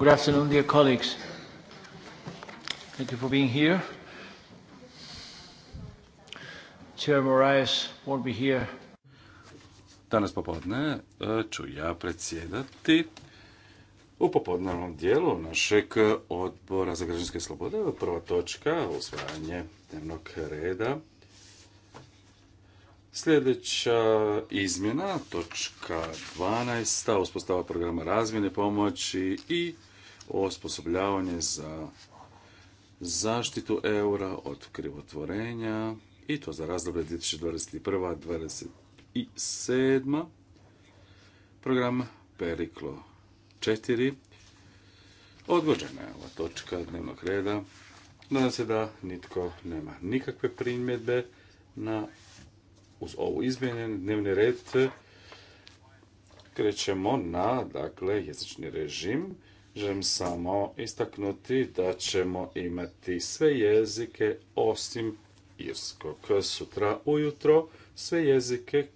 Good afternoon, dear colleagues. Thank you for being here. Chair Moraes won't be here. Danas popodne e, ću ja predsjedati u popodnevnom dijelu našeg odbora za građanske slobode. Prva točka, usvajanje dnevnog reda. Sljedeća izmjena, točka 12. Uspostava programa razmjene pomoći i osposobljavanje za zaštitu eura od krivotvorenja i to za razdoblje 2021. 2027. Program Periklo 4. Odgođena je ova točka dnevnog reda. Nadam se da nitko nema nikakve primjedbe na uz ovu izmjenjen dnevni red krećemo na dakle jezični režim. Želim samo istaknuti da ćemo imati sve jezike osim irskog. Sutra ujutro sve jezike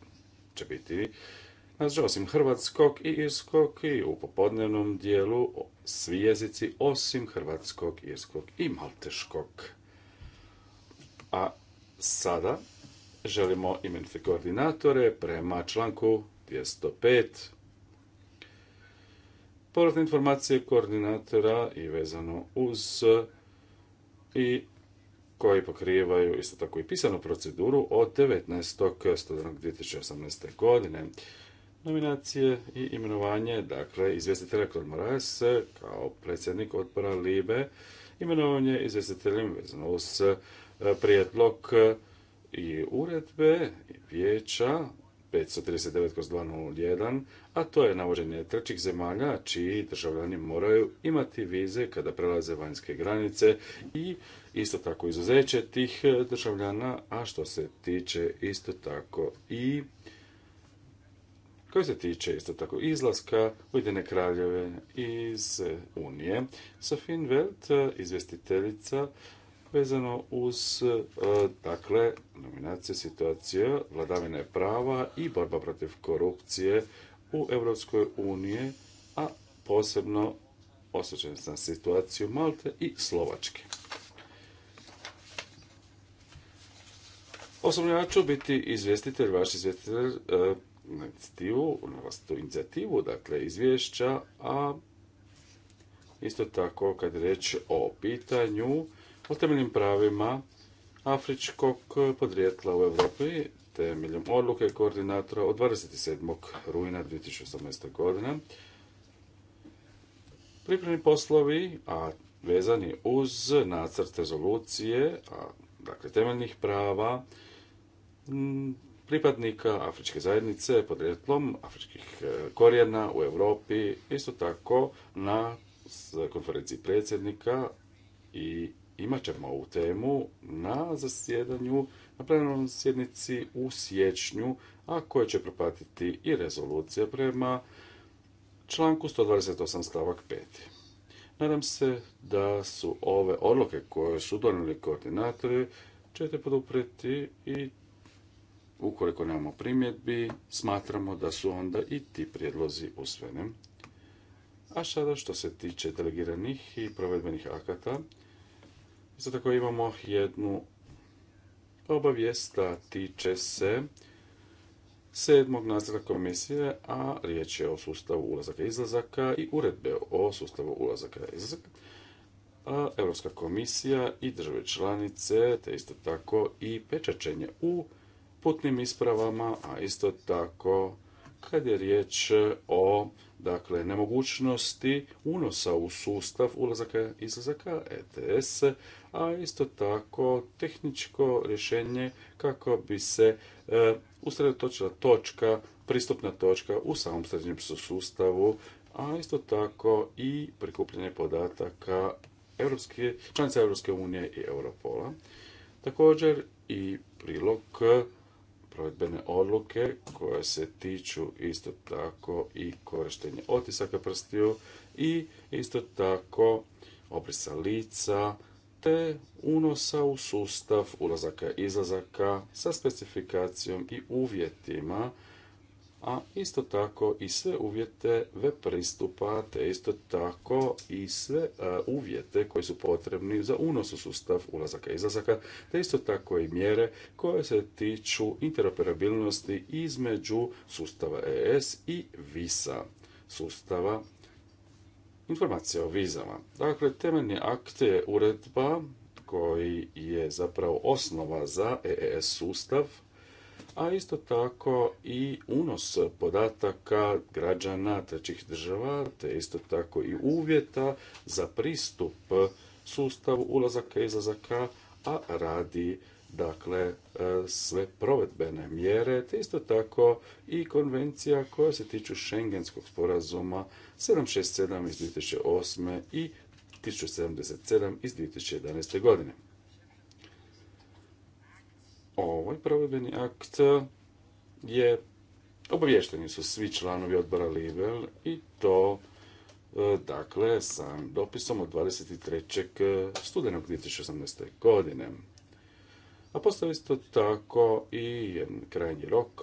će biti znači osim hrvatskog i irskog i u popodnevnom dijelu svi jezici osim hrvatskog, irskog i malteškog. A sada želimo imeniti koordinatore prema članku 205 povratne informacije koordinatora i vezano uz i koji pokrivaju isto tako i pisanu proceduru od 19. studenog 2018. godine. Nominacije i imenovanje, dakle, izvjestitelja Claude Moraes kao predsjednik odbora Libe, imenovanje izvjestiteljem vezano uz e, prijedlog e, i uredbe i vijeća 539/201, a to je navođenje trećih zemalja čiji državljani moraju imati vize kada prelaze vanjske granice i isto tako izuzeće tih državljana, a što se tiče isto tako i Koje se tiče isto tako izlaska Ujedine kraljeve iz Unije. Sofin Welt, izvestiteljica vezano uz e, dakle nominacije situacije, vladavine prava i borba protiv korupcije u Europskoj uniji, a posebno osjećam na situaciju Malte i Slovačke. Osobno ja ću biti izvjestitelj, vaš izvjestitelj e, na inicijativu, inicijativu, dakle izvješća, a isto tako kad je riječ o pitanju o temeljnim pravima afričkog podrijetla u Europi temeljem odluke koordinatora od 27. rujna 2018. godine. Pripremni poslovi, a vezani uz nacrt rezolucije, a, dakle temeljnih prava, pripadnika afričke zajednice podrijetlom afričkih e, korijena u Europi, isto tako na konferenciji predsjednika i imat ćemo ovu temu na zasjedanju, na plenarnom sjednici u siječnju, a koje će propatiti i rezolucija prema članku 128 stavak 5. Nadam se da su ove odluke koje su donijeli koordinatori ćete poduprijeti i ukoliko nemamo primjedbi, smatramo da su onda i ti prijedlozi usvojeni. A sada što se tiče delegiranih i provedbenih akata, Isto tako imamo jednu obavijest, tiče se sedmog nastavka komisije, a riječ je o sustavu ulazaka i izlazaka i uredbe o sustavu ulazaka i izlazaka. A Europska komisija i države članice, te isto tako i pečačenje u putnim ispravama, a isto tako kad je riječ o dakle nemogućnosti unosa u sustav ulazaka i izlazaka ETS, a isto tako tehničko rješenje kako bi se e, usredotočila točka, pristupna točka u samom srednjem sustavu, a isto tako i prikupljanje podataka članica Europske unije i Europola. Također i prilog provedbene odluke koje se tiču isto tako i korištenje otisaka prstiju i isto tako obrisa lica te unosa u sustav ulazaka i izlazaka sa specifikacijom i uvjetima a isto tako i sve uvjete web pristupa, te isto tako i sve e, uvjete koji su potrebni za unos u sustav ulazaka i izlazaka, te isto tako i mjere koje se tiču interoperabilnosti između sustava ES i VISA sustava informacija o vizama. Dakle, temeljni akt je uredba koji je zapravo osnova za EES sustav a isto tako i unos podataka građana trećih država, te isto tako i uvjeta za pristup sustavu ulazaka i izlazaka, a radi dakle e, sve provedbene mjere, te isto tako i konvencija koja se tiču šengenskog sporazuma 767 iz 2008. i 1077 iz 2011. godine ovaj provedbeni akt je obavješteni su svi članovi odbora Libel i to e, dakle sa dopisom od 23. studenog 2018. godine. A postao isto tako i jedan krajnji rok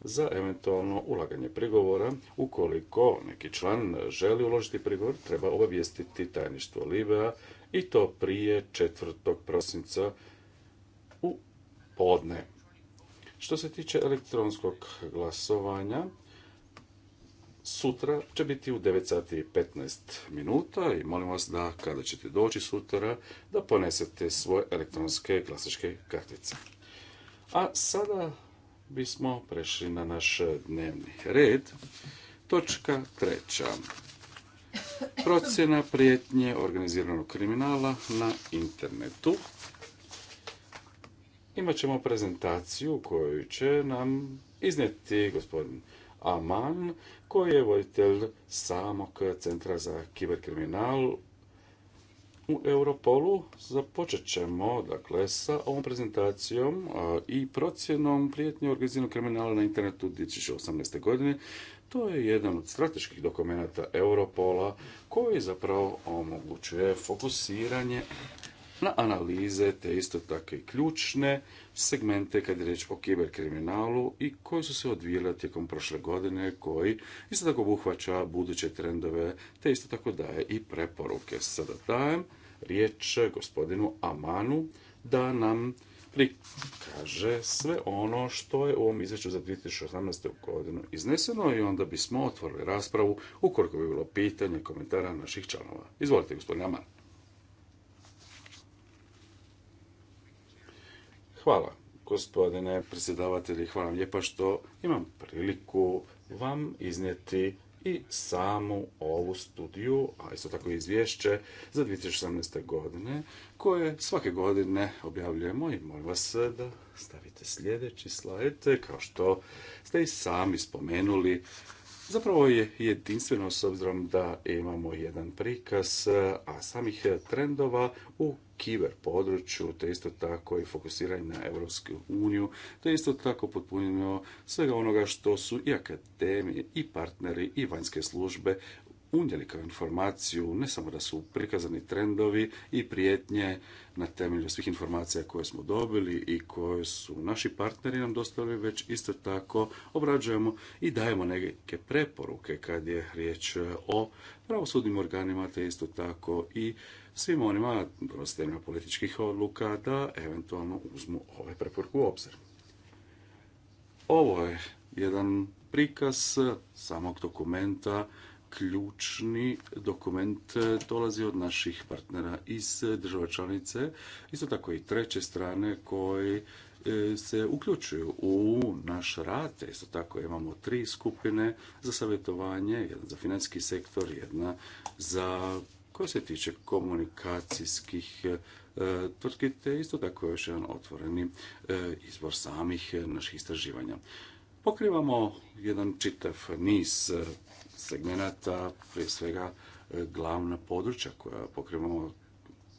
za eventualno ulaganje prigovora. Ukoliko neki član želi uložiti prigovor, treba obavijestiti tajništvo Liva i to prije 4. prosinca podne. Što se tiče elektronskog glasovanja, sutra će biti u 9 i 15 minuta i molim vas da kada ćete doći sutra da ponesete svoje elektronske glasačke kartice. A sada bismo prešli na naš dnevni red. Točka treća. Procjena prijetnje organiziranog kriminala na internetu imat ćemo prezentaciju koju će nam iznijeti gospodin Aman, koji je voditelj samog Centra za kiberkriminal u Europolu. Započet ćemo dakle, sa ovom prezentacijom i procjenom prijetnje organiziranog kriminala na internetu 2018. godine. To je jedan od strateških dokumenata Europola koji zapravo omogućuje fokusiranje na analize, te isto tako i ključne segmente kad je reč o kiberkriminalu i koji su se odvijali tijekom prošle godine, koji isto tako obuhvaća buduće trendove, te isto tako daje i preporuke. Sada dajem riječ gospodinu Amanu da nam prikaže sve ono što je u ovom izvješću za 2018. godinu izneseno i onda bismo otvorili raspravu ukoliko bi bilo pitanje, komentara naših članova. Izvolite, gospodine Aman. Hvala, gospodine predsjedavatelji, hvala vam lijepa što imam priliku vam iznijeti i samu ovu studiju, a isto tako i izvješće za 2018. godine, koje svake godine objavljujemo i molim vas da stavite sljedeći slajd, kao što ste i sami spomenuli, zapravo je jedinstveno s obzirom da imamo jedan prikaz, a samih trendova u kiber području, te isto tako i fokusiranje na Europsku uniju, te isto tako potpunjeno svega onoga što su i akademije, i partneri, i vanjske službe unijeli kao informaciju ne samo da su prikazani trendovi i prijetnje na temelju svih informacija koje smo dobili i koje su naši partneri nam dostavili, već isto tako obrađujemo i dajemo neke preporuke kad je riječ o pravosudnim organima, te isto tako i svim onima donositeljima političkih odluka da eventualno uzmu ove preporuke u obzir. Ovo je jedan prikaz samog dokumenta ključni dokument e, dolazi od naših partnera iz e, država članice, isto tako i treće strane koji e, se uključuju u naš rad. Isto tako imamo tri skupine za savjetovanje, jedna za financijski sektor, jedna za koja se tiče komunikacijskih tvrtki, te isto tako još jedan otvoreni izbor samih naših istraživanja. Pokrivamo jedan čitav niz segmenata, prije svega e, glavna područja koja pokrivamo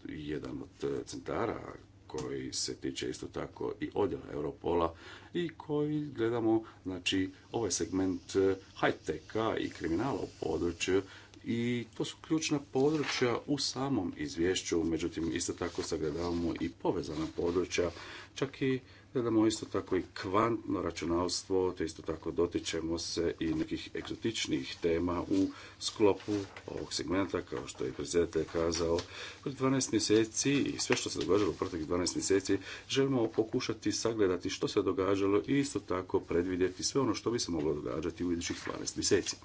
jedan od e, centara koji se tiče isto tako i odjela Europola i koji gledamo znači ovaj segment e, high-teka i kriminala u području i to su ključna područja u samom izvješću, međutim isto tako sagledavamo i povezana područja, čak i gledamo isto tako i kvantno računalstvo, te isto tako dotičemo se i nekih egzotičnih tema u sklopu ovog segmenta, kao što je predsjedatelj kazao, pred 12 mjeseci i sve što se događalo u proteklih 12 mjeseci, želimo pokušati sagledati što se događalo i isto tako predvidjeti sve ono što bi se moglo događati u idućih 12 mjeseci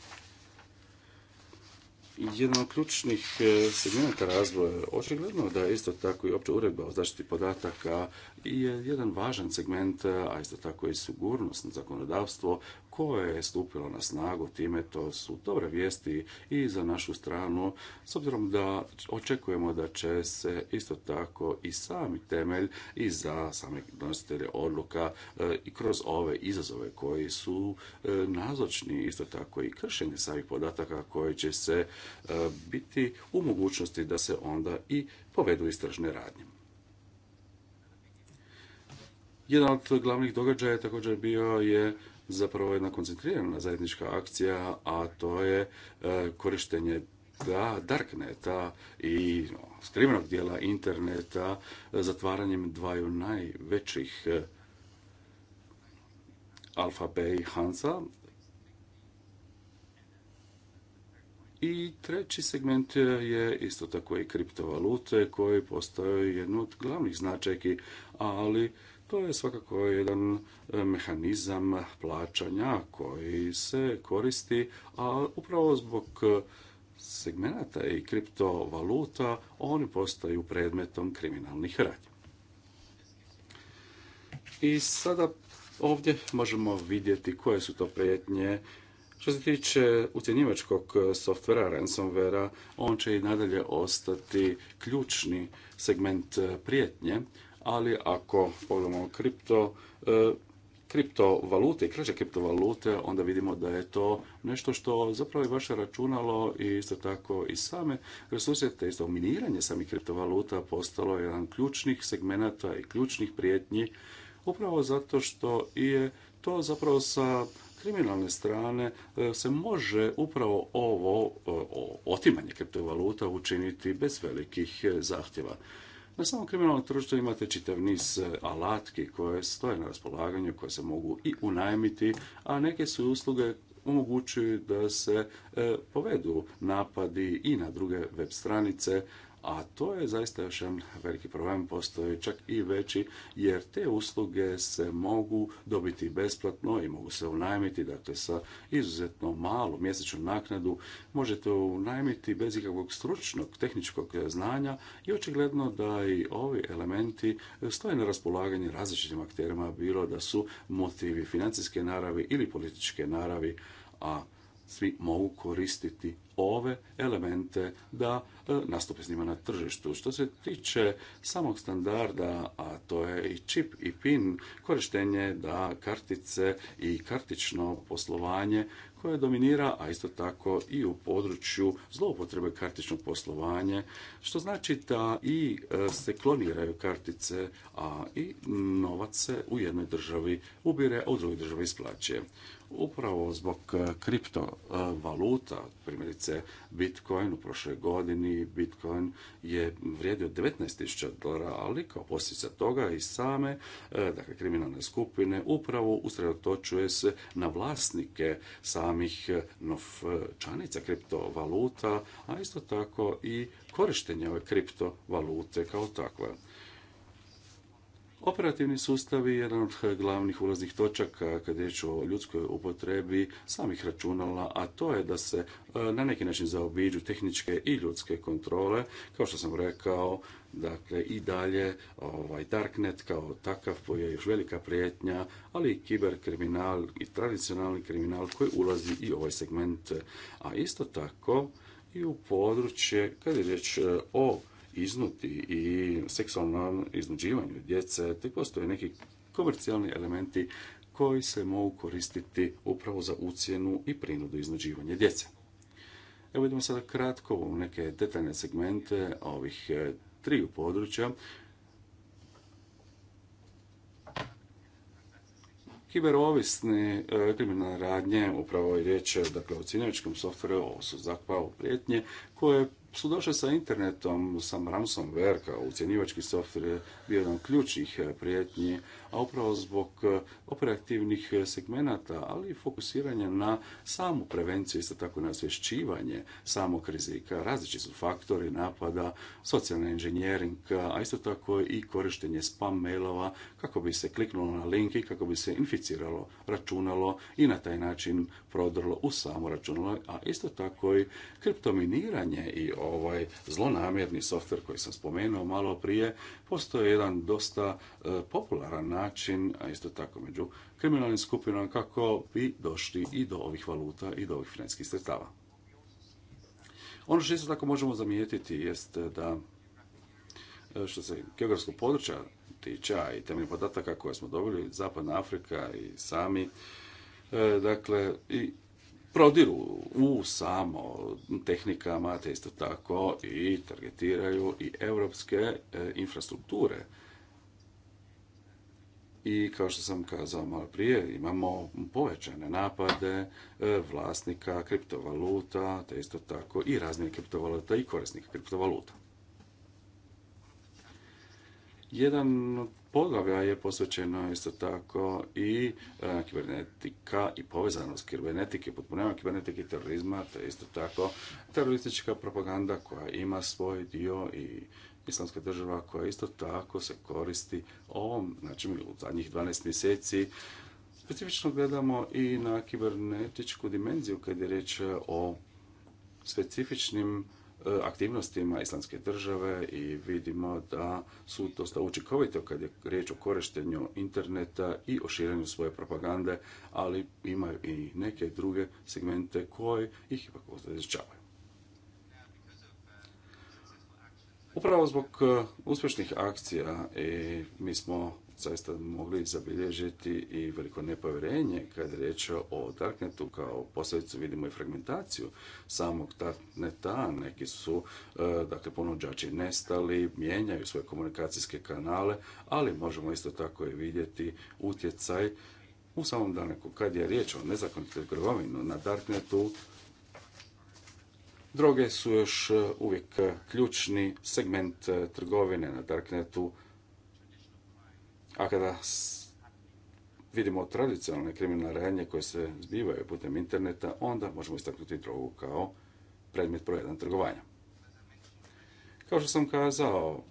jedan od ključnih e, segmenta razvoja. Očigledno da je isto tako i opća uredba o zaštiti podataka i je jedan važan segment, a isto tako i sigurnosno zakonodavstvo koje je stupilo na snagu, time to su dobre vijesti i za našu stranu, s obzirom da očekujemo da će se isto tako i sami temelj i za same donositelje odluka e, i kroz ove izazove koji su e, nazočni, isto tako i kršenje samih podataka koji će se e, biti u mogućnosti da se onda i povedu istražne radnje. Jedan od glavnih događaja također bio je zapravo jedna koncentrirana zajednička akcija, a to je e, korištenje da darkneta i skrivenog dijela interneta e, zatvaranjem dvaju najvećih e, Alfa B i Hansa. I treći segment je isto tako i kriptovalute koji postaju jednu od glavnih značajki, ali to je svakako jedan e, mehanizam plaćanja koji se koristi, a upravo zbog e, segmenata i kriptovaluta oni postaju predmetom kriminalnih radnji. I sada ovdje možemo vidjeti koje su to prijetnje što se tiče ucjenjivačkog softvera ransomwarea, on će i nadalje ostati ključni segment prijetnje ali ako pogledamo kripto, e, kriptovalute i kraće kriptovalute, onda vidimo da je to nešto što zapravo je vaše računalo i isto tako i same resurse, te isto miniranje samih kriptovaluta postalo je jedan ključnih segmenata i ključnih prijetnji, upravo zato što je to zapravo sa kriminalne strane e, se može upravo ovo e, otimanje kriptovaluta učiniti bez velikih zahtjeva. Na samom kriminalnom tržištu imate čitav niz e, alatki koje stoje na raspolaganju, koje se mogu i unajmiti, a neke su usluge omogućuju da se e, povedu napadi i na druge web stranice a to je zaista još jedan veliki problem, postoji čak i veći, jer te usluge se mogu dobiti besplatno i mogu se unajmiti, dakle sa izuzetno malu mjesečnu naknadu možete unajmiti bez ikakvog stručnog, tehničkog znanja i očigledno da i ovi elementi stoje na raspolaganju različitim akterima, bilo da su motivi financijske naravi ili političke naravi, a svi mogu koristiti ove elemente da e, nastupe s njima na tržištu. Što se tiče samog standarda, a to je i čip i pin, korištenje da kartice i kartično poslovanje koje dominira, a isto tako i u području zloupotrebe kartičnog poslovanja, što znači da i e, se kloniraju kartice, a i novac se u jednoj državi ubire, a u drugoj državi isplaćuje. Upravo zbog e, kriptovaluta, e, primjerice Bitcoin u prošloj godini, Bitcoin je vrijedio 19.000 dolara, ali kao posljedica toga i same e, dakle, kriminalne skupine upravo usredotočuje se na vlasnike samih novčanica kriptovaluta, a isto tako i korištenje ove kriptovalute kao takve. Operativni sustav je jedan od glavnih ulaznih točaka kad je riječ o ljudskoj upotrebi samih računala, a to je da se e, na neki način zaobiđu tehničke i ljudske kontrole. Kao što sam rekao, dakle i dalje ovaj Darknet kao takav je još velika prijetnja, ali i kiberkriminal i tradicionalni kriminal koji ulazi i ovaj segment. A isto tako i u područje, kad je riječ e, o iznuti i seksualnom iznuđivanju djece, te postoje neki komercijalni elementi koji se mogu koristiti upravo za ucjenu i prinudu iznuđivanja djece. Evo idemo sada kratko u neke detaljne segmente ovih e, triju područja. Kiberovisne e, kriminalne radnje, upravo je riječ dakle, o cinevičkom softveru, ovo su zakvao prijetnje koje su došle sa internetom, sam ransomware kao ucjenjivački software bio jedan od ključnih e, prijetnji, a upravo zbog e, operativnih e, segmenata, ali i fokusiranja na samu prevenciju, isto tako na osvješćivanje samog rizika, različiti su faktori napada, socijalni inženjering, a isto tako i korištenje spam mailova kako bi se kliknulo na link i kako bi se inficiralo računalo i na taj način prodrlo u samo računalo, a isto tako i kriptominiranje i ovaj zlonamjerni softver koji sam spomenuo malo prije, postoje jedan dosta e, popularan način, a isto tako među kriminalnim skupinama kako bi došli i do ovih valuta i do ovih financijskih sredstava. Ono što isto tako možemo zamijetiti jest da e, što se geografskog područja tiče, i temeljem podataka koje smo dobili, Zapadna Afrika i sami, e, dakle, i prodiru u samo tehnikama, te isto tako i targetiraju i europske e, infrastrukture. I kao što sam kazao malo prije, imamo povećane napade e, vlasnika kriptovaluta, te isto tako i raznih kriptovaluta i korisnika kriptovaluta. Jedan od poglavlja je posvećeno isto tako i e, kibernetika i povezanost kibernetike, potpunjava kibernetike i terorizma, te isto tako teroristička propaganda koja ima svoj dio i islamska država koja isto tako se koristi ovom, znači u zadnjih 12 mjeseci specifično gledamo i na kibernetičku dimenziju kad je riječ o specifičnim E, aktivnostima islamske države i vidimo da su dosta učinkovito kad je riječ o korištenju interneta i o širenju svoje propagande, ali imaju i neke druge segmente koje ih ipak ozređavaju. Upravo zbog e, uspješnih akcija i mi smo zaista mogli zabilježiti i veliko nepovjerenje kad je riječ o Darknetu kao posljedicu vidimo i fragmentaciju samog Darkneta. Neki su e, dakle ponuđači nestali, mijenjaju svoje komunikacijske kanale, ali možemo isto tako i vidjeti utjecaj u samom danaku kad je riječ o nezakonitoj trgovini na Darknetu Droge su još uvijek ključni segment e, trgovine na Darknetu a kada vidimo tradicionalne kriminalne radnje koje se zbivaju putem interneta, onda možemo istaknuti drogu kao predmet projedan trgovanja. Kao što sam kazao,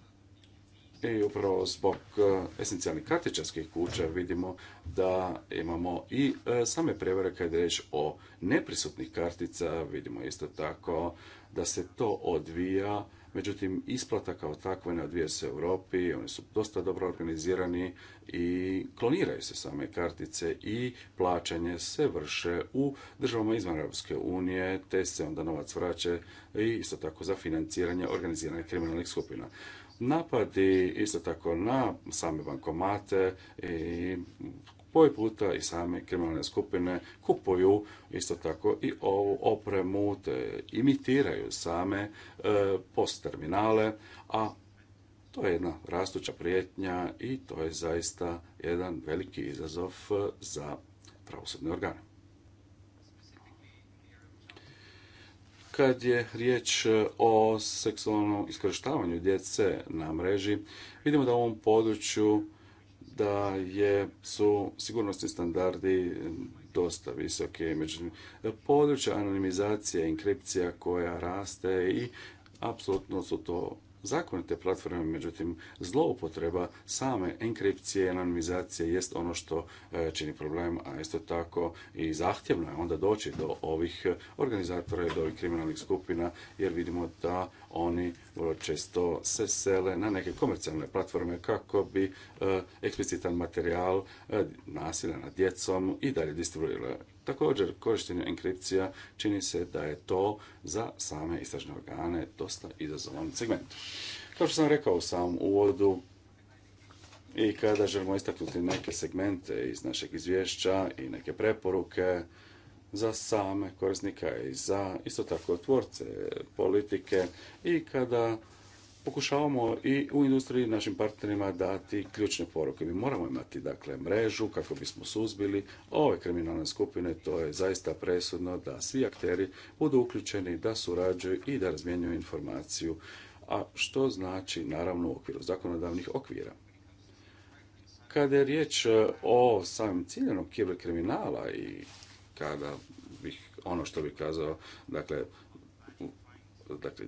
i upravo zbog eh, esencijalnih kartičarskih kuća vidimo da imamo i eh, same prevare kada je reč o neprisutnih kartica, vidimo isto tako da se to odvija Međutim, isplata kao takva ne odvija se u Europi, oni su dosta dobro organizirani i kloniraju se same kartice i plaćanje se vrše u državama izvan Europske unije, te se onda novac vraće i isto tako za financiranje organiziranih kriminalnih skupina napadi isto tako na same bankomate i koji puta i same kriminalne skupine kupuju isto tako i ovu opremu, te imitiraju same e, post terminale, a to je jedna rastuća prijetnja i to je zaista jedan veliki izazov e, za pravosudne organe. Kad je riječ e, o seksualnom iskorištavanju djece na mreži, vidimo da u ovom području da je, su sigurnosni standardi dosta visoke. Međutim, područja anonimizacije, inkripcija koja raste i apsolutno su to zakonite platforme, međutim zloupotreba same enkripcije i anonimizacije jest ono što e, čini problem, a isto tako i zahtjevno je onda doći do ovih e, organizatora i do ovih kriminalnih skupina, jer vidimo da oni vrlo često se sele na neke komercijalne platforme kako bi e, eksplicitan materijal nasilja nad djecom i dalje distribuirali Također, korištenje enkripcija čini se da je to za same istražne organe dosta izazovan segment. Kao što sam rekao u samom uvodu, i kada želimo istaknuti neke segmente iz našeg izvješća i neke preporuke za same korisnika i za isto tako tvorce politike i kada pokušavamo i u industriji našim partnerima dati ključne poruke. Mi moramo imati dakle mrežu kako bismo suzbili ove kriminalne skupine, to je zaista presudno da svi akteri budu uključeni, da surađuju i da razmjenjuju informaciju, a što znači naravno u okviru zakonodavnih okvira. Kada je riječ e, o samim ciljenom kriminala i kada bih ono što bih kazao, dakle, dakle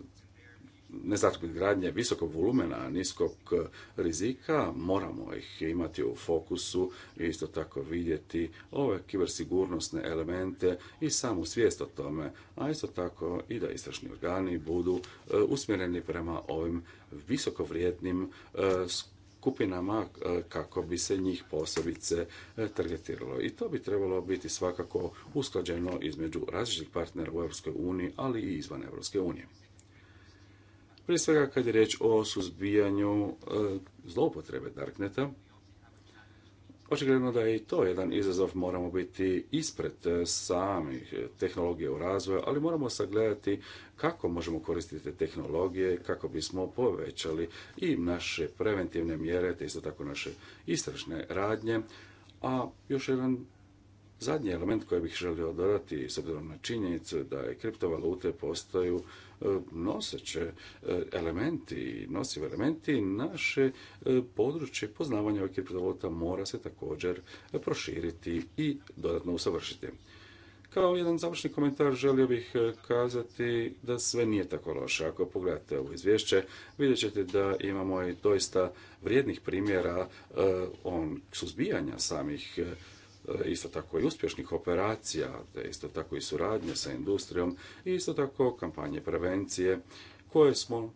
nezakonite gradnje visokog volumena, niskog e, rizika, moramo ih imati u fokusu i isto tako vidjeti ove kibersigurnosne elemente i samu svijest o tome, a isto tako i da istražni organi budu e, usmjereni prema ovim visokovrijednim e, skupinama kako bi se njih posebice targetiralo. I to bi trebalo biti svakako usklađeno između različitih partnera u EU, ali i izvan EU. Prije svega kad je riječ o suzbijanju e, zloupotrebe Darkneta, Očigledno da je i to jedan izazov, moramo biti ispred e, samih tehnologije u razvoju, ali moramo sagledati kako možemo koristiti te tehnologije, kako bismo povećali i naše preventivne mjere, te isto tako naše istražne radnje. A još jedan zadnji element koji bih želio dodati, s obzirom na činjenicu da je kriptovalute postaju noseće e, elementi, nosive elementi naše e, područje poznavanja ovih kriptovaluta mora se također proširiti i dodatno usavršiti. Kao jedan završni komentar želio bih e, kazati da sve nije tako loše. Ako pogledate ovo izvješće, vidjet ćete da imamo i doista vrijednih primjera on suzbijanja samih E, isto tako i uspješnih operacija, te isto tako i suradnje sa industrijom i isto tako kampanje prevencije koje smo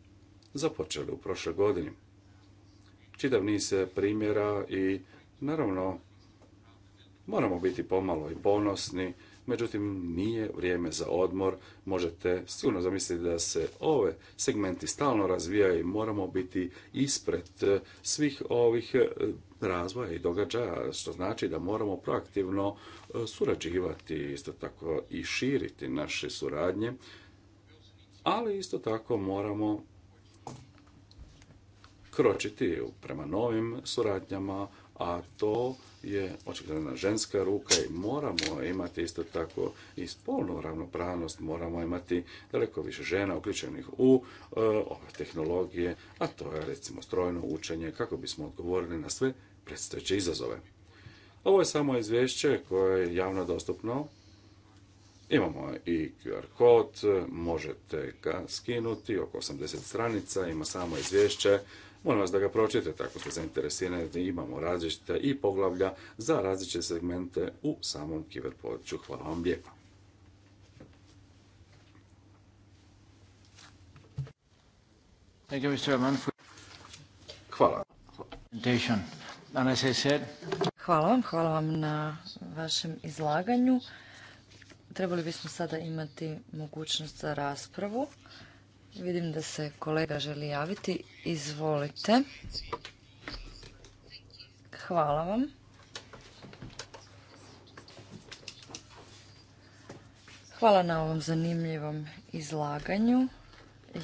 započeli u prošloj godini. Čitav niz primjera i naravno moramo biti pomalo i ponosni, međutim nije vrijeme za odmor. Možete sigurno zamisliti da se ove segmenti stalno razvijaju i moramo biti ispred e, svih ovih e, razvoja i događaja, što znači da moramo proaktivno e, surađivati, isto tako i širiti naše suradnje, ali isto tako moramo kročiti prema novim suradnjama, a to je očigledna ženska ruka i moramo imati isto tako i spolnu ravnopravnost, moramo imati daleko više žena uključenih u e, ove tehnologije, a to je recimo strojno učenje kako bismo odgovorili na sve predstojeće izazove. Ovo je samo izvješće koje je javno dostupno. Imamo i QR kod, možete ga skinuti, oko 80 stranica, ima samo izvješće. Molim vas da ga pročitate tako ste zainteresirani, imamo različite i poglavlja za različite segmente u samom kiberpodručju. Hvala vam lijepa. Hvala. Hvala vam, hvala na vašem izlaganju. Trebali bismo sada imati mogućnost za raspravu. Vidim da se kolega želi javiti. Izvolite. Hvala vam. Hvala na ovom zanimljivom izlaganju.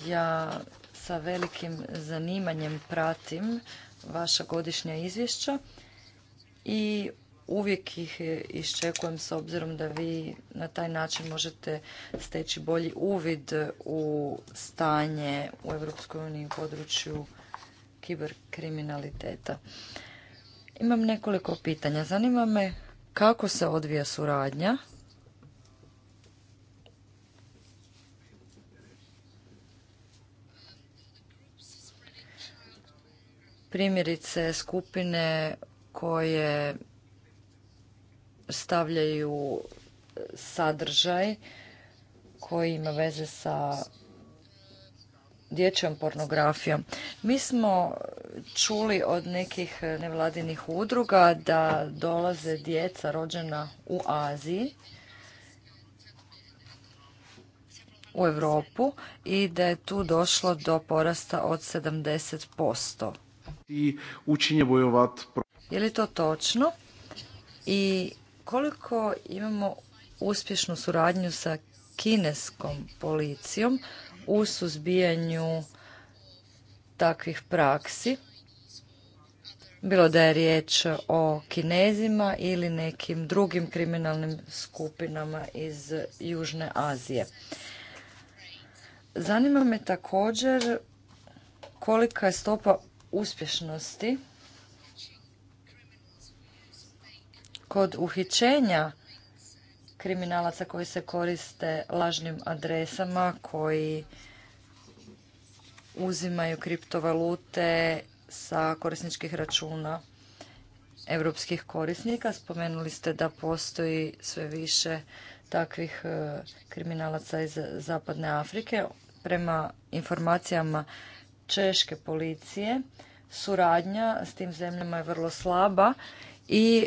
Ja sa velikim zanimanjem pratim vaša godišnja izvješća i uvijek ih iščekujem s obzirom da vi na taj način možete steći bolji uvid u stanje u Europskoj uniji u području kiberkriminaliteta. Imam nekoliko pitanja. Zanima me kako se odvija suradnja primjerice skupine koje stavljaju sadržaj koji ima veze sa dječjom pornografijom. Mi smo čuli od nekih nevladinih udruga da dolaze djeca rođena u Aziji u Europu i da je tu došlo do porasta od 70% i učinje bojovat. Je li to točno? I koliko imamo uspješnu suradnju sa kineskom policijom u suzbijanju takvih praksi? Bilo da je riječ o kinezima ili nekim drugim kriminalnim skupinama iz Južne Azije. Zanima me također kolika je stopa uspješnosti kod uhićenja kriminalaca koji se koriste lažnim adresama, koji uzimaju kriptovalute sa korisničkih računa europskih korisnika. Spomenuli ste da postoji sve više takvih e, kriminalaca iz Zapadne Afrike. Prema informacijama češke policije. Suradnja s tim zemljama je vrlo slaba i e,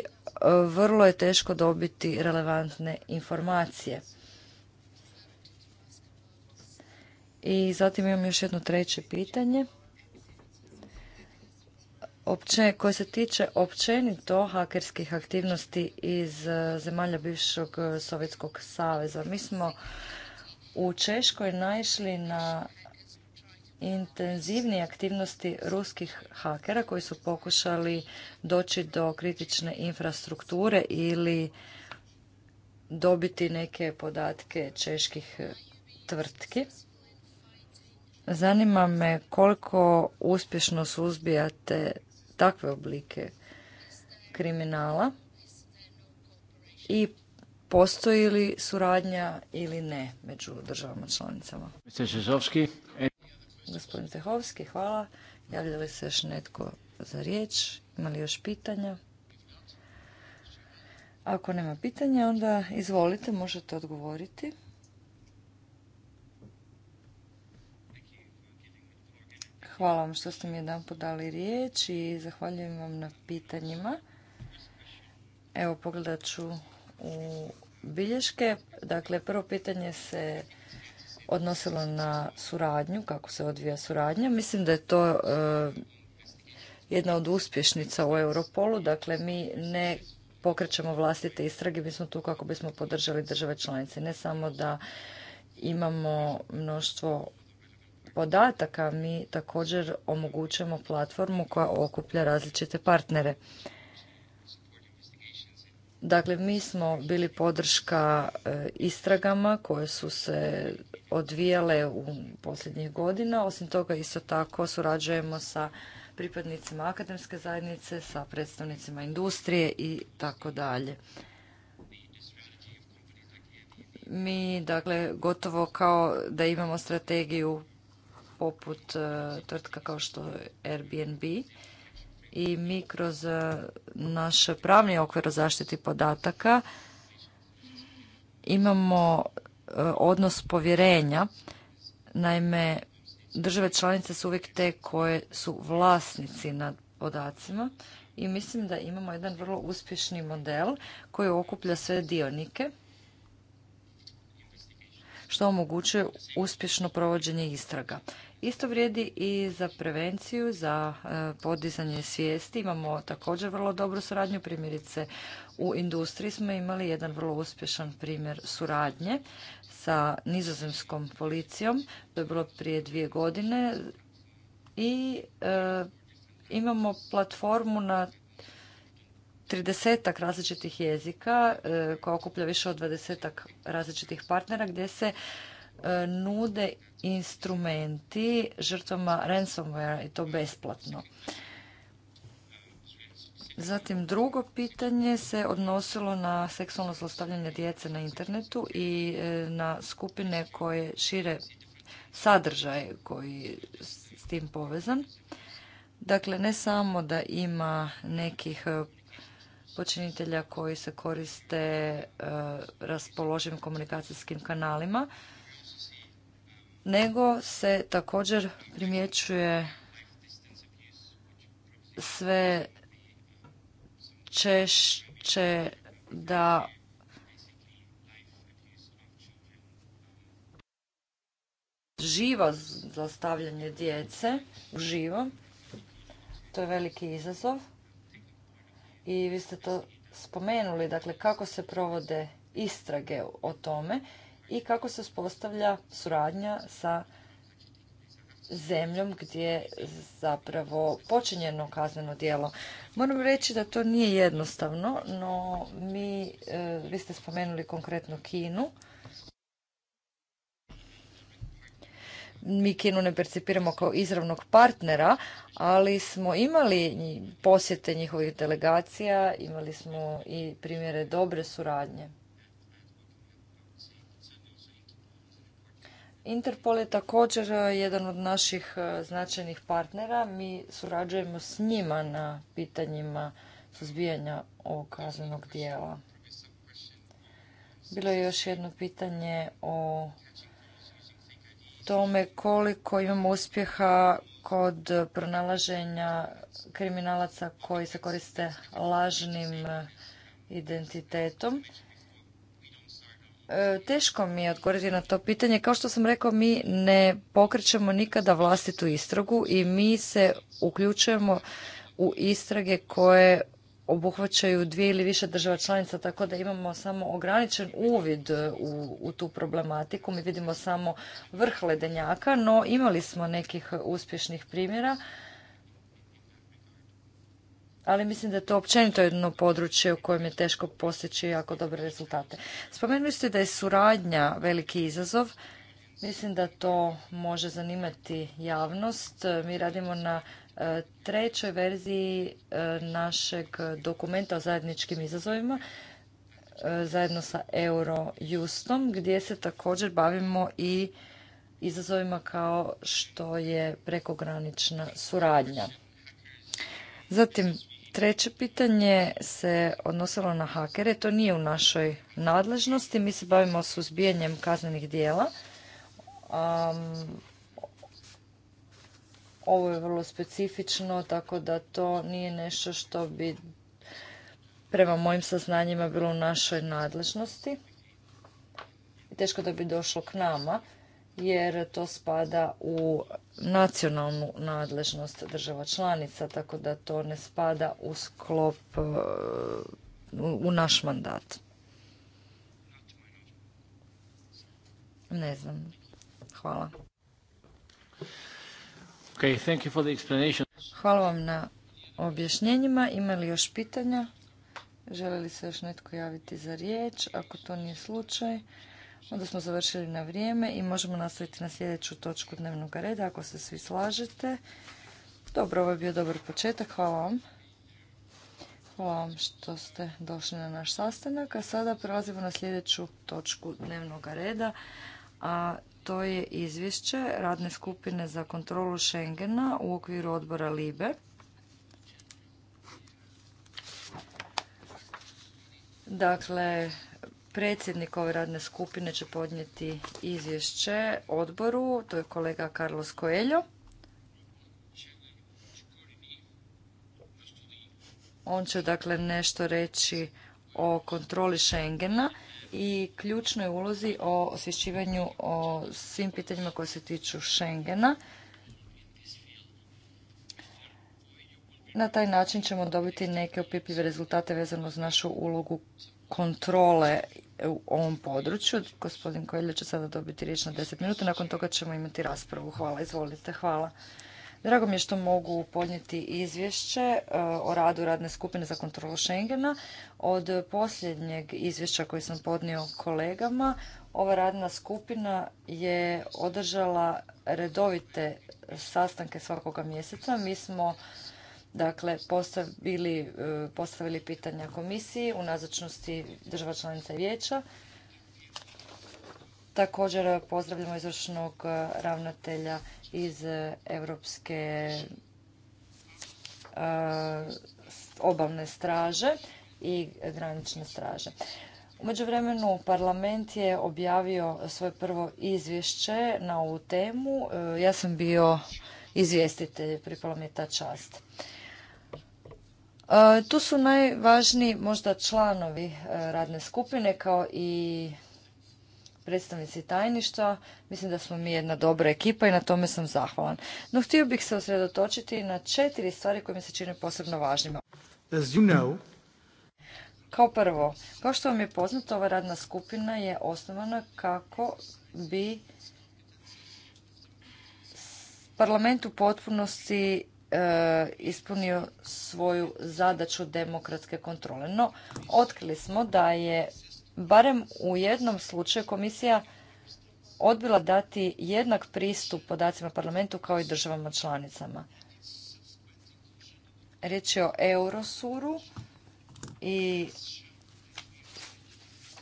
vrlo je teško dobiti relevantne informacije. I zatim imam još jedno treće pitanje. Opće, koje se tiče općenito hakerskih aktivnosti iz e, zemalja bivšeg Sovjetskog saveza. Mi smo u Češkoj naišli na intenzivnije aktivnosti ruskih hakera koji su pokušali doći do kritične infrastrukture ili dobiti neke podatke čeških tvrtki. Zanima me koliko uspješno suzbijate takve oblike kriminala i postoji li suradnja ili ne među državama članicama gospodin Tehovski, hvala. Javlja li se još netko za riječ? Ima li još pitanja? Ako nema pitanja, onda izvolite, možete odgovoriti. Hvala vam što ste mi jedan podali riječ i zahvaljujem vam na pitanjima. Evo, pogledat ću u bilješke. Dakle, prvo pitanje se odnosilo na suradnju, kako se odvija suradnja. Mislim da je to e, jedna od uspješnica u Europolu, dakle mi ne pokrećemo vlastite istrage, mi smo tu kako bismo podržali države članice. Ne samo da imamo mnoštvo podataka, mi također omogućujemo platformu koja okuplja različite partnere. Dakle, mi smo bili podrška e, istragama koje su se odvijale u posljednjih godina. Osim toga isto tako surađujemo sa pripadnicima akademske zajednice, sa predstavnicima industrije i tako dalje. Mi, dakle, gotovo kao da imamo strategiju poput e, tvrtka kao što je Airbnb i mi kroz e, naš pravni okvir o zaštiti podataka imamo E, odnos povjerenja. Naime, države članice su uvijek te koje su vlasnici nad podacima i mislim da imamo jedan vrlo uspješni model koji okuplja sve dionike što omogućuje uspješno provođenje istraga. Isto vrijedi i za prevenciju, za e, podizanje svijesti. Imamo također vrlo dobru suradnju. Primjerice, u industriji smo imali jedan vrlo uspješan primjer suradnje sa nizozemskom policijom. To je bilo prije dvije godine. I e, imamo platformu na tridesetak različitih jezika e, koja okuplja više od dvadesetak različitih partnera gdje se E, nude instrumenti žrtvama ransomware i to besplatno. Zatim drugo pitanje se odnosilo na seksualno zlostavljanje djece na internetu i e, na skupine koje šire sadržaj koji s tim povezan. Dakle, ne samo da ima nekih e, počinitelja koji se koriste raspoloživim komunikacijskim kanalima, nego se također primjećuje sve češće da živo zastavljanje djece u živom, To je veliki izazov. I vi ste to spomenuli, dakle kako se provode istrage o tome i kako se uspostavlja suradnja sa zemljom gdje je zapravo počinjeno kazneno djelo. Moram reći da to nije jednostavno, no mi, e, vi ste spomenuli konkretno Kinu. Mi Kinu ne percipiramo kao izravnog partnera, ali smo imali posjete njihovih delegacija, imali smo i primjere dobre suradnje. Interpol je također e, jedan od naših e, značajnih partnera. Mi surađujemo s njima na pitanjima suzbijanja ovog kaznenog dijela. Bilo je još jedno pitanje o tome koliko imamo uspjeha kod pronalaženja kriminalaca koji se koriste lažnim e, identitetom. E, teško mi je odgovoriti na to pitanje. Kao što sam rekao, mi ne pokrećemo nikada vlastitu istragu i mi se uključujemo u istrage koje obuhvaćaju dvije ili više država članica, tako da imamo samo ograničen uvid u, u tu problematiku. Mi vidimo samo vrh ledenjaka, no imali smo nekih uspješnih primjera ali mislim da je to općenito jedno područje u kojem je teško postići jako dobre rezultate. Spomenuli ste da je suradnja veliki izazov. Mislim da to može zanimati javnost. Mi radimo na e, trećoj verziji e, našeg dokumenta o zajedničkim izazovima e, zajedno sa Eurojustom gdje se također bavimo i izazovima kao što je prekogranična suradnja. Zatim, Treće pitanje se odnosilo na hakere. To nije u našoj nadležnosti. Mi se bavimo suzbijanjem kaznenih dijela. ovo je vrlo specifično, tako da to nije nešto što bi prema mojim saznanjima bilo u našoj nadležnosti. Teško da bi došlo k nama jer to spada u nacionalnu nadležnost država članica, tako da to ne spada u sklop e, u naš mandat. Ne znam. Hvala. Okay, thank you for the explanation. Hvala vam na objašnjenjima. Ima li još pitanja? Želi li se još netko javiti za riječ? Ako to nije slučaj, Onda smo završili na vrijeme i možemo nastaviti na sljedeću točku dnevnog reda ako se svi slažete. Dobro, ovo je bio dobar početak. Hvala vam. Hvala vam što ste došli na naš sastanak. A sada prelazimo na sljedeću točku dnevnog reda. A to je izvješće radne skupine za kontrolu Schengena u okviru odbora LIBE. Dakle, Predsjednik ove radne skupine će podnijeti izvješće odboru, to je kolega Carlos Coelho. On će dakle nešto reći o kontroli Schengena i ključnoj ulozi o osvješćivanju o svim pitanjima koje se tiču Schengena. Na taj način ćemo dobiti neke opipljive rezultate vezano uz našu ulogu kontrole u ovom području. Gospodin Kojelja će sada dobiti riječ na 10 minuta, nakon toga ćemo imati raspravu. Hvala, izvolite, hvala. Drago mi je što mogu podnijeti izvješće e, o radu radne skupine za kontrolu Schengena. Od posljednjeg izvješća koji sam podnio kolegama, ova radna skupina je održala redovite sastanke svakoga mjeseca. Mi smo dakle postavili, e, postavili pitanja komisiji u nazočnosti država članica vijeća. Također pozdravljamo izvršnog e, ravnatelja iz e, Europske obalne straže i granične straže. U međuvremenu parlament je objavio svoje prvo izvješće na ovu temu. Ja sam bio izvjestitelj, pripala mi ta čast. E, tu su najvažniji možda članovi e, radne skupine kao i predstavnici tajništva. Mislim da smo mi jedna dobra ekipa i na tome sam zahvalan. No htio bih se osredotočiti na četiri stvari koje mi se čine posebno važnima. Kao prvo, kao što vam je poznato, ova radna skupina je osnovana kako bi parlament u potpunosti E, ispunio svoju zadaću demokratske kontrole. No, otkrili smo da je barem u jednom slučaju komisija odbila dati jednak pristup podacima parlamentu kao i državama članicama. Riječ je o Eurosuru i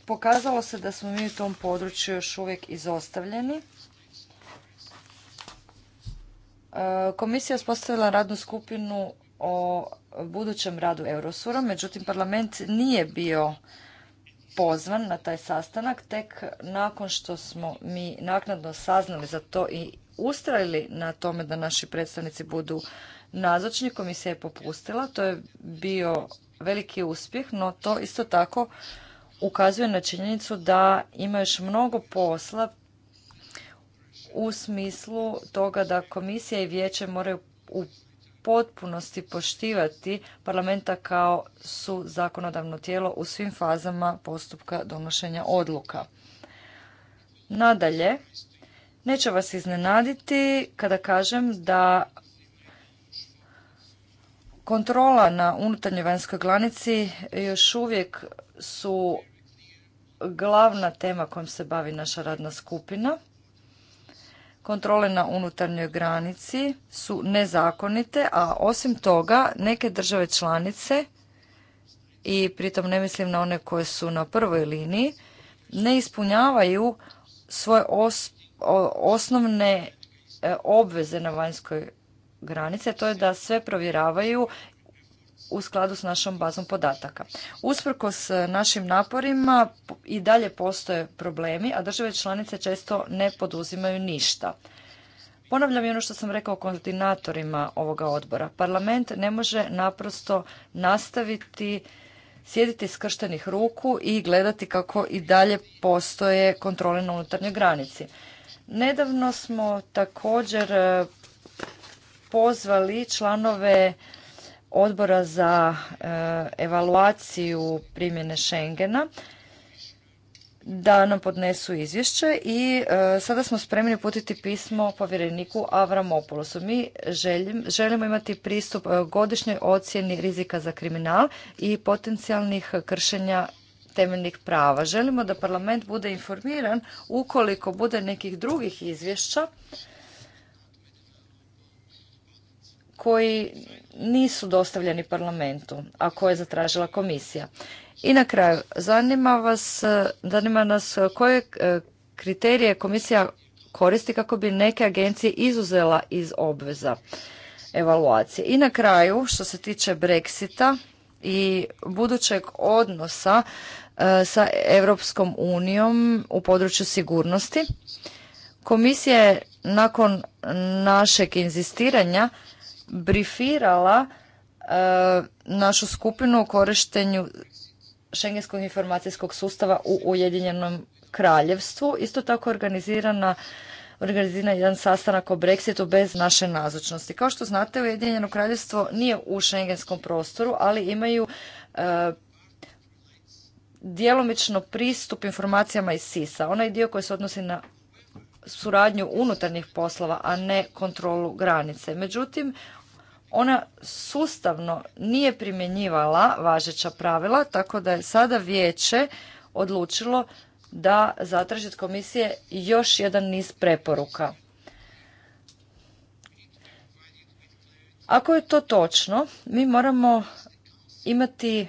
pokazalo se da smo mi u tom području još uvijek izostavljeni. E, komisija je uspostavila radnu skupinu o budućem radu Eurosura, međutim parlament nije bio pozvan na taj sastanak tek nakon što smo mi naknadno saznali za to i ustrajili na tome da naši predstavnici budu nazočni, komisija je popustila. To je bio veliki uspjeh, no to isto tako ukazuje na činjenicu da ima još mnogo posla u smislu toga da komisija i vijeće moraju u potpunosti poštivati parlamenta kao su zakonodavno tijelo u svim fazama postupka donošenja odluka. Nadalje, neće vas iznenaditi kada kažem da kontrola na unutarnjoj vanjskoj granici još uvijek su glavna tema kojom se bavi naša radna skupina kontrole na unutarnjoj granici su nezakonite, a osim toga neke države članice i pritom ne mislim na one koje su na prvoj liniji, ne ispunjavaju svoje osnovne e, obveze na vanjskoj granici, a to je da sve provjeravaju u skladu s našom bazom podataka. s e, našim naporima i dalje postoje problemi, a države članice često ne poduzimaju ništa. Ponavljam i ono što sam rekao koordinatorima ovoga odbora. Parlament ne može naprosto nastaviti sjediti skrštenih ruku i gledati kako i dalje postoje kontrole na unutarnjoj granici. Nedavno smo također e, pozvali članove odbora za e, evaluaciju primjene Schengena da nam podnesu izvješće i e, sada smo spremni uputiti pismo povjereniku Avramopoulosu. Mi želimo imati pristup e, godišnjoj ocjeni rizika za kriminal i potencijalnih kršenja temeljnih prava. Želimo da parlament bude informiran ukoliko bude nekih drugih izvješća koji nisu dostavljeni parlamentu, a koje je zatražila komisija. I na kraju, zanima, vas, zanima nas koje e, kriterije komisija koristi kako bi neke agencije izuzela iz obveza evaluacije. I na kraju, što se tiče Brexita i budućeg odnosa e, sa Europskom unijom u području sigurnosti, komisija je nakon našeg inzistiranja brifirala eh, našu skupinu o korištenju šengenskog informacijskog sustava u Ujedinjenom kraljevstvu. Isto tako organizirana organiziran jedan sastanak o Brexitu bez naše nazočnosti. Kao što znate, Ujedinjeno kraljevstvo nije u šengenskom prostoru, ali imaju dijelomično eh, djelomično pristup informacijama iz SIS-a. Onaj dio koji se odnosi na suradnju unutarnjih poslova, a ne kontrolu granice. Međutim, ona sustavno nije primjenjivala važeća pravila, tako da je sada vijeće odlučilo da zatraži od komisije još jedan niz preporuka. Ako je to točno, mi moramo imati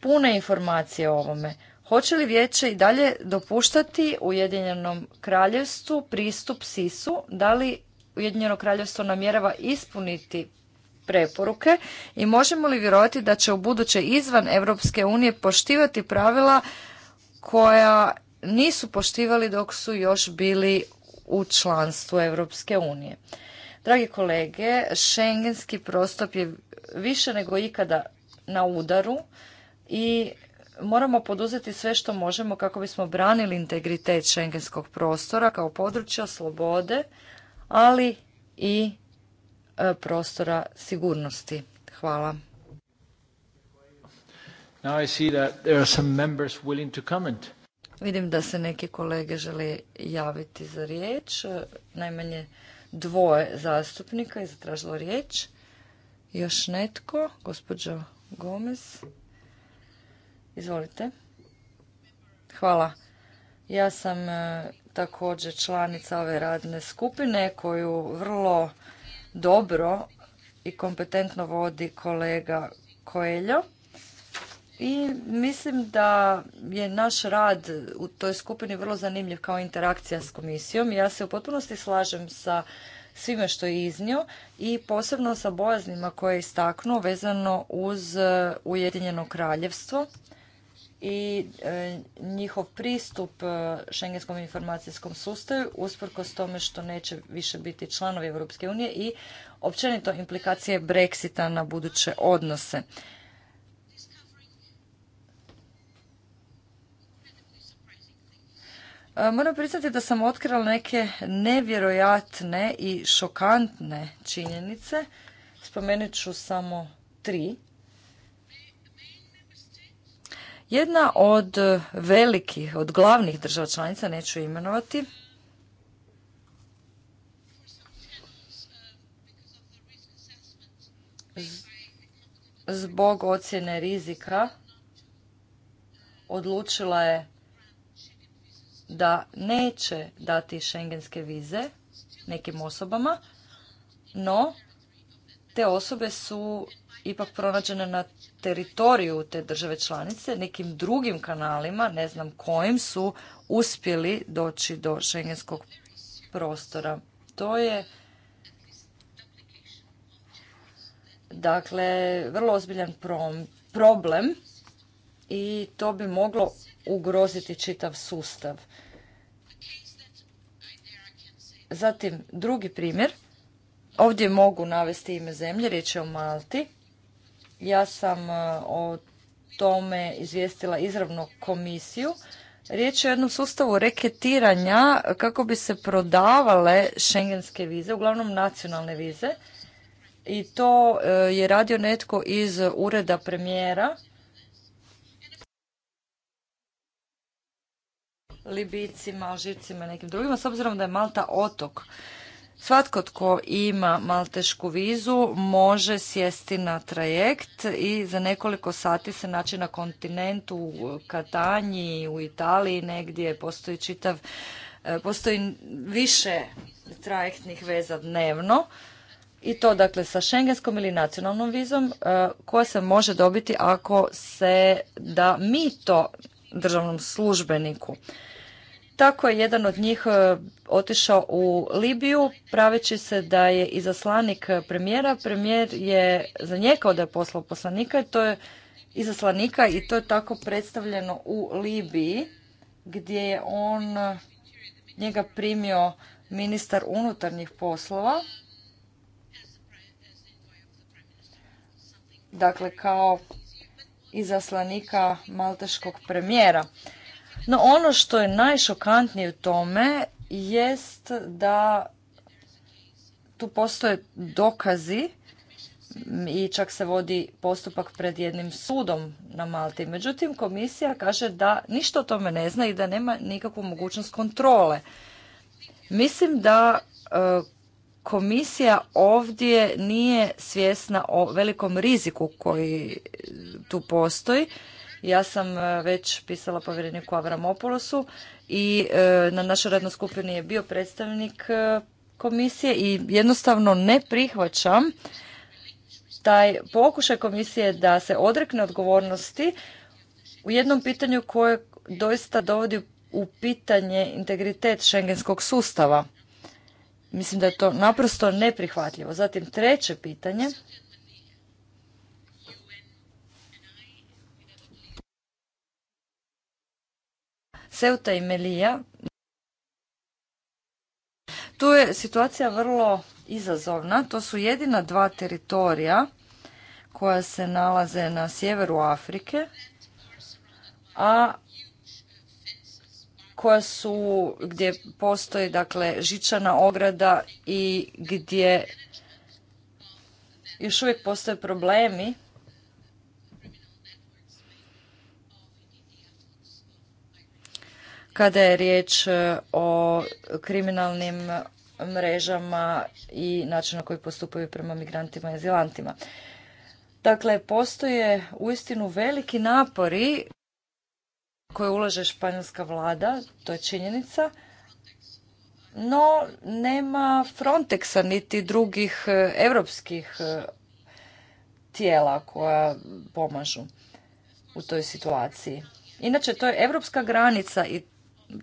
pune informacije o ovome. Hoće li vijeće i dalje dopuštati Ujedinjenom kraljevstvu pristup SIS-u? Da li Ujedinjeno kraljevstvo namjerava ispuniti preporuke i možemo li vjerovati da će u buduće izvan Europske unije poštivati pravila koja nisu poštivali dok su još bili u članstvu Europske unije. Dragi kolege, šengenski prostor je više nego ikada na udaru i moramo poduzeti sve što možemo kako bismo branili integritet šengenskog prostora kao područja slobode, ali i e, prostora sigurnosti. Hvala. Vidim da se neki kolege žele javiti za riječ. E, najmanje dvoje zastupnika je zatražilo riječ. Još netko, gospođo Gomez. Izvolite. Hvala. Ja sam e, također članica ove radne skupine koju vrlo dobro i kompetentno vodi kolega Koeljo. I mislim da je naš rad u toj skupini vrlo zanimljiv kao interakcija s komisijom. Ja se u potpunosti slažem sa svime što je iznio i posebno sa bojaznima koje je istaknuo vezano uz e, Ujedinjeno kraljevstvo i e, njihov pristup šengenskom e, informacijskom sustavu usprkos tome što neće više biti članovi Europske unije i općenito implikacije Brexita na buduće odnose. E, moram priznati da sam otkrila neke nevjerojatne i šokantne činjenice. Spomenut ću samo tri. Jedna od velikih, od glavnih država članica, neću imenovati, zbog ocjene rizika odlučila je da neće dati šengenske vize nekim osobama, no te osobe su ipak pronađene na teritoriju te države članice, nekim drugim kanalima, ne znam kojim, su uspjeli doći do šengenskog prostora. To je dakle vrlo ozbiljan problem i to bi moglo ugroziti čitav sustav. Zatim drugi primjer Ovdje mogu navesti ime zemlje, riječ je o Malti. Ja sam e, o tome izvijestila izravno komisiju. Riječ je o jednom sustavu reketiranja kako bi se prodavale šengenske vize, uglavnom nacionalne vize. I to e, je radio netko iz ureda premijera. Libicima, Alžircima i nekim drugima, s obzirom da je Malta otok Svatko tko ima maltešku vizu može sjesti na trajekt i za nekoliko sati se naći na kontinentu u Katanji, u Italiji negdje postoji čitav, e, postoji više trajektnih veza dnevno i to dakle sa šengenskom ili nacionalnom vizom e, koja se može dobiti ako se da mi to državnom službeniku. Tako je jedan od njih e, otišao u Libiju, praveći se da je izaslanik e, premijera. Premijer je zanijekao da je poslao poslanika i to je izaslanika i to je tako predstavljeno u Libiji gdje je on e, njega primio ministar unutarnjih poslova. Dakle, kao izaslanika malteškog premijera. No ono što je najšokantnije u tome jest da tu postoje dokazi i čak se vodi postupak pred jednim sudom na Malti. Međutim, komisija kaže da ništa o tome ne zna i da nema nikakvu mogućnost kontrole. Mislim da e, komisija ovdje nije svjesna o velikom riziku koji tu postoji ja sam e, već pisala povjereniku Avramopoulosu i e, na našoj radnoj skupini je bio predstavnik e, komisije i jednostavno ne prihvaćam taj pokušaj komisije da se odrekne odgovornosti u jednom pitanju koje doista dovodi u pitanje integritet šengenskog sustava. Mislim da je to naprosto neprihvatljivo. Zatim treće pitanje Ceuta i Melija. Tu je situacija vrlo izazovna. To su jedina dva teritorija koja se nalaze na sjeveru Afrike, a koja su gdje postoji dakle žičana ograda i gdje još uvijek postoje problemi kada je riječ e, o kriminalnim mrežama i načinu na koji postupaju prema migrantima i azilantima. Dakle, postoje uistinu veliki napori koje ulaže španjolska vlada, to je činjenica, no nema Frontexa niti drugih europskih e, tijela koja pomažu u toj situaciji. Inače, to je europska granica i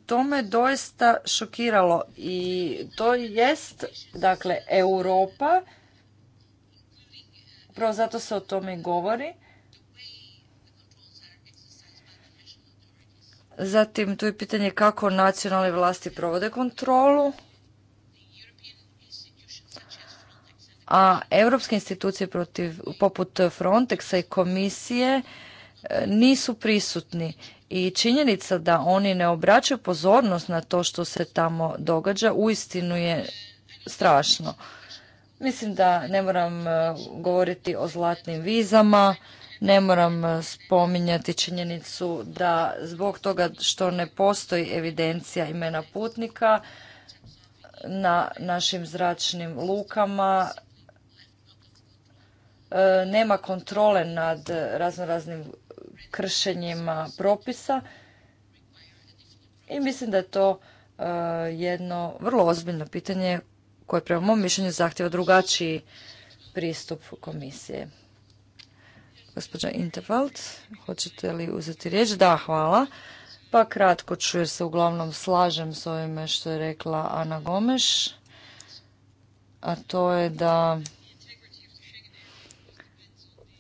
to me doista šokiralo i to jest, dakle, Europa, upravo zato se o tome govori. Zatim tu je pitanje kako nacionalne vlasti provode kontrolu. A europske institucije poput Frontexa i komisije e, nisu prisutni i činjenica da oni ne obraćaju pozornost na to što se tamo događa uistinu je strašno. Mislim da ne moram e, govoriti o zlatnim vizama, ne moram e, spominjati činjenicu da zbog toga što ne postoji evidencija imena putnika na našim zračnim lukama, e, nema kontrole nad raznoraznim kršenjima propisa i mislim da je to e, jedno vrlo ozbiljno pitanje koje prema mom mišljenju zahtjeva drugačiji pristup komisije. Gospođa Intervalt, hoćete li uzeti riječ? Da, hvala. Pa kratko ću jer se uglavnom slažem s ovime što je rekla Ana Gomeš, a to je da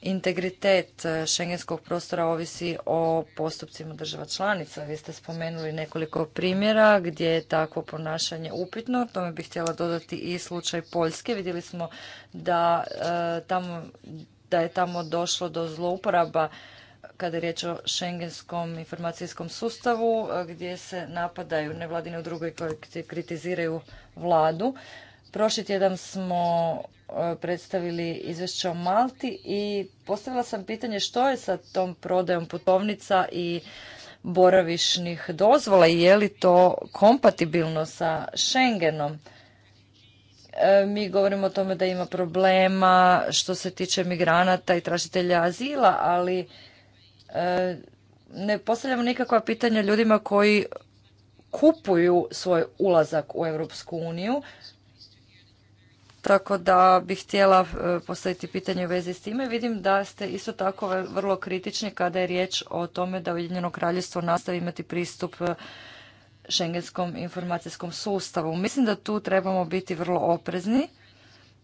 integritet e, šengenskog prostora ovisi o postupcima država članica. Vi ste spomenuli nekoliko primjera gdje je takvo ponašanje upitno. Tome bih htjela dodati i slučaj Poljske. Vidjeli smo da, e, tamo, da je tamo došlo do zlouporaba kada je riječ o šengenskom informacijskom sustavu e, gdje se napadaju nevladine udruge koje kritiziraju vladu. Prošli tjedan smo e, predstavili izvješće o Malti i postavila sam pitanje što je sa tom prodajom putovnica i boravišnih dozvola i je li to kompatibilno sa Schengenom. E, mi govorimo o tome da ima problema što se tiče migranata i tražitelja azila, ali e, ne postavljamo nikakva pitanja ljudima koji kupuju svoj ulazak u Europsku uniju tako da bih htjela e, postaviti pitanje u vezi s time. Vidim da ste isto tako vrlo kritični kada je riječ o tome da Ujedinjeno kraljevstvo nastavi imati pristup šengenskom e, informacijskom sustavu. Mislim da tu trebamo biti vrlo oprezni.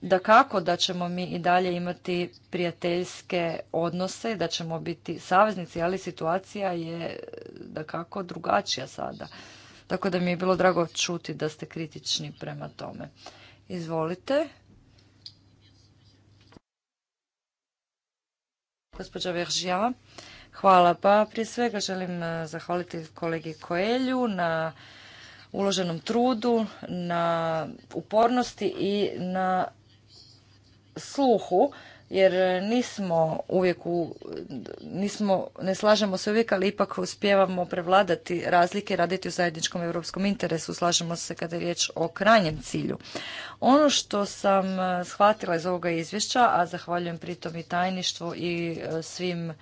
Da kako da ćemo mi i dalje imati prijateljske odnose, da ćemo biti saveznici, ali situacija je e, da kako drugačija sada. Tako da mi je bilo drago čuti da ste kritični prema tome. Izvolite. Gospođa Veržija, hvala. Pa prije svega želim e, zahvaliti kolegi Koelju na uloženom trudu, na upornosti i na sluhu jer e, nismo uvijek u, nismo, ne slažemo se uvijek, ali ipak uspijevamo prevladati razlike, raditi u zajedničkom europskom interesu, slažemo se kada je riječ o krajnjem cilju. Ono što sam e, shvatila iz ovoga izvješća, a zahvaljujem pritom i tajništvo i e, svim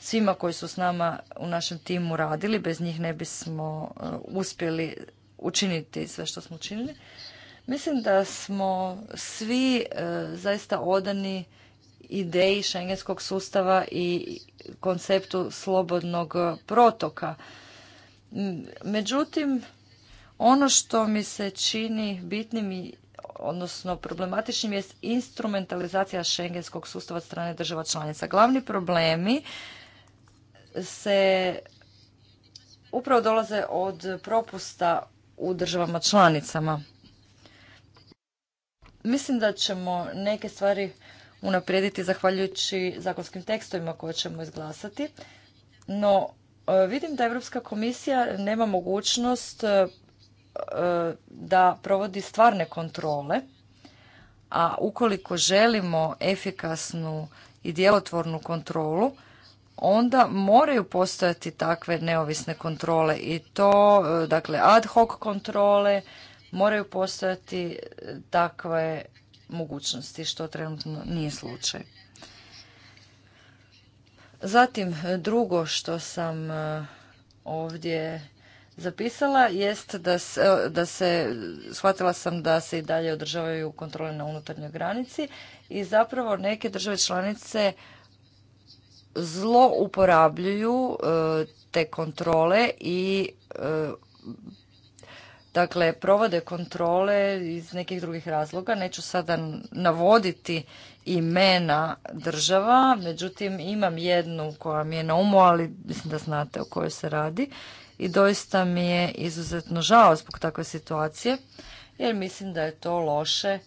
svima koji su s nama u našem timu radili, bez njih ne bismo uspjeli učiniti sve što smo učinili. Mislim da smo svi zaista odani ideji šengenskog sustava i konceptu slobodnog protoka. Međutim, ono što mi se čini bitnim odnosno problematičnim je instrumentalizacija šengenskog sustava od strane država članica. Glavni problemi se upravo dolaze od propusta u državama članicama. Mislim da ćemo neke stvari unaprijediti zahvaljujući zakonskim tekstovima koje ćemo izglasati. No, e, vidim da Europska komisija nema mogućnost e, da provodi stvarne kontrole, a ukoliko želimo efikasnu i djelotvornu kontrolu, onda moraju postojati takve neovisne kontrole i to, e, dakle, ad hoc kontrole, moraju postojati takve mogućnosti, što trenutno nije slučaj. Zatim, drugo što sam e, ovdje zapisala jest da se, da se, shvatila sam da se i dalje održavaju kontrole na unutarnjoj granici i zapravo neke države članice zlo uporabljuju e, te kontrole i e, dakle provode kontrole iz nekih drugih razloga. Neću sada navoditi imena država, međutim imam jednu koja mi je na umu, ali mislim da znate o kojoj se radi. I doista mi je izuzetno žao zbog takve situacije, jer mislim da je to loše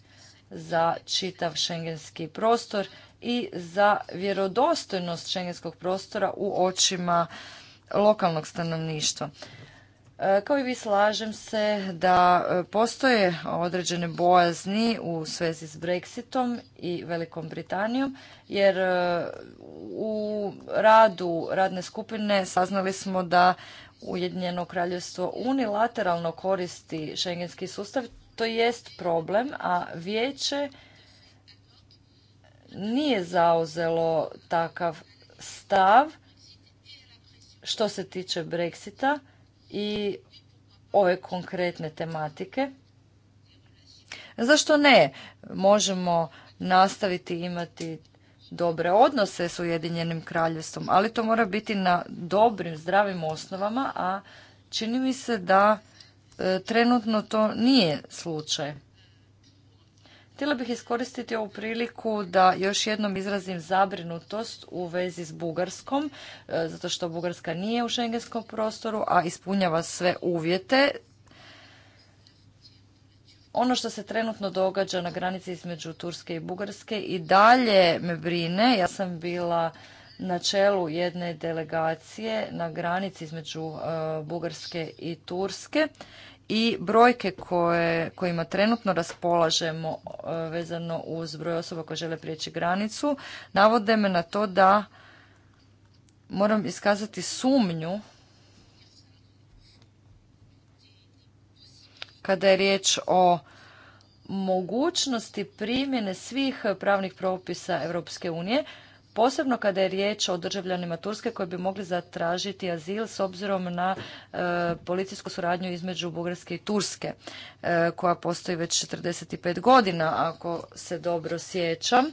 za čitav šengenski prostor i za vjerodostojnost šengenskog prostora u očima lokalnog stanovništva. E, kao i vi slažem se da e, postoje određene bojazni u svezi s Brexitom i Velikom Britanijom, jer e, u radu radne skupine saznali smo da Ujedinjeno kraljevstvo unilateralno koristi šengenski sustav, to jest problem, a vijeće nije zauzelo takav stav što se tiče Brexita i ove konkretne tematike. Zašto ne? Možemo nastaviti imati dobre odnose s Ujedinjenim kraljevstvom, ali to mora biti na dobrim, zdravim osnovama, a čini mi se da e, trenutno to nije slučaj. Htjela bih iskoristiti ovu priliku da još jednom izrazim zabrinutost u vezi s Bugarskom, e, zato što Bugarska nije u šengenskom prostoru, a ispunjava sve uvjete. Ono što se trenutno događa na granici između Turske i Bugarske i dalje me brine. Ja sam bila na čelu jedne delegacije na granici između e, Bugarske i Turske i brojke koje, kojima trenutno raspolažemo e, vezano uz broj osoba koje žele prijeći granicu navode me na to da moram iskazati sumnju kada je riječ o mogućnosti primjene svih pravnih propisa Europske unije posebno kada je riječ o državljanima Turske koji bi mogli zatražiti azil s obzirom na e, policijsku suradnju između Bugarske i Turske e, koja postoji već 45 godina ako se dobro sjećam.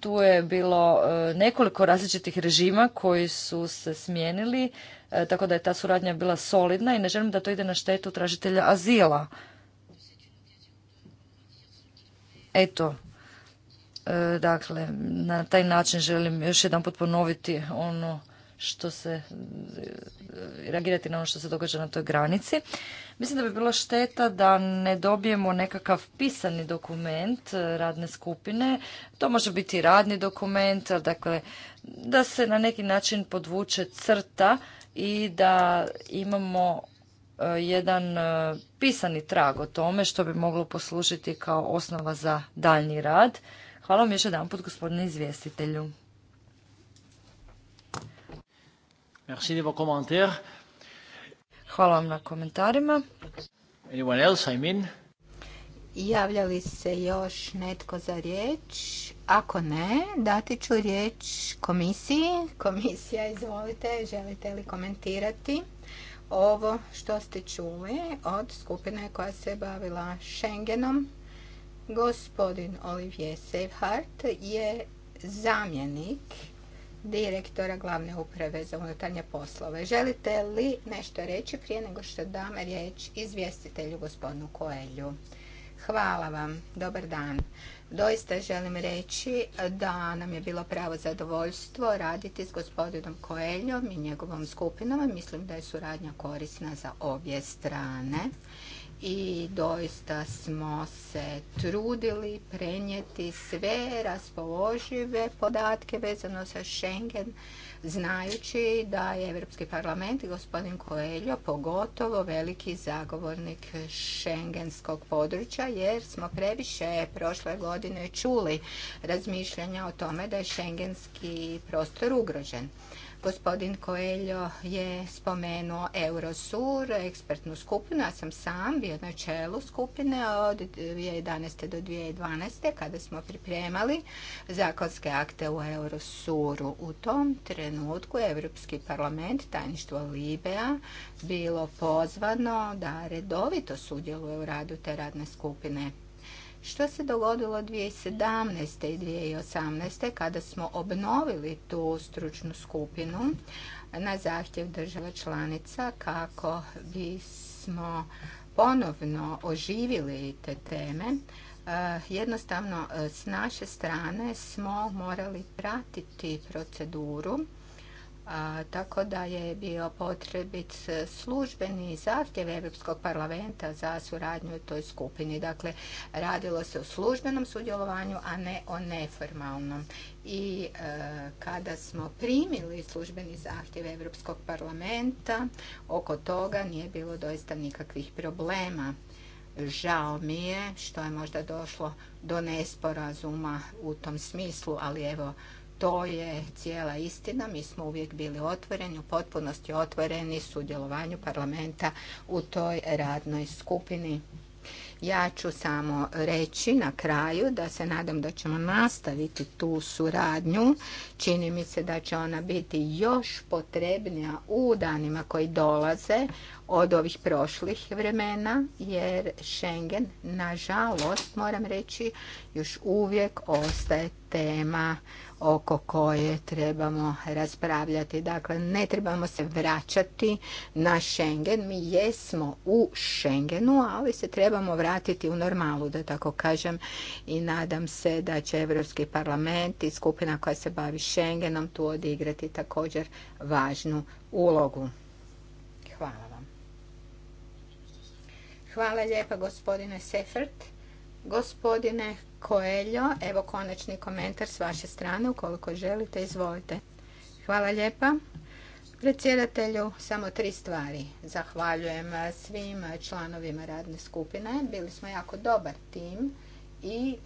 Tu je bilo e, nekoliko različitih režima koji su se smijenili, tako da je ta suradnja bila solidna i ne želim da to ide na štetu tražitelja azila. Eto, E, dakle, na taj način želim još jedan put ponoviti ono što se, e, reagirati na ono što se događa na toj granici. Mislim da bi bilo šteta da ne dobijemo nekakav pisani dokument e, radne skupine. To može biti radni dokument, dakle, da se na neki način podvuče crta i da imamo jedan pisani trag o tome što bi moglo poslužiti kao osnova za daljnji rad Hvala vam još jedan put, gospodine izvjestitelju. Merci de Hvala vam na komentarima. Anyone Javlja li se još netko za riječ? Ako ne, dati ću riječ komisiji. Komisija, izvolite, želite li komentirati ovo što ste čuli od skupine koja se bavila Schengenom? Gospodin Olivier Seifhardt je zamjenik direktora glavne uprave za unutarnje poslove. Želite li nešto reći prije nego što dam riječ izvjestitelju gospodinu Koelju? Hvala vam, dobar dan. Doista želim reći da nam je bilo pravo zadovoljstvo raditi s gospodinom Koeljom i njegovom skupinom. Mislim da je suradnja korisna za obje strane i doista smo se trudili prenijeti sve raspoložive podatke vezano sa Schengen, znajući da je Europski parlament i gospodin Coelho pogotovo veliki zagovornik Schengenskog područja, jer smo previše prošle godine čuli razmišljanja o tome da je Schengenski prostor ugrožen. Gospodin Koeljo je spomenuo Eurosur, ekspertnu skupinu, ja sam sam bio na čelu skupine od 2011. do 2012. kada smo pripremali zakonske akte u Eurosuru. U tom trenutku je Europski parlament, tajništvo Libea, bilo pozvano da redovito sudjeluje u radu te radne skupine. Što se dogodilo 2017. i 2018. kada smo obnovili tu stručnu skupinu na zahtjev država članica kako bismo ponovno oživili te teme, e, jednostavno s naše strane smo morali pratiti proceduru tako da je bio potrebit službeni zahtjev Europskog parlamenta za suradnju u toj skupini. Dakle, radilo se o službenom sudjelovanju, a ne o neformalnom. I e, kada smo primili službeni zahtjev Europskog parlamenta, oko toga nije bilo doista nikakvih problema. Žao mi je što je možda došlo do nesporazuma u tom smislu, ali evo to je cijela istina. Mi smo uvijek bili otvoreni, u potpunosti otvoreni sudjelovanju parlamenta u toj radnoj skupini. Ja ću samo reći na kraju da se nadam da ćemo nastaviti tu suradnju. Čini mi se da će ona biti još potrebnija u danima koji dolaze od ovih prošlih vremena, jer Schengen, nažalost, moram reći, još uvijek ostaje tema oko koje trebamo raspravljati. Dakle, ne trebamo se vraćati na Schengen. Mi jesmo u Schengenu, ali se trebamo vratiti u normalu, da tako kažem. I nadam se da će Europski parlament i skupina koja se bavi Schengenom tu odigrati također važnu ulogu. Hvala vam. Hvala lijepa gospodine Sefert. Gospodine Koeljo, evo konačni komentar s vaše strane, ukoliko želite, izvolite. Hvala lijepa. Predsjedatelju, samo tri stvari. Zahvaljujem eh, svim članovima radne skupine. Bili smo jako dobar tim i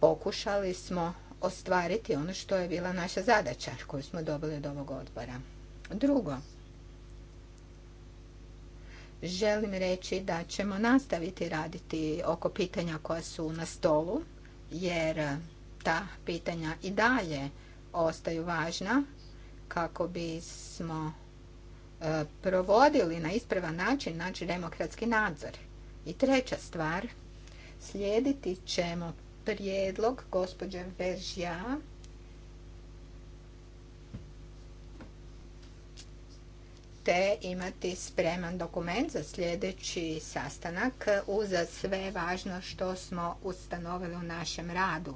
pokušali smo ostvariti ono što je bila naša zadaća koju smo dobili od ovog odbora. Drugo, želim reći da ćemo nastaviti raditi oko pitanja koja su na stolu, jer ta pitanja i dalje ostaju važna kako bismo e, provodili na ispravan način znači demokratski nadzor. I treća stvar, slijediti ćemo prijedlog gospođe Veržija. te imati spreman dokument za sljedeći sastanak uz sve važno što smo ustanovili u našem radu.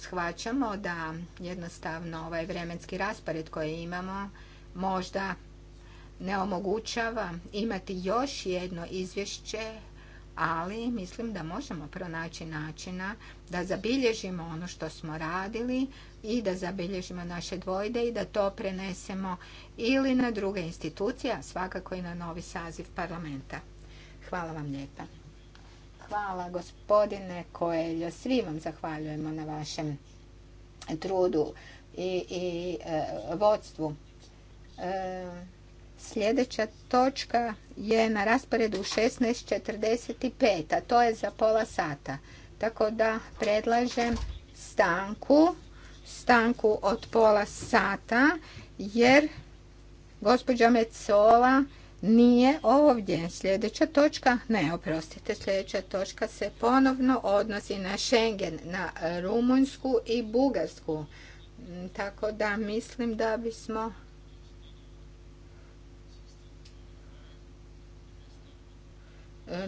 Shvaćamo da jednostavno ovaj vremenski raspored koji imamo možda ne omogućava imati još jedno izvješće, ali mislim da možemo pronaći načina da zabilježimo ono što smo radili, i da zabilježimo naše dvojde i da to prenesemo ili na druge institucije, svakako i na novi saziv parlamenta. Hvala vam lijepa. Hvala gospodine Koeljo, svi vam zahvaljujemo na vašem trudu i, i e, vodstvu. E, sljedeća točka je na rasporedu 16.45, a to je za pola sata. Tako da predlažem stanku stanku od pola sata jer gospođa Mecola nije ovdje. Sljedeća točka, ne, oprostite, sljedeća točka se ponovno odnosi na Schengen, na Rumunjsku i Bugarsku. Tako da mislim da bismo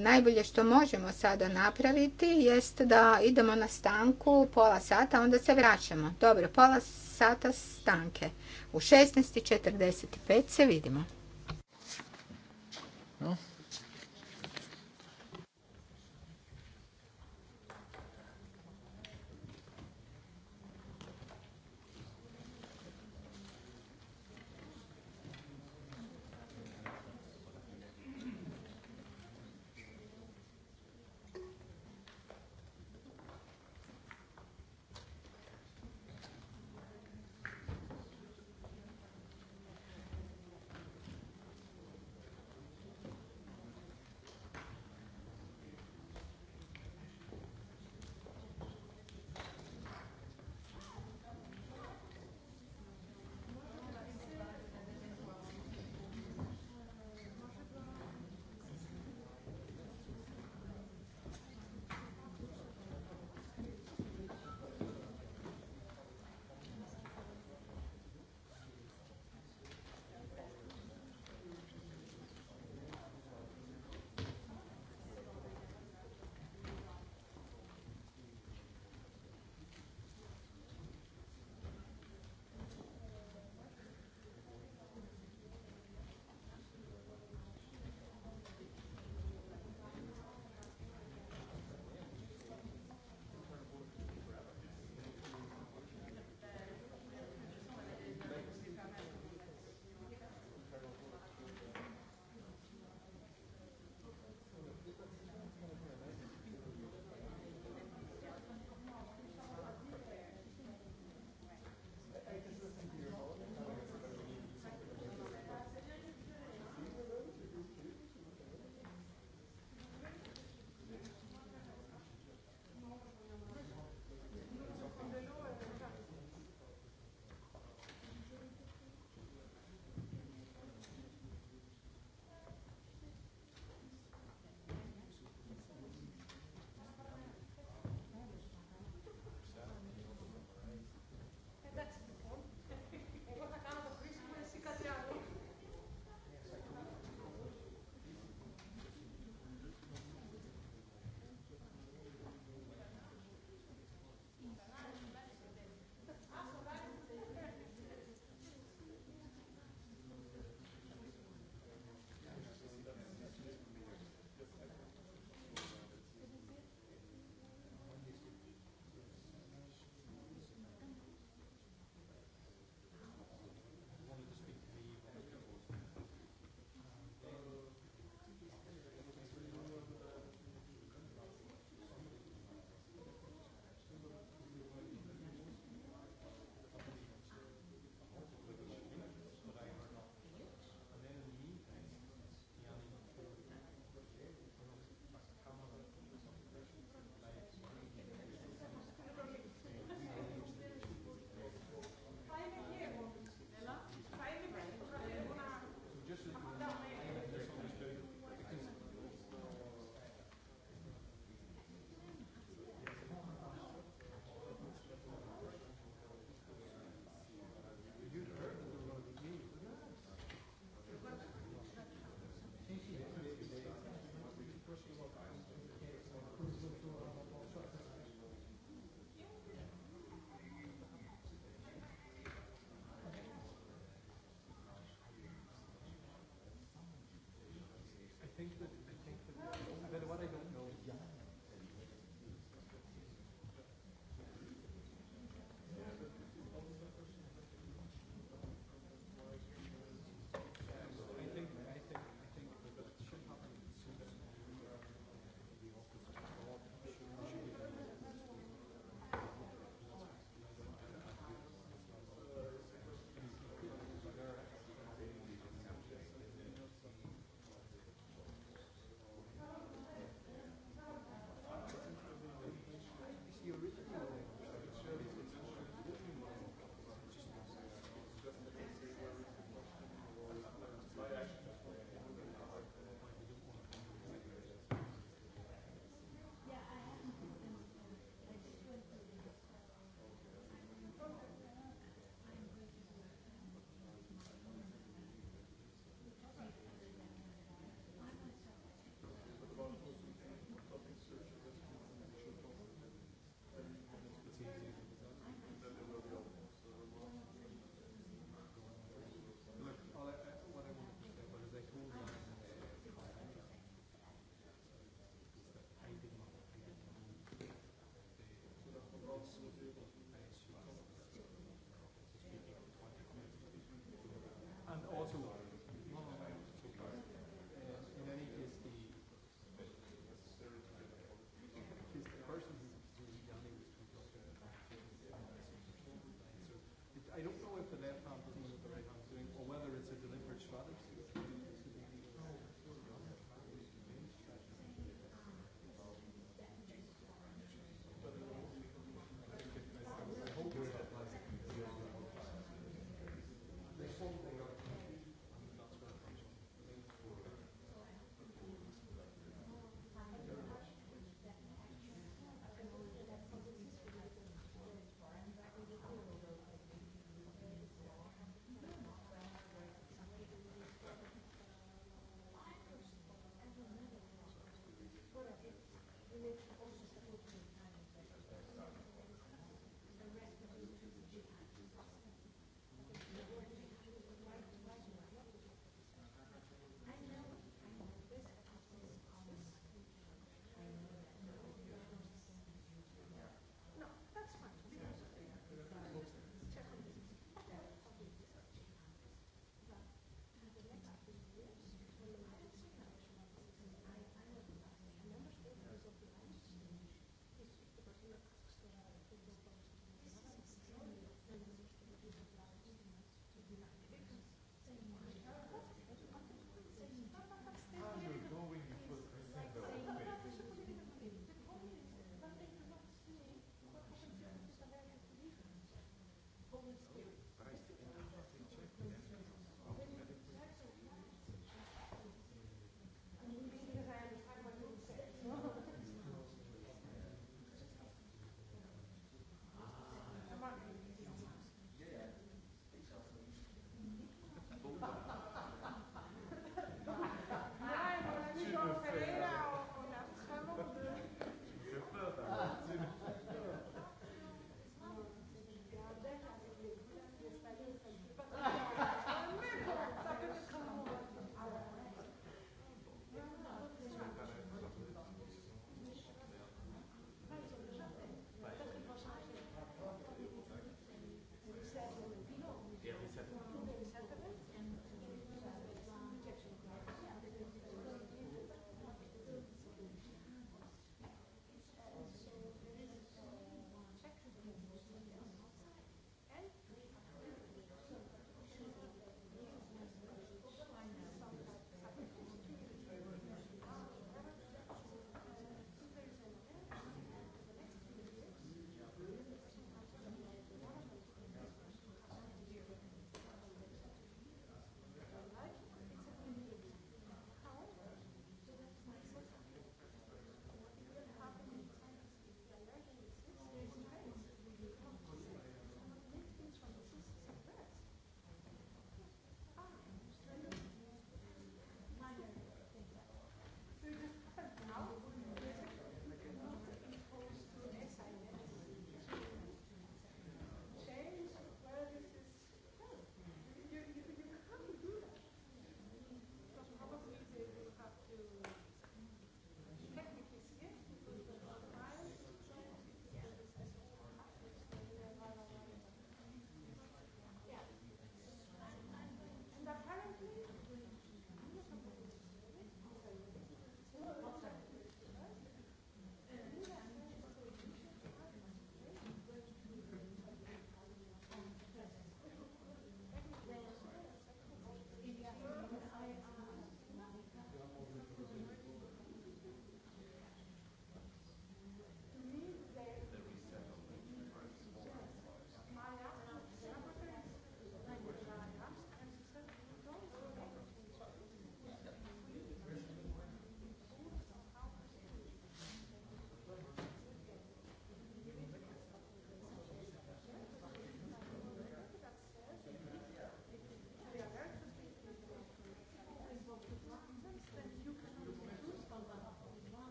najbolje što možemo sada napraviti jest da idemo na stanku pola sata, onda se vraćamo. Dobro, pola sata stanke. U 16.45 se vidimo. I don't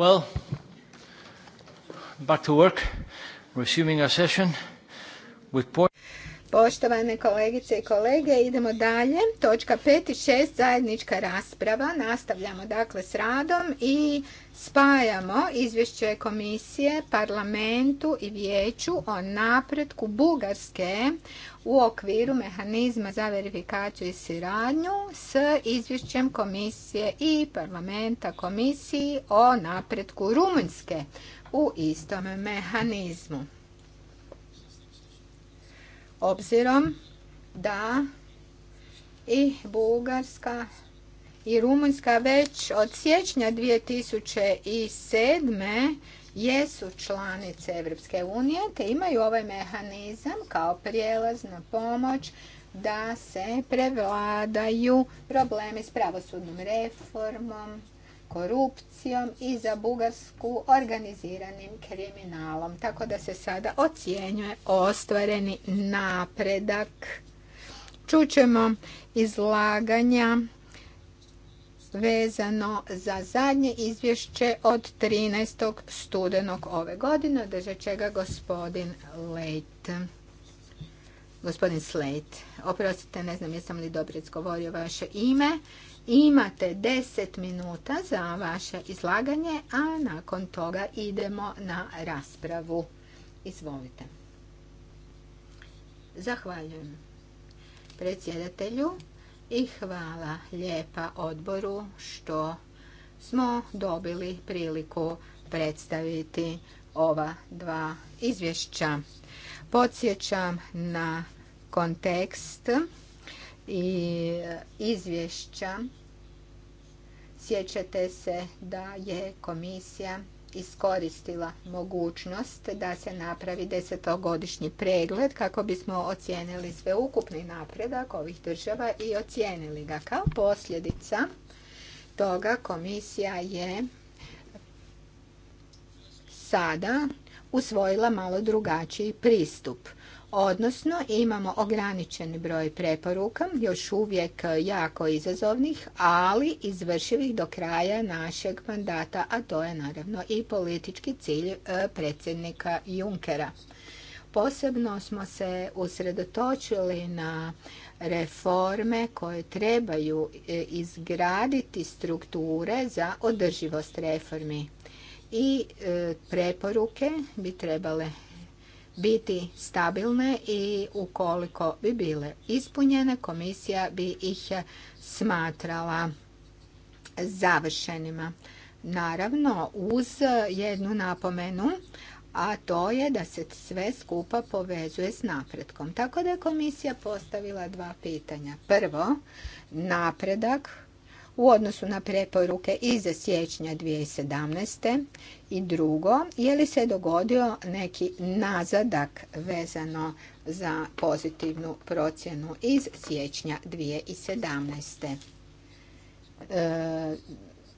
Well, back to work, resuming our session with Poštovane kolegice i kolege, idemo dalje. Točka 5 i 6, zajednička rasprava. Nastavljamo dakle s radom i spajamo izvješće komisije, parlamentu i vijeću o napretku Bugarske u okviru mehanizma za verifikaciju i siradnju s izvješćem komisije i parlamenta komisiji o napretku Rumunjske u istom mehanizmu obzirom da i Bugarska i Rumunjska već od siječnja 2007. jesu članice Europske unije te imaju ovaj mehanizam kao prijelazna pomoć da se prevladaju problemi s pravosudnom reformom korupcijom i za Bugarsku organiziranim kriminalom. Tako da se sada ocjenjuje ostvareni napredak. Čućemo izlaganja vezano za zadnje izvješće od 13. studenog ove godine, držat će gospodin Lejt. Gospodin Slejt, oprostite, ne znam jesam li dobro izgovorio vaše ime. Imate 10 minuta za vaše izlaganje, a nakon toga idemo na raspravu. Izvolite. Zahvaljujem predsjedatelju i hvala lijepa odboru što smo dobili priliku predstaviti ova dva izvješća. Podsjećam na kontekst i e, izvješća sjećate se da je komisija iskoristila mogućnost da se napravi desetogodišnji pregled kako bismo ocijenili sveukupni napredak ovih država i ocijenili ga. Kao posljedica toga komisija je sada usvojila malo drugačiji pristup. Odnosno, imamo ograničen broj preporuka, još uvijek jako izazovnih, ali izvršivih do kraja našeg mandata, a to je naravno i politički cilj e, predsjednika Junkera. Posebno smo se usredotočili na reforme koje trebaju e, izgraditi strukture za održivost reformi. I e, preporuke bi trebale biti stabilne i ukoliko bi bile ispunjene, komisija bi ih smatrala završenima. Naravno, uz jednu napomenu, a to je da se sve skupa povezuje s napretkom. Tako da je komisija postavila dva pitanja. Prvo, napredak u odnosu na preporuke iz siječnja 2017. I drugo, je li se dogodio neki nazadak vezano za pozitivnu procjenu iz siječnja 2017. E,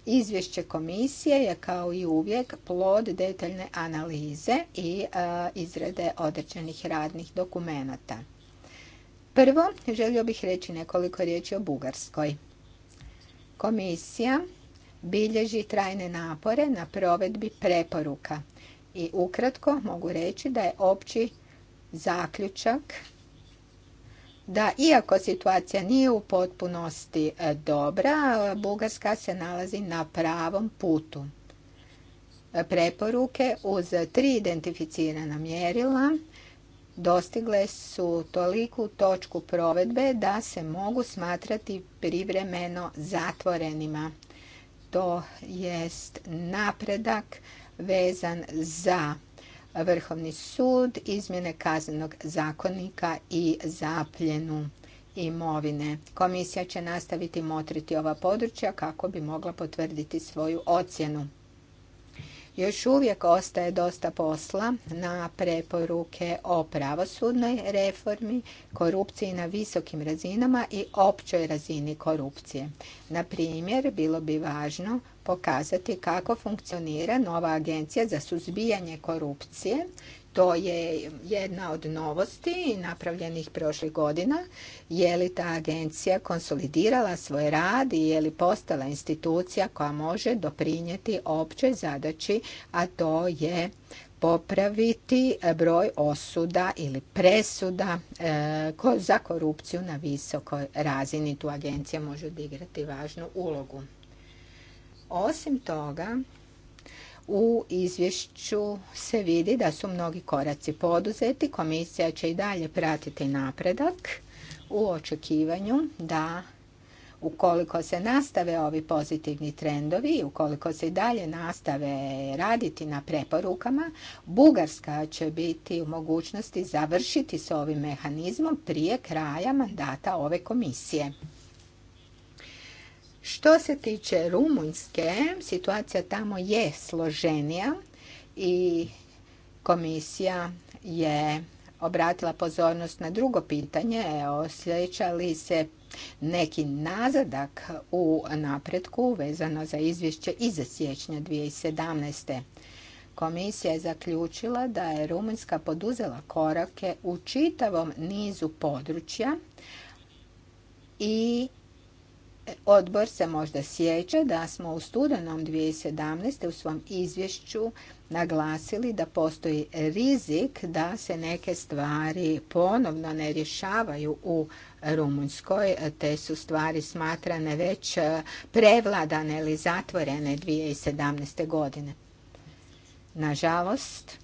izvješće komisije je kao i uvijek plod detaljne analize i izrede izrade određenih radnih dokumenata. Prvo, želio bih reći nekoliko riječi o Bugarskoj. Komisija bilježi trajne napore na provedbi preporuka i ukratko mogu reći da je opći zaključak da iako situacija nije u potpunosti e, dobra, Bugarska se nalazi na pravom putu. E, preporuke uz tri identificirana mjerila dostigle su toliku točku provedbe da se mogu smatrati privremeno zatvorenima. To jest napredak vezan za Vrhovni sud, izmjene kaznenog zakonika i zapljenu imovine. Komisija će nastaviti motriti ova područja kako bi mogla potvrditi svoju ocjenu. Još uvijek ostaje dosta posla na preporuke o pravosudnoj reformi, korupciji na visokim razinama i općoj razini korupcije. Na primjer, bilo bi važno pokazati kako funkcionira nova agencija za suzbijanje korupcije to je jedna od novosti napravljenih prošlih godina. Je li ta agencija konsolidirala svoj rad i je li postala institucija koja može doprinijeti općoj zadaći, a to je popraviti broj osuda ili presuda e, za korupciju na visokoj razini. Tu agencija može odigrati važnu ulogu. Osim toga, u izvješću se vidi da su mnogi koraci poduzeti. Komisija će i dalje pratiti napredak u očekivanju da ukoliko se nastave ovi pozitivni trendovi, i ukoliko se i dalje nastave raditi na preporukama, Bugarska će biti u mogućnosti završiti s ovim mehanizmom prije kraja mandata ove komisije. Što se tiče Rumunjske, situacija tamo je složenija i komisija je obratila pozornost na drugo pitanje, osjeća li se neki nazadak u napretku vezano za izvješće iza siječnja 2017. Komisija je zaključila da je Rumunjska poduzela korake u čitavom nizu područja i Odbor se možda sjeća da smo u studenom 2017. u svom izvješću naglasili da postoji rizik da se neke stvari ponovno ne rješavaju u Rumunjskoj. Te su stvari smatrane već prevladane ili zatvorene 2017. godine. Nažalost,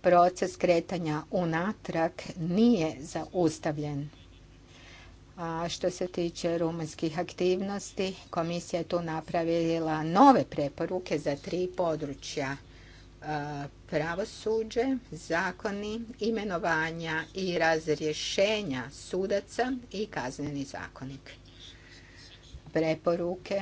proces kretanja unatrag nije zaustavljen. A što se tiče rumunskih aktivnosti, komisija je tu napravila nove preporuke za tri područja. E, pravosuđe, zakoni, imenovanja i razrješenja sudaca i kazneni zakonik. Preporuke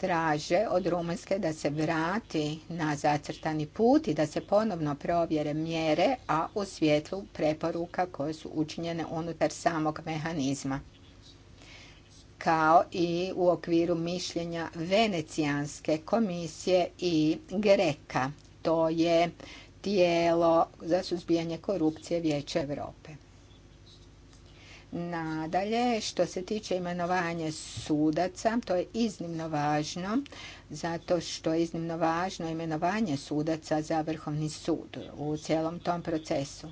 traže od Rumunjske da se vrati na zacrtani put i da se ponovno provjere mjere, a u svjetlu preporuka koje su učinjene unutar samog mehanizma kao i u okviru mišljenja Venecijanske komisije i Greka. To je tijelo za suzbijanje korupcije Vijeća Europe. Nadalje, što se tiče imenovanja sudaca, to je iznimno važno, zato što je iznimno važno imenovanje sudaca za Vrhovni sud u cijelom tom procesu.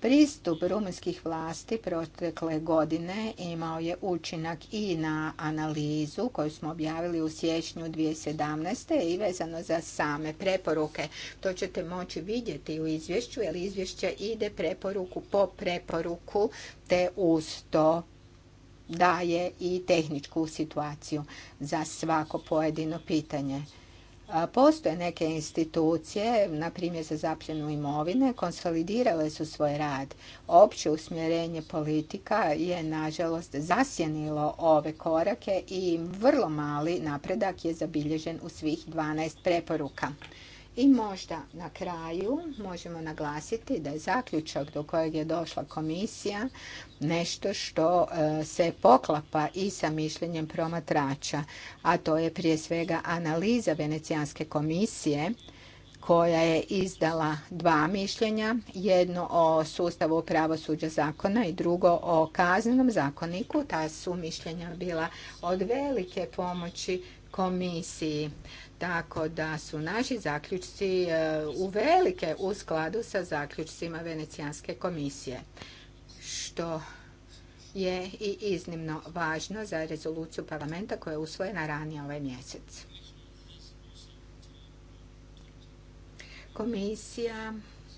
Pristup rumunskih vlasti protekle godine imao je učinak i na analizu koju smo objavili u siječnju 2017. i vezano za same preporuke. To ćete moći vidjeti u izvješću, jer izvješće ide preporuku po preporuku, te uz to daje i tehničku situaciju za svako pojedino pitanje. Postoje neke institucije, na primjer za zapljenu imovine, konsolidirale su svoj rad. Opće usmjerenje politika je, nažalost, zasjenilo ove korake i vrlo mali napredak je zabilježen u svih 12 preporuka. I možda na kraju možemo naglasiti da je zaključak do kojeg je došla komisija nešto što e, se poklapa i sa mišljenjem promatrača, a to je prije svega analiza Venecijanske komisije koja je izdala dva mišljenja, jedno o sustavu pravosuđa zakona i drugo o kaznenom zakoniku. Ta su mišljenja bila od velike pomoći komisiji. Tako da su naši zaključci e, uvelike u skladu sa zaključcima Venecijanske komisije, što je i iznimno važno za rezoluciju parlamenta koja je usvojena ranije ovaj mjesec. Komisija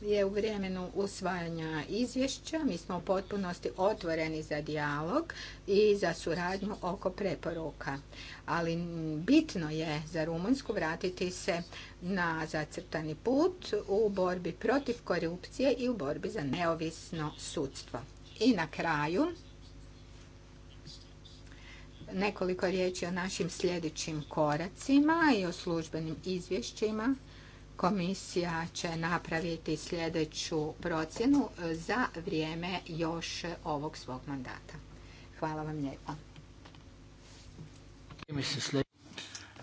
je u vremenu usvajanja izvješća. Mi smo u potpunosti otvoreni za dijalog i za suradnju oko preporuka. Ali bitno je za Rumunjsku vratiti se na zacrtani put u borbi protiv korupcije i u borbi za neovisno sudstvo. I na kraju nekoliko riječi o našim sljedećim koracima i o službenim izvješćima Komisija će napraviti sljedeću procjenu za vrijeme još ovog svog mandata. Hvala vam lijepa.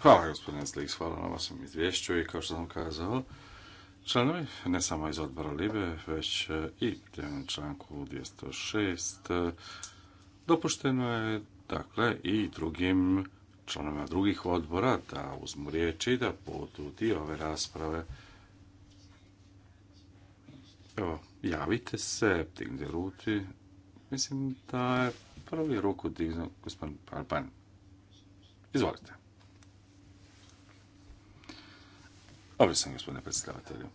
Hvala gospodine hvala na vašem izvješću i kao što sam kazao, članovi ne samo iz odbora Libe, već i u članku 206 dopušteno je dakle i drugim članovima drugih odbora da uzmu riječ i da budu ove rasprave. Evo, javite se, ruti. Mislim da je prvi ruku dignuo gospodin Parban. Izvolite. Ovdje sam, gospodine predstavatelju.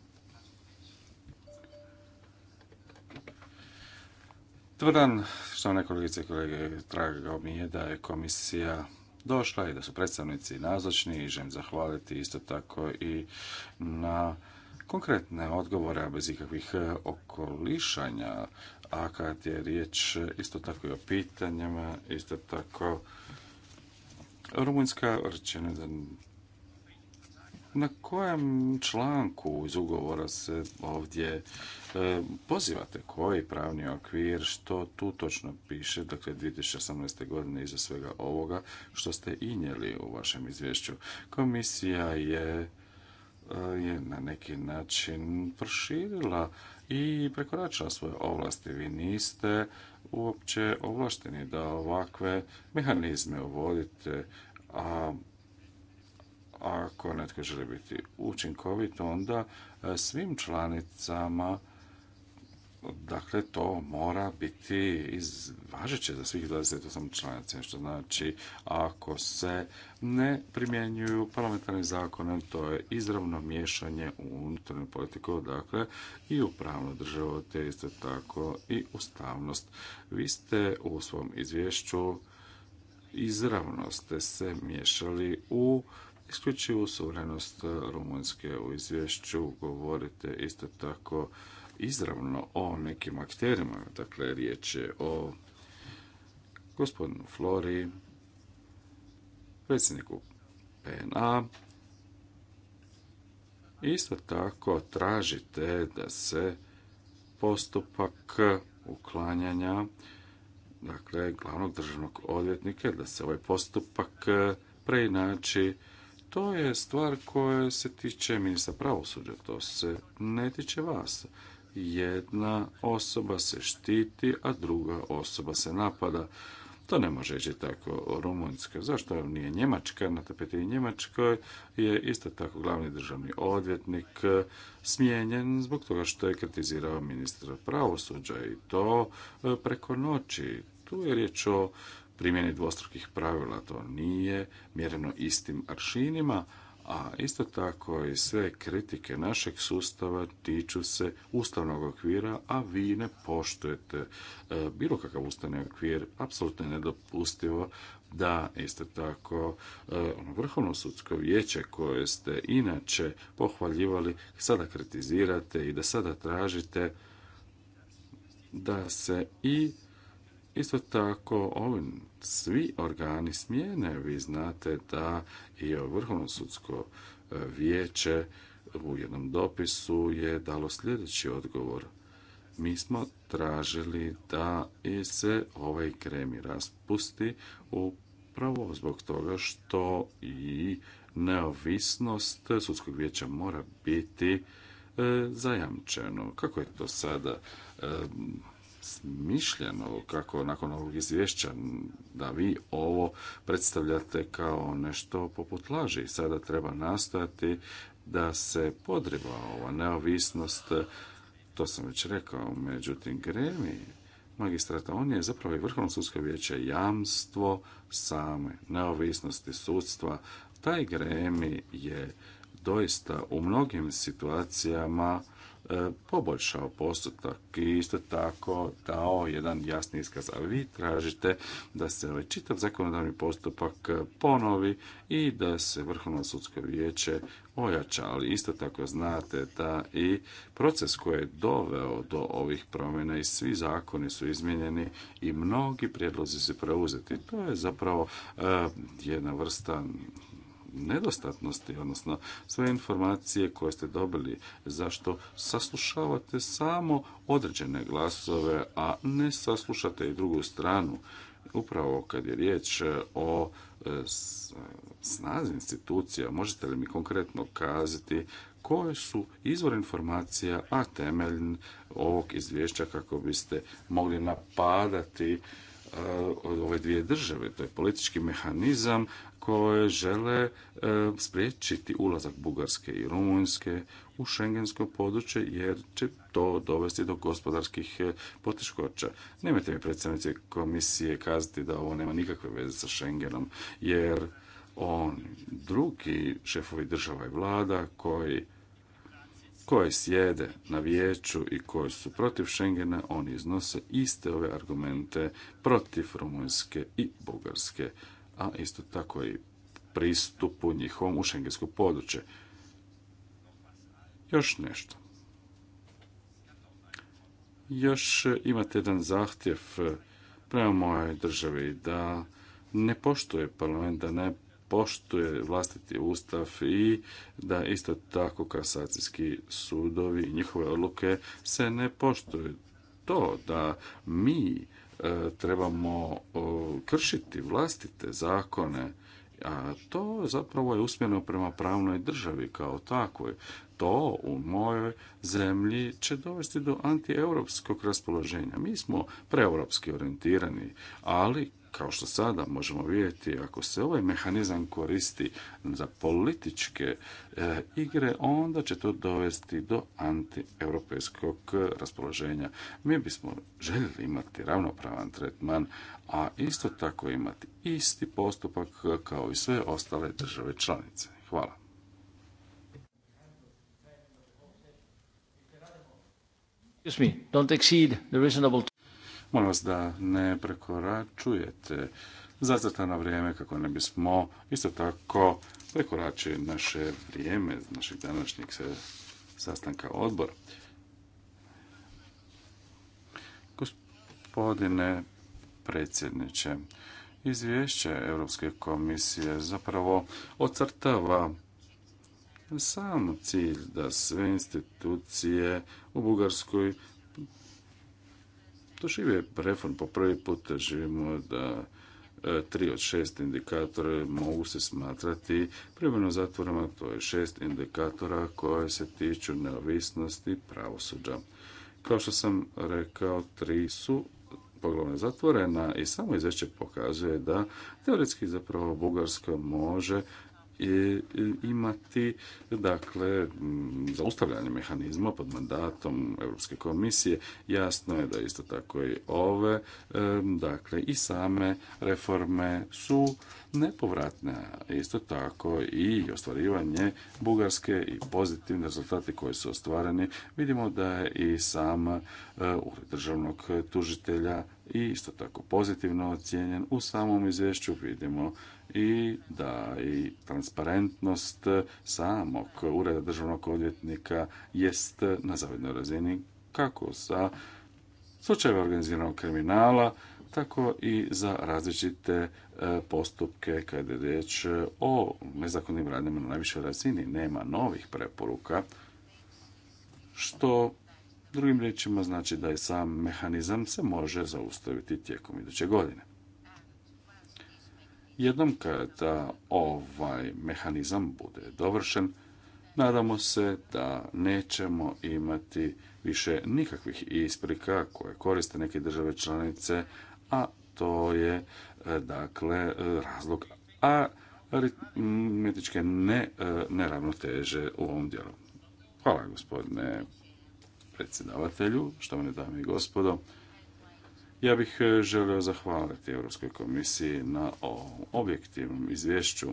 Dobar dan, štovane kolegice i kolege. Drago mi je da je komisija došla i da su predstavnici nazočni i želim zahvaliti isto tako i na konkretne odgovore, bez ikakvih e, okolišanja, a kad je riječ isto tako i o pitanjima, isto tako Rumunjska rečeno na kojem članku iz ugovora se ovdje e, pozivate, koji pravni okvir, što tu točno piše, dakle 2018. godine iza svega ovoga što ste injeli u vašem izvješću. Komisija je e, je na neki način proširila i prekoračila svoje ovlasti. Vi niste uopće ovlašteni da ovakve mehanizme uvodite, a ako netko želi biti učinkovit, onda e, svim članicama dakle to mora biti iz važeće za svih 28 članica, što znači ako se ne primjenjuju parlamentarni zakon, to je izravno miješanje u unutarnju politiku, dakle i u pravnu državu, te isto tako i ustavnost. Vi ste u svom izvješću izravno ste se miješali u isključivu suverenost e, Rumunjske u izvješću govorite isto tako izravno o nekim akterima. Dakle, riječ je o gospodinu Flori, predsjedniku PNA. Isto tako tražite da se postupak uklanjanja dakle, glavnog državnog odvjetnika, da se ovaj postupak preinači to je stvar koja se tiče ministra pravosuđa, to se ne tiče vas. Jedna osoba se štiti, a druga osoba se napada. To ne može ići tako Rumunjska. Zašto nije Njemačka? Na tapeti Njemačkoj je isto tako glavni državni odvjetnik eh, smijenjen zbog toga što je kritizirao ministra pravosuđa i to eh, preko noći. Tu je riječ o primjeni dvostrukih pravila. To nije mjereno istim aršinima, a isto tako i sve kritike našeg sustava tiču se ustavnog okvira, a vi ne poštujete e, bilo kakav ustavni okvir, apsolutno je nedopustivo da isto tako e, ono vrhovno sudsko vijeće koje ste inače pohvaljivali sada kritizirate i da sada tražite da se i Isto tako, ovi svi organi smjene, vi znate da i Vrhovno sudsko e, vijeće u jednom dopisu je dalo sljedeći odgovor. Mi smo tražili da se ovaj kremi raspusti upravo zbog toga što i neovisnost sudskog vijeća mora biti e, zajamčeno. Kako je to sada e, smišljeno kako nakon ovog izvješća da vi ovo predstavljate kao nešto poput laži i sada treba nastojati da se podriba ova neovisnost to sam već rekao, međutim gremi magistrata, on je zapravo i vrhovno sudsko vijeće jamstvo same neovisnosti sudstva. Taj gremi je doista u mnogim situacijama E, poboljšao postotak i isto tako dao jedan jasni iskaz. Ali vi tražite da se ovaj čitav zakonodavni postupak ponovi i da se Vrhovno sudsko vijeće ojača, ali isto tako znate da i proces koji je doveo do ovih promjena i svi zakoni su izmijenjeni i mnogi prijedlozi su preuzeti. To je zapravo e, jedna vrsta nedostatnosti, odnosno sve informacije koje ste dobili, zašto saslušavate samo određene glasove, a ne saslušate i drugu stranu. Upravo kad je riječ e, o e, snazi institucija, možete li mi konkretno kazati koje su izvor informacija, a temelj ovog izvješća kako biste mogli napadati e, ove dvije države. To je politički mehanizam koje žele e, spriječiti ulazak Bugarske i Rumunjske u šengensko područje jer će to dovesti do gospodarskih e, poteškoća. Nemojte mi predstavnici komisije kazati da ovo nema nikakve veze sa Schengenom jer on drugi šefovi država i vlada koji koji sjede na vijeću i koji su protiv Schengena, oni iznose iste ove argumente protiv Rumunjske i Bugarske a isto tako i pristupu njihovom u šengensko područje. Još nešto. Još e, imate jedan zahtjev e, prema mojoj državi da ne poštuje parlament, da ne poštuje vlastiti ustav i da isto tako kasacijski sudovi i njihove odluke se ne poštuju. To da mi E, trebamo e, kršiti vlastite zakone, a to zapravo je usmjereno prema pravnoj državi kao takvoj. To u mojoj zemlji će dovesti do antieuropskog raspoloženja. Mi smo preeuropski orijentirani, ali kao što sada možemo vidjeti, ako se ovaj mehanizam koristi za političke e, igre, onda će to dovesti do antieuropejskog raspoloženja. Mi bismo željeli imati ravnopravan tretman, a isto tako imati isti postupak kao i sve ostale države članice. Hvala. don't exceed the reasonable Molim vas da ne prekoračujete zacrtano vrijeme kako ne bismo isto tako prekoračili naše vrijeme našeg današnjeg sastanka odbora. Gospodine predsjedniče, izvješće Europske komisije zapravo ocrtava sam cilj da sve institucije u Bugarskoj doživio je reform po prvi put živimo da e, tri od šest indikatora mogu se smatrati primjerno zatvorama, to je šest indikatora koje se tiču neovisnosti pravosuđa. Kao što sam rekao, tri su poglavne zatvorena i samo izvješće pokazuje da teoretski zapravo Bugarska može imati dakle zaustavljanje mehanizma pod mandatom Europske komisije. Jasno je da isto tako i ove dakle i same reforme su nepovratne. Isto tako i ostvarivanje Bugarske i pozitivni rezultati koji su ostvareni. Vidimo da je i sam e, državnog tužitelja i isto tako pozitivno ocijenjen. U samom izvješću vidimo i da i transparentnost samog ureda državnog odvjetnika jest na zavidnoj razini kako za slučajeve organiziranog kriminala, tako i za različite e, postupke kada je riječ o nezakonnim radnjama na najvišoj razini. Nema novih preporuka, što drugim riječima znači da je sam mehanizam se može zaustaviti tijekom iduće godine. Jednom kada ovaj mehanizam bude dovršen, nadamo se da nećemo imati više nikakvih isprika koje koriste neke države članice, a to je e, dakle razlog aritmetičke ne, e, neravnoteže u ovom dijelu. Hvala gospodine predsjedavatelju, štovane dame i gospodo. Ja bih e, želio zahvaliti Europskoj komisiji na ovom objektivnom izvješću.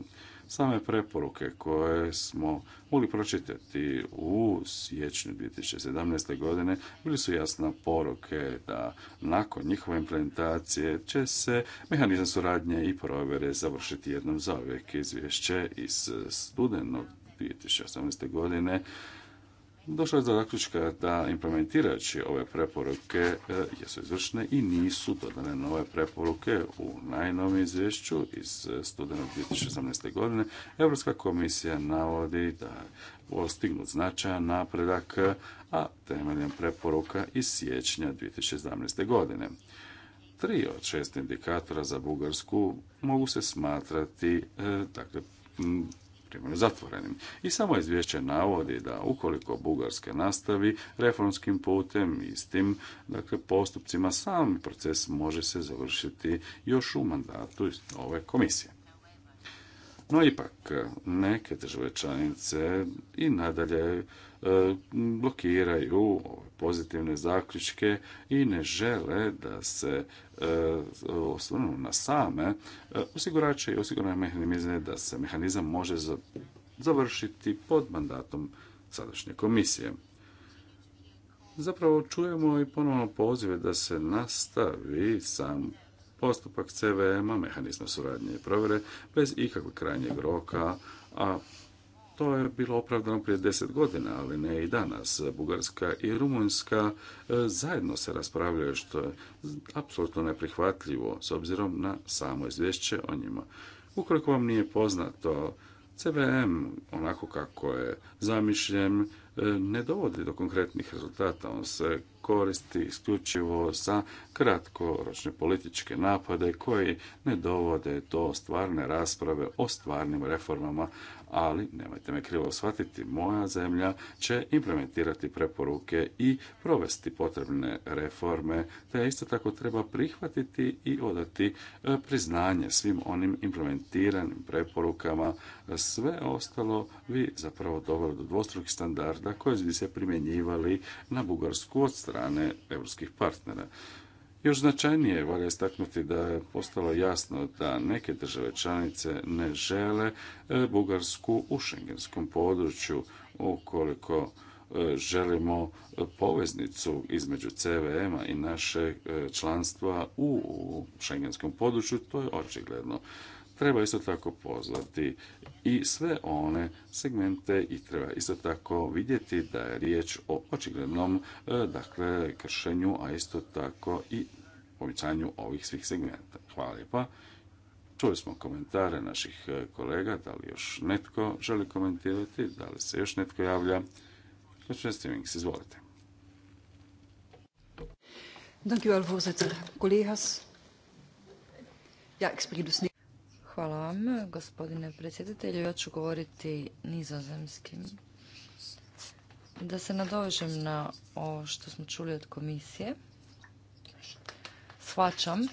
Same preporuke koje smo mogli pročitati u siječnju 2017. godine bili su jasna poruke da nakon njihove implementacije će se mehanizam suradnje i provjere završiti jednom uvijek izvješće iz studenog 2018. godine došlo je do zaključka da implementirajući ove preporuke e, jesu izvršene i nisu dodane nove preporuke u najnovijem izvješću iz studenog 2018. godine. Europska komisija navodi da je postignut značajan napredak, a temeljem preporuka iz siječnja 2017. godine. Tri od šest indikatora za Bugarsku mogu se smatrati e, dakle, zatvorenim. I samo izvješće navodi da ukoliko Bugarske nastavi reformskim putem i s tim dakle, postupcima, sam proces može se završiti još u mandatu ove komisije. No ipak, neke države članice i nadalje E, blokiraju pozitivne zaključke i ne žele da se e, osvrnu na same e, osigurače i osigurane mehanizme da se mehanizam može završiti pod mandatom sadašnje komisije zapravo čujemo i ponovno pozive da se nastavi sam postupak CVM-a, mehanizma suradnje i provere, bez ikakvog krajnjeg roka, a to je bilo opravdano prije deset godina, ali ne i danas. Bugarska i Rumunjska e, zajedno se raspravljaju, što je apsolutno neprihvatljivo s obzirom na samo izvješće o njima. Ukoliko vam nije poznato, CBM, onako kako je zamišljen, e, ne dovodi do konkretnih rezultata. On se koristi isključivo za kratkoročne političke napade koji ne dovode do stvarne rasprave o stvarnim reformama, ali nemojte me krivo shvatiti, moja zemlja će implementirati preporuke i provesti potrebne reforme, te isto tako treba prihvatiti i odati e, priznanje svim onim implementiranim preporukama. Sve ostalo vi zapravo doveli do dvostrukih standarda koji bi se primjenjivali na Bugarsku od strane europskih partnera. Još značajnije valja istaknuti da je postalo jasno da neke države članice ne žele e, Bugarsku u šengenskom području ukoliko e, želimo poveznicu između CVM-a i naše e, članstva u šengenskom području, to je očigledno treba isto tako poznati i sve one segmente i treba isto tako vidjeti da je riječ o očiglednom e, dakle, kršenju, a isto tako i povećanju ovih svih segmenta. Hvala lijepa. Čuli smo komentare naših e, kolega, da li još netko želi komentirati, da li se još netko javlja. Stimings, izvolite. Dank u voorzitter. Ja, ik Hvala vam, gospodine predsjedatelju. Ja ću govoriti nizozemskim. Da se nadovežem na ovo što smo čuli od komisije. Shvaćam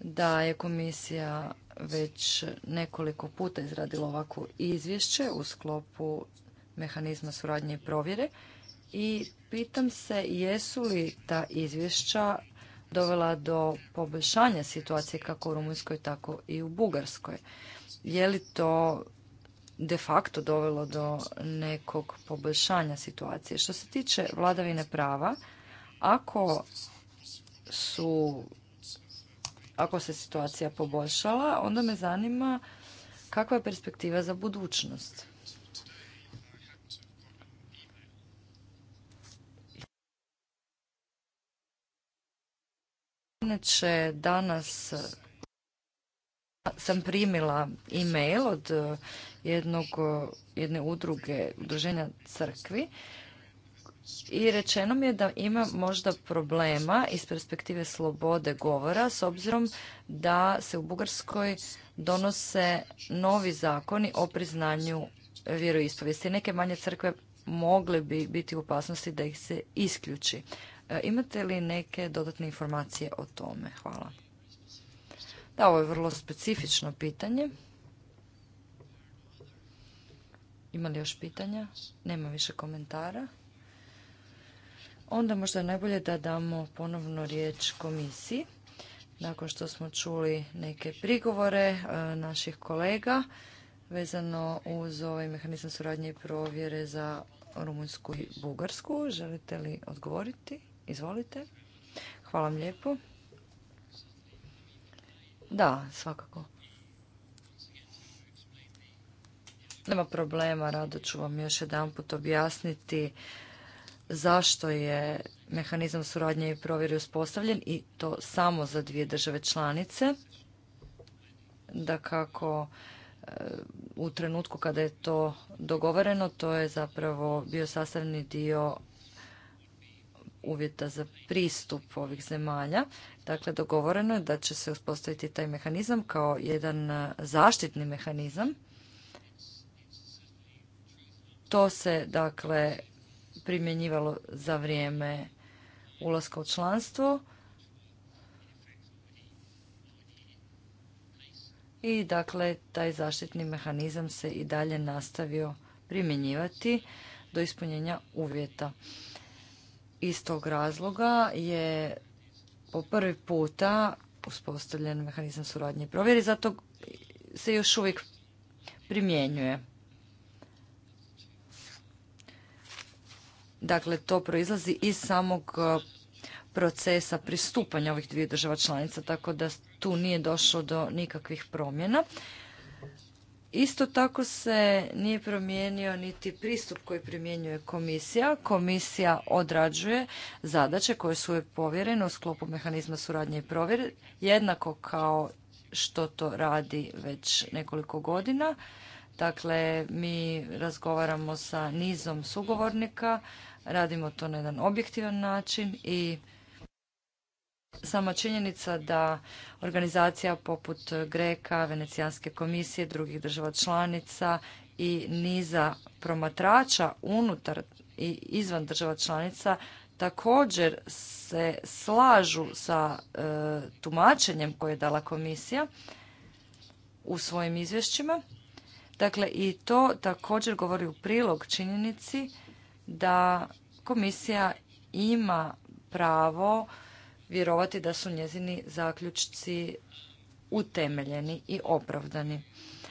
da je komisija već nekoliko puta izradila ovako izvješće u sklopu mehanizma suradnje i provjere i pitam se jesu li ta izvješća dovela do poboljšanja situacije kako u Rumunjskoj, tako i u Bugarskoj. Je li to de facto dovelo do nekog poboljšanja situacije? Što se tiče vladavine prava, ako su ako se situacija poboljšala, onda me zanima kakva je perspektiva za budućnost. zastupniče. Danas sam primila e-mail od e, jednog, e, jedne udruge, udruženja crkvi i rečeno mi je da ima možda problema iz perspektive slobode govora s obzirom da se u Bugarskoj donose novi zakoni o priznanju vjeroispovijesti. Neke manje crkve mogle bi biti u opasnosti da ih se isključi. E, imate li neke dodatne informacije o tome? Hvala. Da, ovo je vrlo specifično pitanje. Ima li još pitanja? Nema više komentara. Onda možda najbolje da damo ponovno riječ komisiji. Nakon što smo čuli neke prigovore e, naših kolega vezano uz ovaj mehanizam suradnje i provjere za Rumunjsku i Bugarsku. Želite li odgovoriti? Izvolite. Hvala vam lijepo. Da, svakako. Nema problema, rado ću vam još jedan put objasniti zašto je mehanizam suradnje i provjeri uspostavljen i to samo za dvije države članice. Da kako e, u trenutku kada je to dogovoreno, to je zapravo bio sastavni dio uvjeta za pristup ovih zemalja. Dakle, dogovoreno je da će se uspostaviti taj mehanizam kao jedan e, zaštitni mehanizam. To se, dakle, primjenjivalo za vrijeme ulaska u članstvo. I, dakle, taj zaštitni mehanizam se i dalje nastavio primjenjivati do ispunjenja uvjeta. Iz tog razloga je po prvi puta uspostavljen mehanizam suradnje i provjeri, zato se još uvijek primjenjuje. Dakle, to proizlazi iz samog e, procesa pristupanja ovih dvije država članica, tako da tu nije došlo do nikakvih promjena. Isto tako se nije promijenio niti pristup koji primjenjuje komisija. Komisija odrađuje zadaće koje su joj povjerene u sklopu mehanizma suradnje i provjere, jednako kao što to radi već nekoliko godina. Dakle, mi razgovaramo sa nizom sugovornika, radimo to na jedan objektivan način i sama činjenica da organizacija poput Greka, Venecijanske komisije, drugih država članica i niza promatrača unutar i izvan država članica također se slažu sa e, tumačenjem koje je dala komisija u svojim izvješćima. Dakle, i to također govori u prilog činjenici da komisija ima pravo vjerovati da su njezini zaključci utemeljeni i opravdani.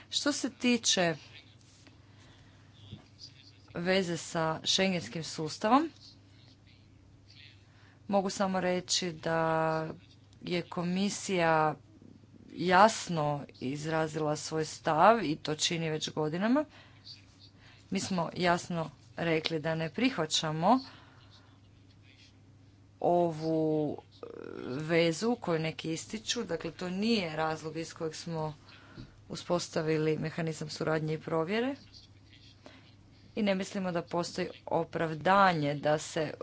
Što se tiče veze sa šengenskim sustavom, mogu samo reći da je komisija jasno izrazila svoj stav i to čini već godinama. Mi smo jasno rekli da ne prihvaćamo ovu vezu koju neki ističu, dakle to nije razlog iz kojeg smo uspostavili mehanizam suradnje i provjere i ne mislimo da postoji opravdanje da se,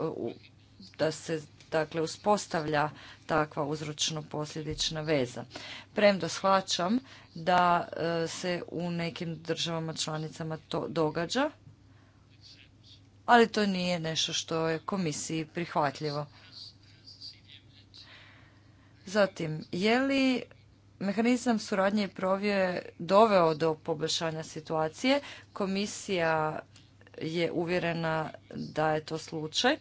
da se dakle uspostavlja takva uzročno posljedična veza. Premda shvaćam da e, se u nekim državama članicama to događa, ali to nije nešto što je komisiji prihvatljivo. Zatim, je li mehanizam suradnje i provje doveo do poboljšanja situacije? Komisija je uvjerena da je to slučaj.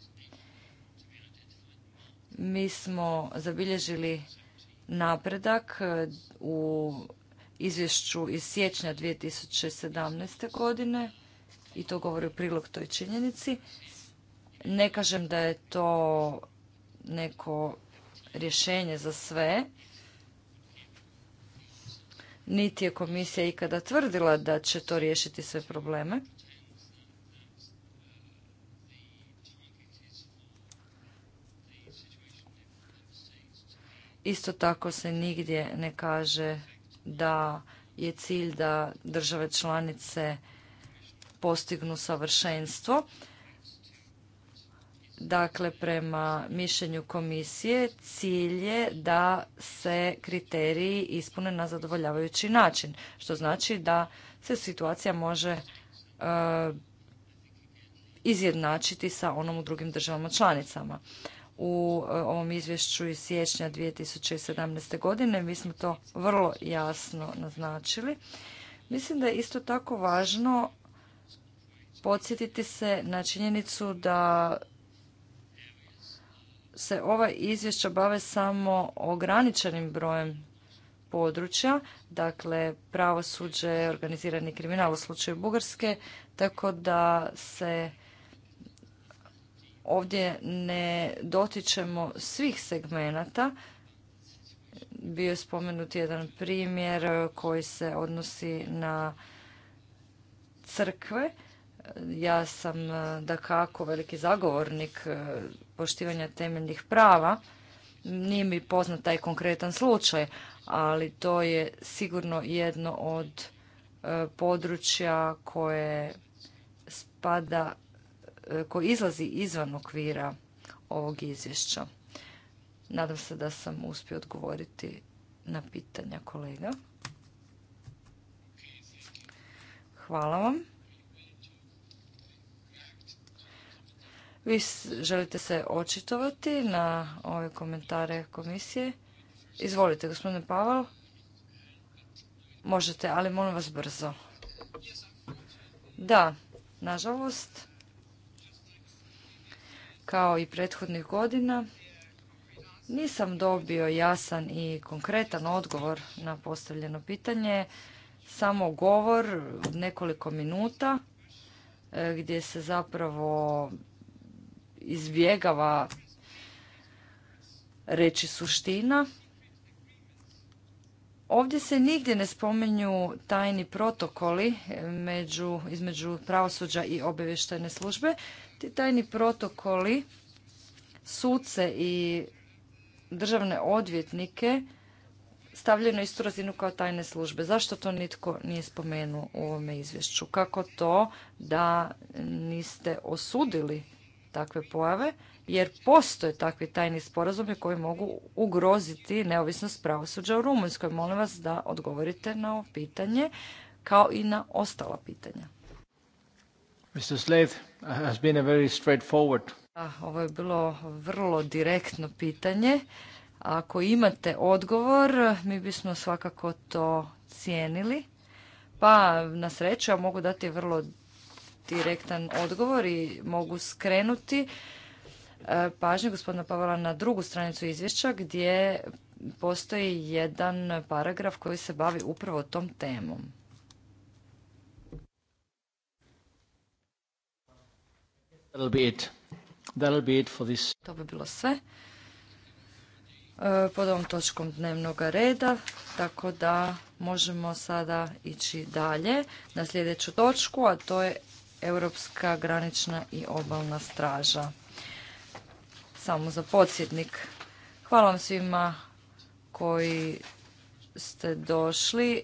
Mi smo zabilježili napredak e, u izvješću iz siječnja 2017. godine i to govori u prilog toj činjenici. Ne kažem da je to neko rješenje za sve. Niti je komisija ikada tvrdila da će to riješiti sve probleme. Isto tako se nigdje ne kaže da je cilj da države članice postignu savršenstvo. Dakle, prema mišljenju komisije cilj je da se kriteriji ispune na zadovoljavajući način, što znači da se situacija može e, izjednačiti sa onom u drugim državama članicama. U e, ovom izvješću iz siječnja 2017. godine mi smo to vrlo jasno naznačili. Mislim da je isto tako važno podsjetiti se na činjenicu da se ova izvješća bave samo ograničenim brojem područja, dakle pravosuđe, organizirani kriminal u slučaju Bugarske, tako da se ovdje ne dotičemo svih segmenata. Bio je spomenut jedan primjer koji se odnosi na crkve. Ja sam da kako veliki zagovornik poštivanja temeljnih prava. Nije mi poznat taj konkretan slučaj, ali to je sigurno jedno od e, područja koje spada, e, koje izlazi izvan okvira ovog izvješća. Nadam se da sam uspio odgovoriti na pitanja kolega. Hvala vam. Vi želite se očitovati na ove komentare komisije? Izvolite, gospodine Pavel. Možete, ali molim vas brzo. Da, nažalost, kao i prethodnih godina, nisam dobio jasan i konkretan odgovor na postavljeno pitanje. Samo govor nekoliko minuta e, gdje se zapravo izbjegava reći suština. Ovdje se nigdje ne spominju tajni protokoli među, između pravosuđa i obavještajne službe. Ti tajni protokoli suce i državne odvjetnike stavljaju na istu razinu kao tajne službe. Zašto to nitko nije spomenuo u ovome izvješću? Kako to da niste osudili takve pojave, jer postoje takvi tajni sporazumi koji mogu ugroziti neovisnost pravosuđa u Rumunjskoj. Molim vas da odgovorite na ovo pitanje, kao i na ostala pitanja. Uh, a ovo je bilo vrlo direktno pitanje. Ako imate odgovor, mi bismo svakako to cijenili. Pa, na sreću, ja mogu dati vrlo direktan odgovor i mogu skrenuti e, pažnju gospodina Pavola na drugu stranicu izvješća gdje postoji jedan paragraf koji se bavi upravo tom temom. To bi bilo sve e, pod ovom točkom dnevnog reda, tako da možemo sada ići dalje na sljedeću točku, a to je Europska granična i obalna straža. Samo za podsjetnik. Hvala vam svima koji ste došli.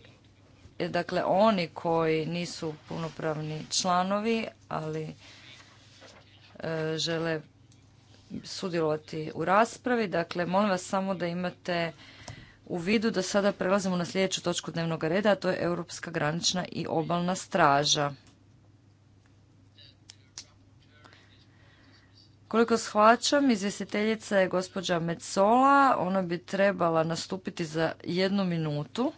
E, dakle, oni koji nisu punopravni članovi, ali e, žele sudjelovati u raspravi. Dakle, molim vas samo da imate u vidu da sada prelazimo na sljedeću točku dnevnog reda, a to je Europska granična i obalna straža. Koliko shvaćam, izvjestiteljica je gospođa Mecola, ona bi trebala nastupiti za jednu minutu.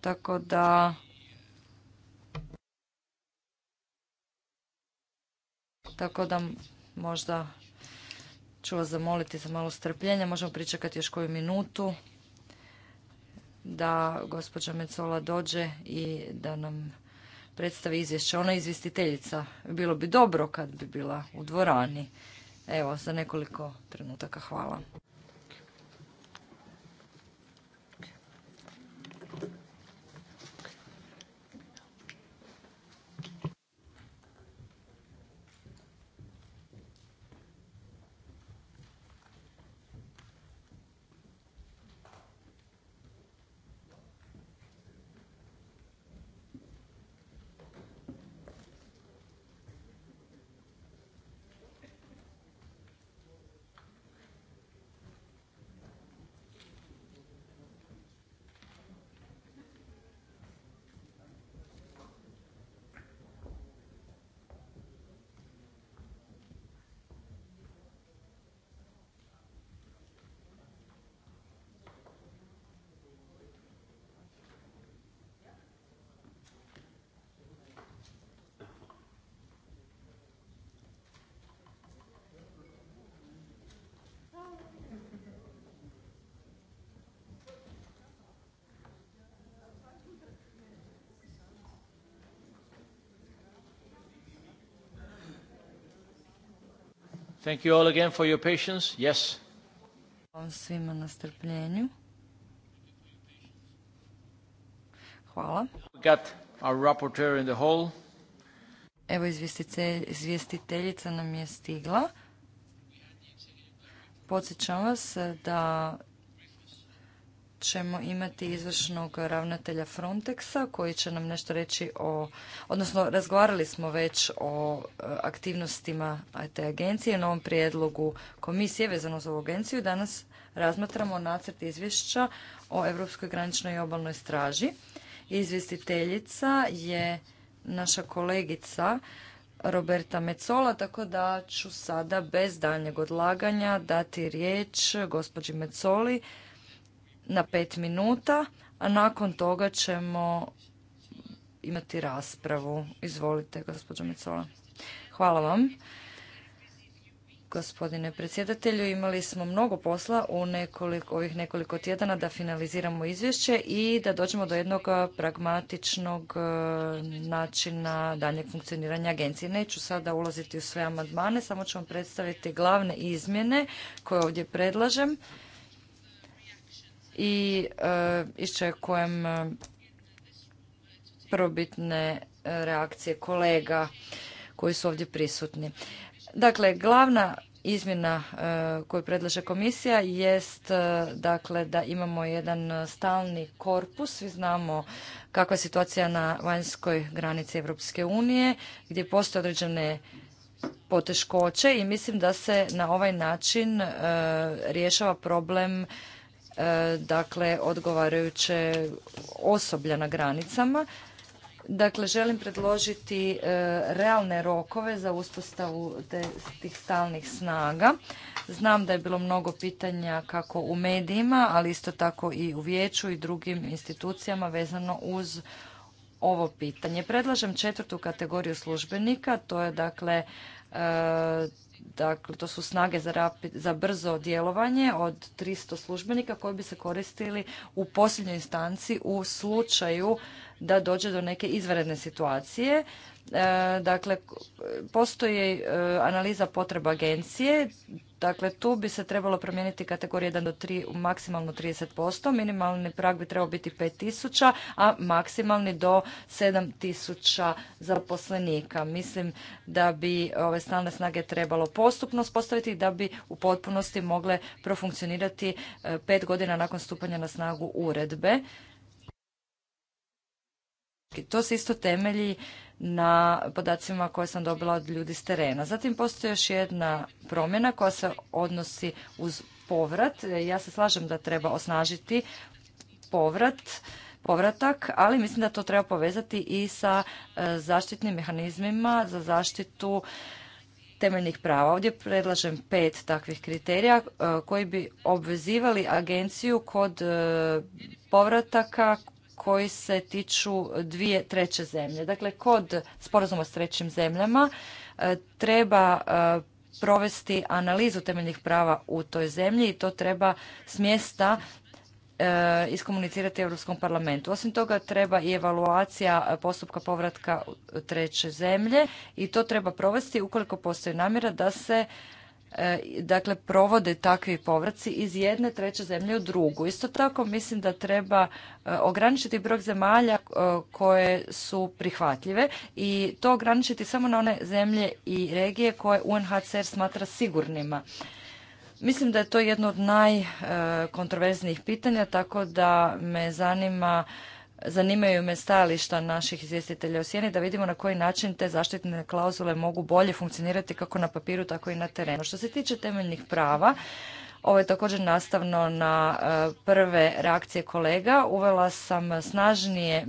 Tako da... Tako da možda ću vas zamoliti za malo strpljenja, možemo pričekati još koju minutu da gospođa Mecola dođe i da nam predstavi izvješće. Ona je izvjestiteljica. Bilo bi dobro kad bi bila u dvorani. Evo, za nekoliko trenutaka hvala. Thank you all again for your patience. Yes. Hvala svima na strpljenju. Hvala. Got our rapporteur in the hall. Evo izvjestiteljica nam je stigla. Podsjećam vas da ćemo imati izvršnog ravnatelja Frontexa koji će nam nešto reći o, odnosno razgovarali smo već o e, aktivnostima te agencije, novom prijedlogu komisije vezano za ovu agenciju. Danas razmatramo nacrt izvješća o Europskoj graničnoj i obalnoj straži. Izvjestiteljica je naša kolegica Roberta Mecola, tako da ću sada bez daljnjeg odlaganja dati riječ gospođi Mecoli na pet minuta, a nakon toga ćemo imati raspravu. Izvolite, gospođo Micola. Hvala vam. Gospodine predsjedatelju, imali smo mnogo posla u nekoliko, ovih nekoliko tjedana da finaliziramo izvješće i da dođemo do jednog pragmatičnog načina daljnjeg funkcioniranja agencije. Neću sada ulaziti u sve amandmane, samo ću vam predstaviti glavne izmjene koje ovdje predlažem i e, iščekujem e, probitne e, reakcije kolega koji su ovdje prisutni. Dakle, glavna izmjena koju predlaže komisija jest dakle da imamo jedan stalni korpus. Svi znamo kakva je situacija na vanjskoj granici Europske unije gdje postoje određene poteškoće i mislim da se na ovaj način rješava problem E, dakle odgovarajuće osoblja na granicama. Dakle, želim predložiti e, realne rokove za uspostavu tih stalnih snaga. Znam da je bilo mnogo pitanja kako u medijima, ali isto tako i u vijeću i drugim institucijama vezano uz ovo pitanje. Predlažem četvrtu kategoriju službenika, to je dakle e, Dakle, to su snage za, za brzo djelovanje od 300 službenika koji bi se koristili u posljednjoj instanci u slučaju da dođe do neke izvanredne situacije. E, dakle, postoji e, analiza potreba agencije, dakle tu bi se trebalo promijeniti kategorije 1 do 3 u maksimalno 30%, minimalni prag bi trebao biti 5000, a maksimalni do 7000 zaposlenika. Mislim da bi ove stalne snage trebalo postupno spostaviti da bi u potpunosti mogle profunkcionirati e, pet godina nakon stupanja na snagu uredbe. To se isto temelji na podacima koje sam dobila od ljudi s terena. Zatim postoji još jedna promjena koja se odnosi uz povrat. Ja se slažem da treba osnažiti povrat, povratak, ali mislim da to treba povezati i sa e, zaštitnim mehanizmima za zaštitu temeljnih prava. Ovdje predlažem pet takvih kriterija e, koji bi obvezivali agenciju kod e, povrataka koji se tiču dvije treće zemlje. Dakle, kod sporazuma s trećim zemljama e, treba e, provesti analizu temeljnih prava u toj zemlji i to treba s mjesta e, iskomunicirati Europskom parlamentu. Osim toga treba i evaluacija postupka povratka treće zemlje i to treba provesti ukoliko postoji namjera da se E, dakle provode takvi povraci iz jedne treće zemlje u drugu. Isto tako mislim da treba e, ograničiti broj zemalja e, koje su prihvatljive i to ograničiti samo na one zemlje i regije koje UNHCR smatra sigurnima. Mislim da je to jedno od najkontroverznijih pitanja, tako da me zanima Zanimaju me stajališta naših izvjestitelja u sjeni da vidimo na koji način te zaštitne klauzule mogu bolje funkcionirati kako na papiru, tako i na terenu. Što se tiče temeljnih prava, ovo je također nastavno na e, prve reakcije kolega. Uvela sam snažnije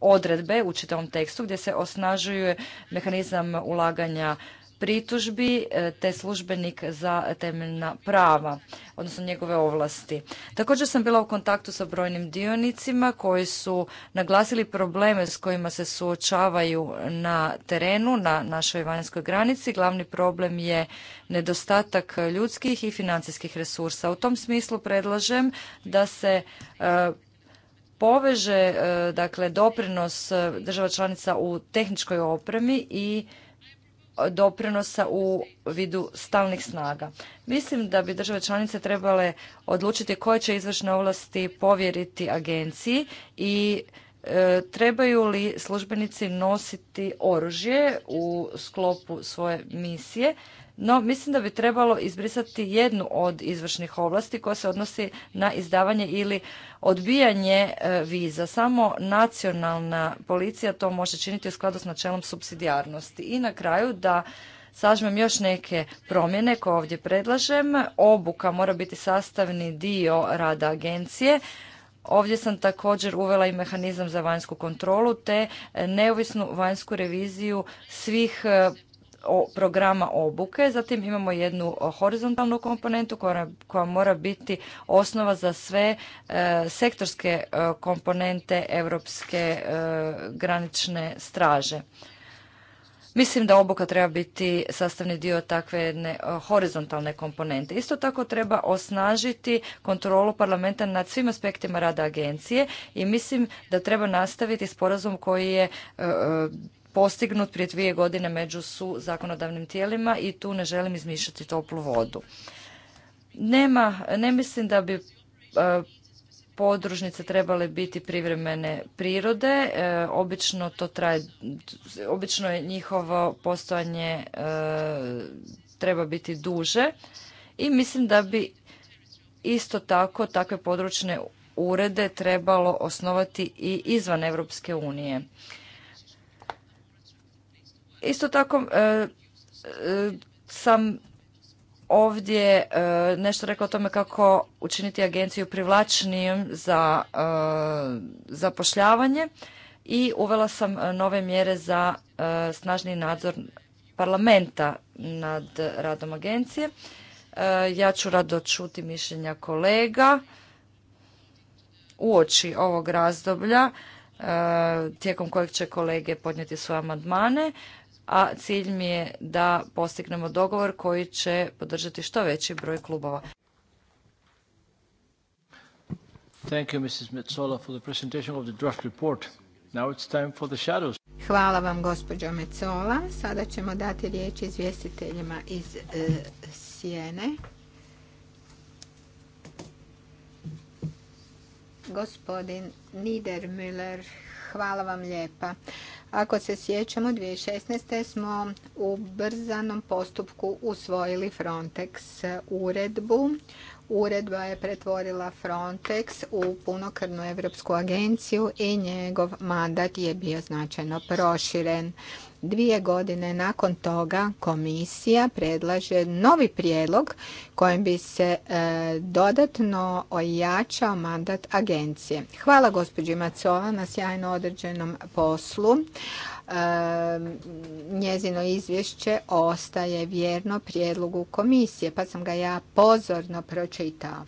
odredbe u čitavom tekstu gdje se osnažuje mehanizam ulaganja pritužbi e, te službenik za temeljna prava, odnosno njegove ovlasti. Također sam bila u kontaktu sa brojnim dionicima koji su naglasili probleme s kojima se suočavaju na terenu, na našoj vanjskoj granici. Glavni problem je nedostatak ljudskih i financijskih resursa. U tom smislu predlažem da se e, poveže e, dakle doprinos država članica u tehničkoj opremi i doprinosa u vidu stalnih snaga. Mislim da bi države članice trebale odlučiti koje će izvršne ovlasti povjeriti agenciji i e, trebaju li službenici nositi oružje u sklopu svoje misije no, mislim da bi trebalo izbrisati jednu od izvršnih ovlasti koja se odnosi na izdavanje ili odbijanje e, viza. Samo nacionalna policija to može činiti u skladu s načelom subsidijarnosti. I na kraju da sažmem još neke promjene koje ovdje predlažem. Obuka mora biti sastavni dio rada agencije. Ovdje sam također uvela i mehanizam za vanjsku kontrolu te neovisnu vanjsku reviziju svih e, programa obuke, zatim imamo jednu horizontalnu komponentu koja, mora biti osnova za sve e, sektorske e, komponente Europske e, granične straže. Mislim da obuka treba biti sastavni dio takve jedne horizontalne komponente. Isto tako treba osnažiti kontrolu parlamenta nad svim aspektima rada agencije i mislim da treba nastaviti sporazum koji je postignut prije dvije godine među su zakonodavnim tijelima i tu ne želim izmišljati toplu vodu. Nema, ne mislim da bi e, podružnice trebale biti privremene prirode. E, obično to traje, obično je njihovo postojanje e, treba biti duže i mislim da bi isto tako takve područne urede trebalo osnovati i izvan Europske unije. Isto tako e, e, sam ovdje e, nešto rekao o tome kako učiniti agenciju privlačnijom za zapošljavanje i uvela sam nove mjere za snažni nadzor parlamenta nad radom agencije. Ja ću rado čuti mišljenja kolega uoči ovog razdoblja tijekom kojeg će kolege podnijeti svoje amandmane a cilj mi je da postignemo dogovor koji će podržati što veći broj klubova. Thank you, Hvala vam, gospođo Mecola. Sada ćemo dati riječ izvjestiteljima iz e, Sjene. Gospodin Niedermüller, hvala vam lijepa. Ako se sjećamo, 2016. smo u brzanom postupku usvojili Frontex uredbu. Uredba je pretvorila Frontex u punokrnu Europsku agenciju i njegov mandat je bio značajno proširen. Dvije godine nakon toga komisija predlaže novi prijedlog kojim bi se e, dodatno ojačao mandat agencije. Hvala gospođi Macova na sjajno određenom poslu. E, njezino izvješće ostaje vjerno prijedlogu komisije, pa sam ga ja pozorno pročitao.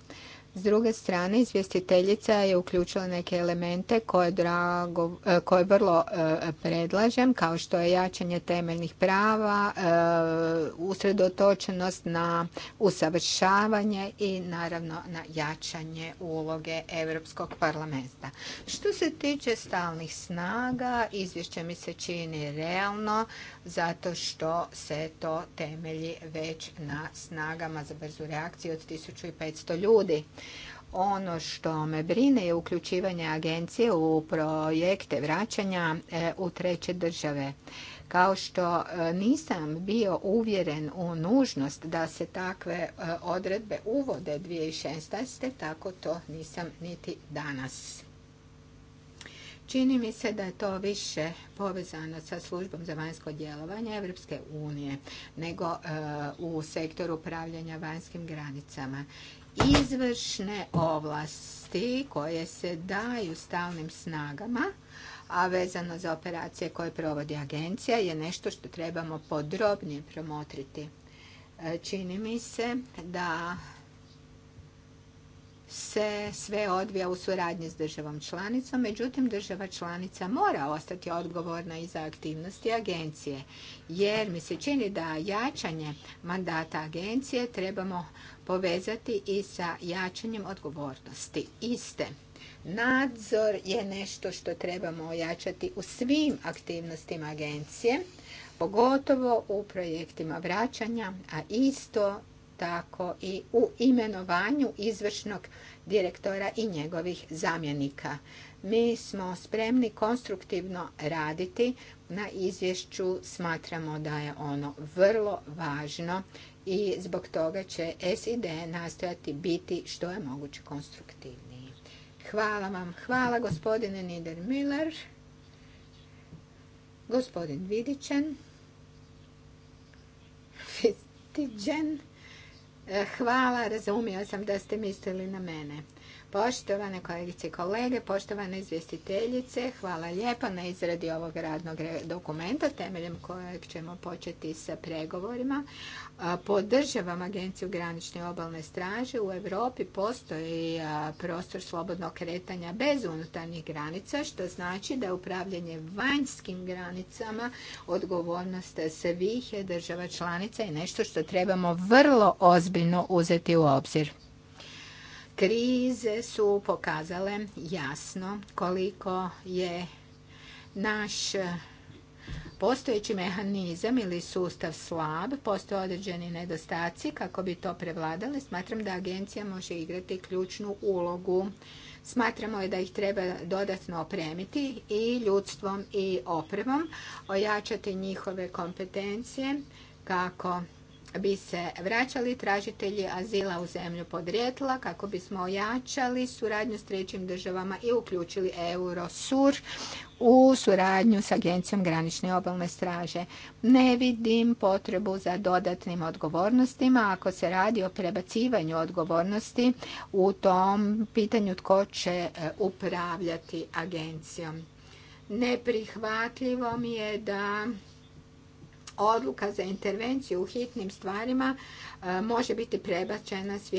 S druge strane, izvjestiteljica je uključila neke elemente koje, drago, e, koje vrlo e, predlažem, kao što je jačanje temeljnih prava, e, usredotočenost na usavršavanje i naravno na jačanje uloge Europskog parlamenta. Što se tiče stalnih snaga, izvješće mi se čini realno, zato što se to temelji već na snagama za brzu reakciju od 1500 ljudi. Ono što me brine je uključivanje agencije u projekte vraćanja e, u treće države. Kao što e, nisam bio uvjeren u nužnost da se takve e, odredbe uvode 2016. tako to nisam niti danas. Čini mi se da je to više povezano sa službom za vanjsko djelovanje Evropske unije nego e, u sektoru upravljanja vanjskim granicama. Izvršne ovlasti koje se daju stalnim snagama, a vezano za operacije koje provodi agencija je nešto što trebamo podrobnije promotriti. E, čini mi se da se sve odvija u suradnji s državom članicom, međutim država članica mora ostati odgovorna i za aktivnosti agencije, jer mi se čini da jačanje mandata agencije trebamo povezati i sa jačanjem odgovornosti iste. Nadzor je nešto što trebamo ojačati u svim aktivnostima agencije, pogotovo u projektima vraćanja, a isto tako i u imenovanju izvršnog direktora i njegovih zamjenika. Mi smo spremni konstruktivno raditi na izvješću, smatramo da je ono vrlo važno i zbog toga će SID nastojati biti što je moguće konstruktivniji. Hvala vam. Hvala gospodine Niedermiller. Gospodin Vidićen. Vidićen. E, hvala, razumio sam da ste mislili na mene. Poštovane kolegice i kolege, poštovane izvjestiteljice, hvala lijepa na izradi ovog radnog dokumenta temeljem kojeg ćemo početi sa pregovorima. Podržavam Agenciju granične obalne straže. U Europi postoji prostor slobodnog kretanja bez unutarnjih granica, što znači da upravljanje vanjskim granicama odgovornost svih država članica i nešto što trebamo vrlo ozbiljno uzeti u obzir. Krize su pokazale jasno koliko je naš postojeći mehanizam ili sustav slab, postoje određeni nedostaci kako bi to prevladali. Smatram da agencija može igrati ključnu ulogu. Smatramo je da ih treba dodatno opremiti i ljudstvom i opremom, ojačati njihove kompetencije kako bi se vraćali tražitelji azila u zemlju podrijetla kako bismo ojačali suradnju s trećim državama i uključili Eurosur u suradnju s Agencijom granične obalne straže. Ne vidim potrebu za dodatnim odgovornostima ako se radi o prebacivanju odgovornosti u tom pitanju tko će e, upravljati agencijom. Neprihvatljivo mi je da odluka za intervenciju u hitnim stvarima e, može biti prebačena s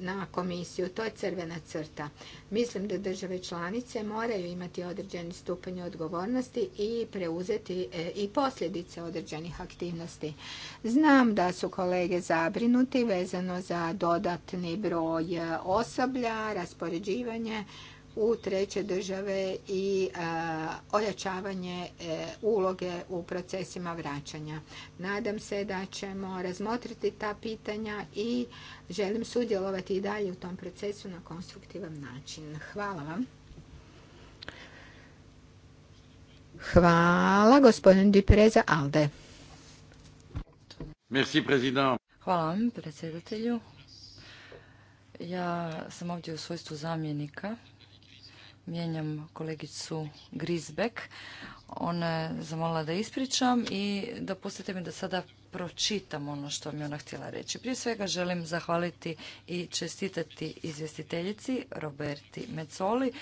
na komisiju. To je crvena crta. Mislim da države članice moraju imati određeni stupanj odgovornosti i preuzeti e, i posljedice određenih aktivnosti. Znam da su kolege zabrinuti vezano za dodatni broj e, osoblja, raspoređivanje u treće države i ojačavanje e, uloge u procesima vraćanja. Nadam se da ćemo razmotriti ta pitanja i želim sudjelovati i dalje u tom procesu na konstruktivan način. Hvala vam. Hvala, gospodin Dipreza Alde. Hvala vam, predsjedatelju. Ja sam ovdje u svojstvu zamjenika mijenjam kolegicu Grisbeck. Ona je zamolila da ispričam i da mi da sada pročitam ono što mi ona htjela reći. Prije svega želim zahvaliti i čestitati izvjestiteljici Roberti Mecoli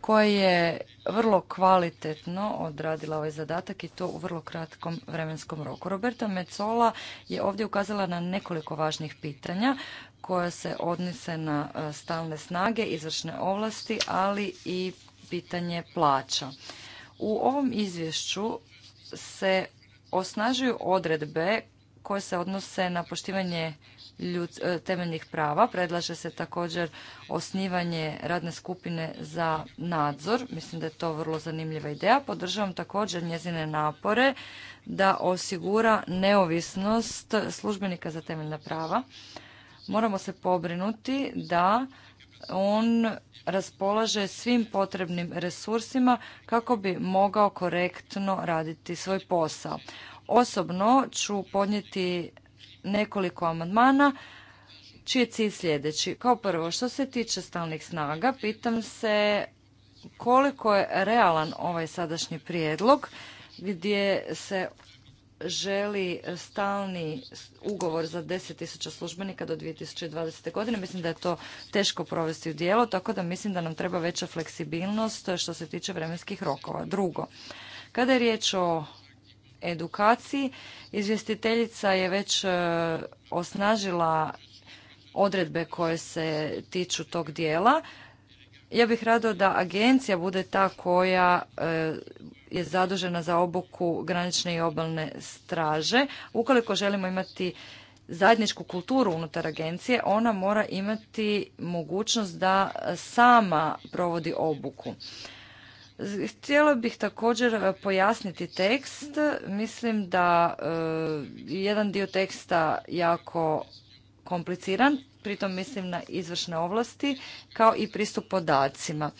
koja je vrlo kvalitetno odradila ovaj zadatak i to u vrlo kratkom vremenskom roku. Roberta Mecola je ovdje ukazala na nekoliko važnih pitanja koja se odnose na e, stalne snage, izvršne ovlasti, ali i pitanje plaća. U ovom izvješću se osnažuju odredbe koje se odnose na poštivanje ljud, e, temeljnih prava. Predlaže se također osnivanje radne skupine za nadzor. Mislim da je to vrlo zanimljiva ideja. Podržavam također njezine napore da osigura neovisnost službenika za temeljna prava moramo se pobrinuti da on raspolaže svim potrebnim resursima kako bi mogao korektno raditi svoj posao. Osobno ću podnijeti nekoliko amandmana čiji je cilj sljedeći. Kao prvo, što se tiče stalnih snaga, pitam se koliko je realan ovaj sadašnji prijedlog gdje se želi stalni ugovor za 10.000 službenika do 2020. godine. Mislim da je to teško provesti u dijelo, tako da mislim da nam treba veća fleksibilnost što se tiče vremenskih rokova. Drugo, kada je riječ o edukaciji, izvjestiteljica je već e, osnažila odredbe koje se tiču tog dijela. Ja bih rado da agencija bude ta koja e, je zadužena za obuku granične i obalne straže. Ukoliko želimo imati zajedničku kulturu unutar agencije, ona mora imati mogućnost da sama provodi obuku. Htjela bih također pojasniti tekst. Mislim da je jedan dio teksta jako kompliciran, pritom mislim na izvršne ovlasti, kao i pristup podacima.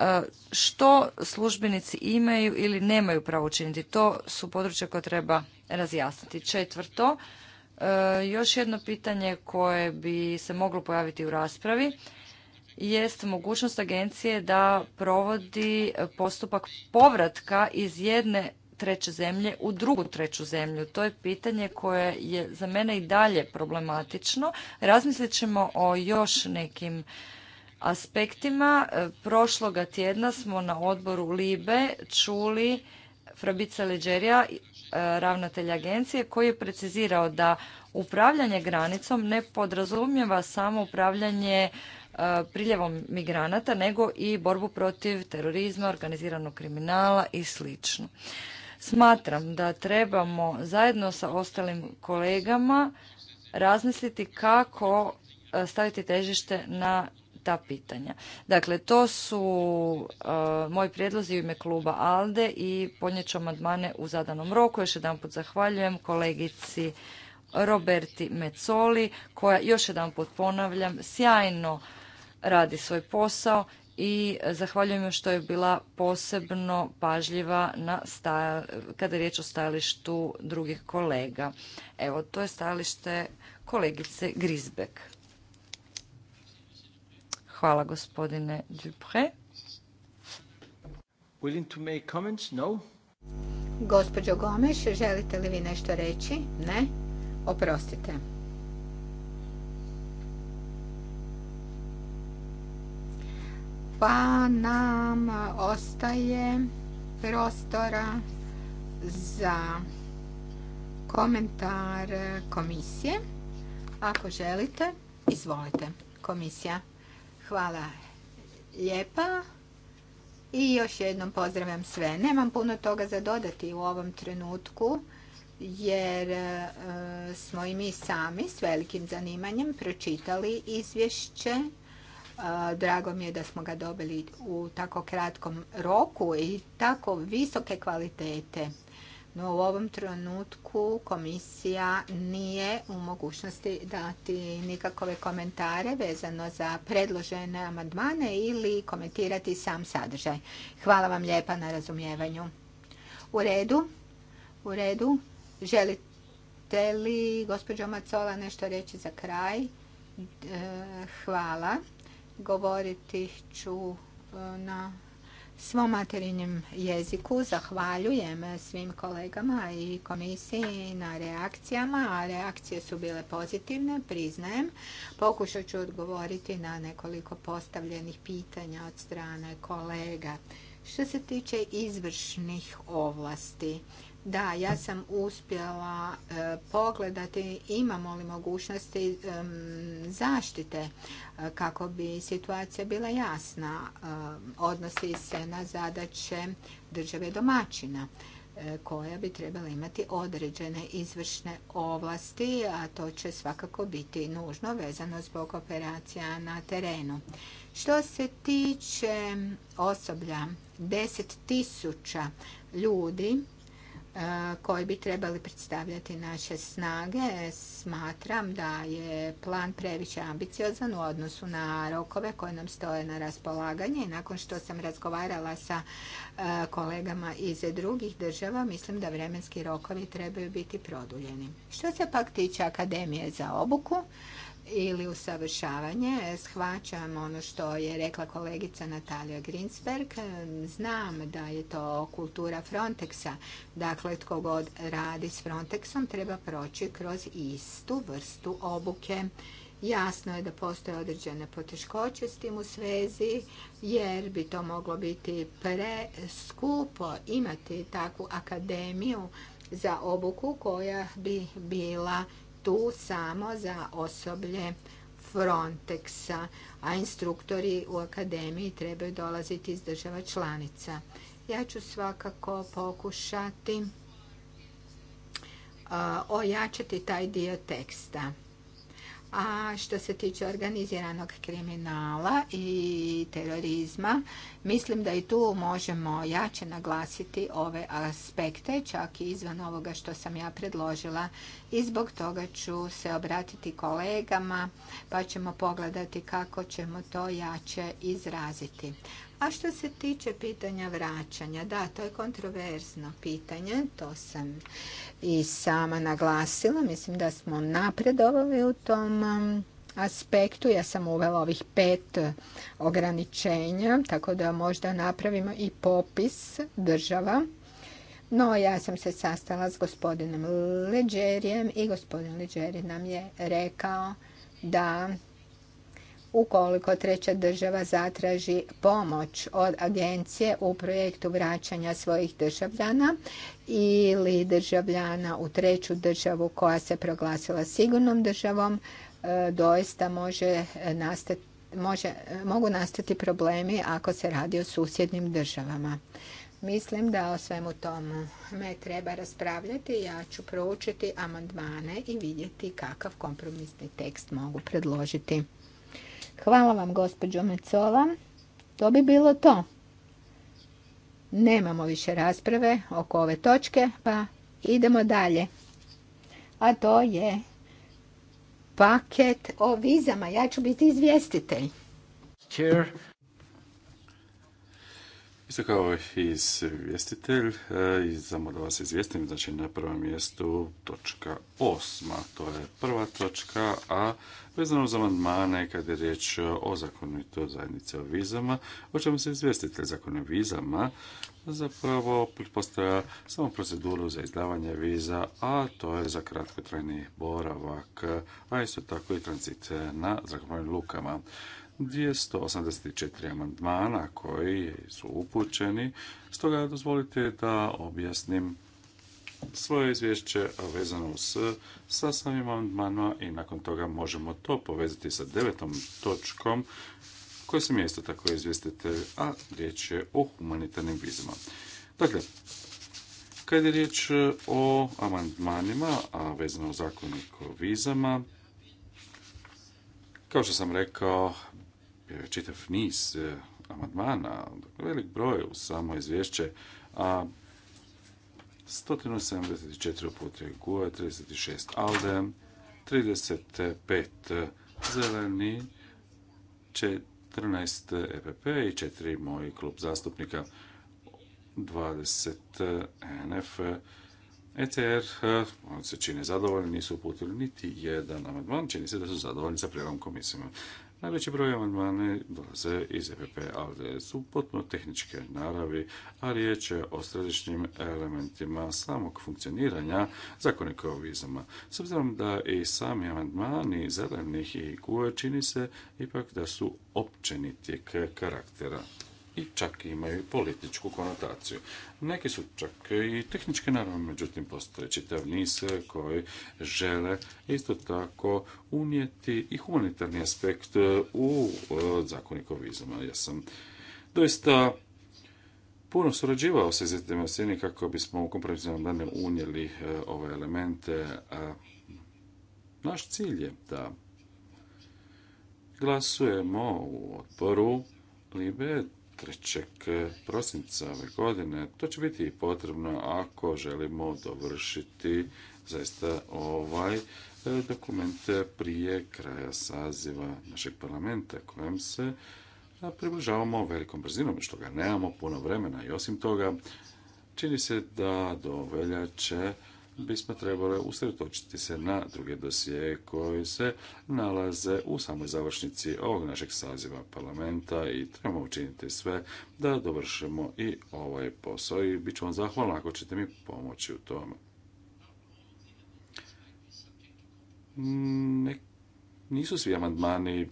E, što službenici imaju ili nemaju pravo učiniti. To su područja koje treba razjasniti. Četvrto, e, još jedno pitanje koje bi se moglo pojaviti u raspravi jest mogućnost agencije da provodi postupak povratka iz jedne treće zemlje u drugu treću zemlju. To je pitanje koje je za mene i dalje problematično. Razmislit ćemo o još nekim aspektima. E, prošloga tjedna smo na odboru LIBE čuli Frabica Leđerija, e, ravnatelj agencije, koji je precizirao da upravljanje granicom ne podrazumijeva samo upravljanje e, priljevom migranata, nego i borbu protiv terorizma, organiziranog kriminala i sl. Smatram da trebamo zajedno sa ostalim kolegama razmisliti kako staviti težište na ta pitanja. Dakle, to su e, moji prijedlozi u ime kluba ALDE i podnijet ću amandmane u zadanom roku. Još jedanput zahvaljujem kolegici Roberti Mecoli koja, još jedanput ponavljam, sjajno radi svoj posao i zahvaljujem joj što je bila posebno pažljiva na kada je riječ o stajalištu drugih kolega. Evo, to je stajalište kolegice Grizbek. Hvala gospodine Dupre. Willing to make comments? No. Gospođo Gomeš, želite li vi nešto reći? Ne? Oprostite. Pa nam ostaje prostora za komentar komisije. Ako želite, izvolite komisija. Hvala lijepa. I još jednom pozdravljam sve. Nemam puno toga za dodati u ovom trenutku jer e, smo i mi sami s velikim zanimanjem pročitali izvješće. E, drago mi je da smo ga dobili u tako kratkom roku i tako visoke kvalitete u ovom trenutku komisija nije u mogućnosti dati nikakove komentare vezano za predložene amandmane ili komentirati sam sadržaj. Hvala vam lijepa na razumijevanju. U redu, u redu. Želite li, gospođo Macola, nešto reći za kraj? E, hvala. Govoriti ću e, na svom materinjem jeziku. Zahvaljujem svim kolegama i komisiji na reakcijama, a reakcije su bile pozitivne, priznajem. Pokušat ću odgovoriti na nekoliko postavljenih pitanja od strane kolega. Što se tiče izvršnih ovlasti, da, ja sam uspjela e, pogledati imamo li mogućnosti zaštite e, kako bi situacija bila jasna. E, odnosi se na zadaće države domaćina koja bi trebala imati određene izvršne ovlasti, a to će svakako biti nužno vezano zbog operacija na terenu. Što se tiče osoblja 10.000 ljudi E, koji bi trebali predstavljati naše snage. Smatram da je plan previše ambiciozan u odnosu na rokove koje nam stoje na raspolaganje i nakon što sam razgovarala sa e, kolegama iz drugih država, mislim da vremenski rokovi trebaju biti produljeni. Što se pak tiče Akademije za obuku, ili usavršavanje. Shvaćam ono što je rekla kolegica Natalija Grinsberg. Znam da je to kultura Frontexa. Dakle, tko god radi s Frontexom treba proći kroz istu vrstu obuke. Jasno je da postoje određene poteškoće s tim u svezi, jer bi to moglo biti preskupo imati takvu akademiju za obuku koja bi bila tu samo za osoblje Frontexa, a instruktori u akademiji trebaju dolaziti iz država članica. Ja ću svakako pokušati ojačati taj dio teksta. A što se tiče organiziranog kriminala i terorizma, mislim da i tu možemo jače naglasiti ove aspekte, čak i izvan ovoga što sam ja predložila. I zbog toga ću se obratiti kolegama, pa ćemo pogledati kako ćemo to jače izraziti. A što se tiče pitanja vraćanja, da, to je kontroverzno pitanje, to sam i sama naglasila. Mislim da smo napredovali u tom um, aspektu. Ja sam uvela ovih pet ograničenja, tako da možda napravimo i popis država. No, ja sam se sastala s gospodinom Leđerijem i gospodin Leđeri nam je rekao da ukoliko treća država zatraži pomoć od agencije u projektu vraćanja svojih državljana ili državljana u treću državu koja se proglasila sigurnom državom, e, doista može nastati, može, mogu nastati problemi ako se radi o susjednim državama. Mislim da o svemu tomu me treba raspravljati. Ja ću proučiti amandmane i vidjeti kakav kompromisni tekst mogu predložiti. Hvala vam, gospođo Mecola. To bi bilo to. Nemamo više rasprave oko ove točke, pa idemo dalje. A to je paket o vizama. Ja ću biti izvjestitelj. Chair. Isto kao izvjestitelj, eh, i samo da vas izvijestim, znači na prvom mjestu točka osma, to je prva točka, a vezano za amandmane kada je riječ o zakonu i zajednice o vizama, o čemu se izvjestitelj Zakon o vizama zapravo pretpostavlja samo proceduru za izdavanje viza, a to je za kratkotrajni boravak, a isto tako i tranzit na zrakoplovnim lukama. 284 amandmana koji su upućeni, stoga dozvolite da objasnim svoje izvješće vezano uz samim amandmanima i nakon toga možemo to povezati sa devetom točkom koje sam isto tako izvjestitelj, a riječ je o humanitarnim vizama. Dakle, kad je riječ o amandmanima, a vezano o zakon o vizama, kao što sam rekao, čitav niz eh, amandmana, velik broj u samo izvješće, a 174 puta Gua, 36 Alde, 35 Zeleni, 14 EPP i 4 moji klub zastupnika, 20 NF, ECR, oni se čine zadovoljni, nisu uputili niti jedan amandman, čini se da su zadovoljni sa prijedlogom komisijama. Najveći broj amandmane dolaze iz EPP, ali su potpuno tehničke naravi, a riječ je o središnjim elementima samog funkcioniranja zakonika o vizama. S obzirom da i sami amandmani zelenih i kuje čini se ipak da su općenitijeg karaktera i čak imaju političku konotaciju. Neki su čak i tehničke naravno, međutim postoje čitav niz koji žele isto tako unijeti i humanitarni aspekt u e, zakonik o vizama. Ja sam doista puno surađivao sa izvjetima kako bismo u kompromisnom dane unijeli e, ove elemente. Naš cilj je da glasujemo u otporu Libe 3. prosinca ove godine. To će biti potrebno ako želimo dovršiti zaista ovaj e, dokument prije kraja saziva našeg parlamenta kojem se e, približavamo velikom brzinom, što ga nemamo puno vremena i osim toga čini se da do veljače bismo trebali usredotočiti se na druge dosije koji se nalaze u samoj završnici ovog našeg saziva parlamenta i trebamo učiniti sve da dovršimo i ovaj posao i bit ću vam zahvalan ako ćete mi pomoći u tome. nisu svi amandmani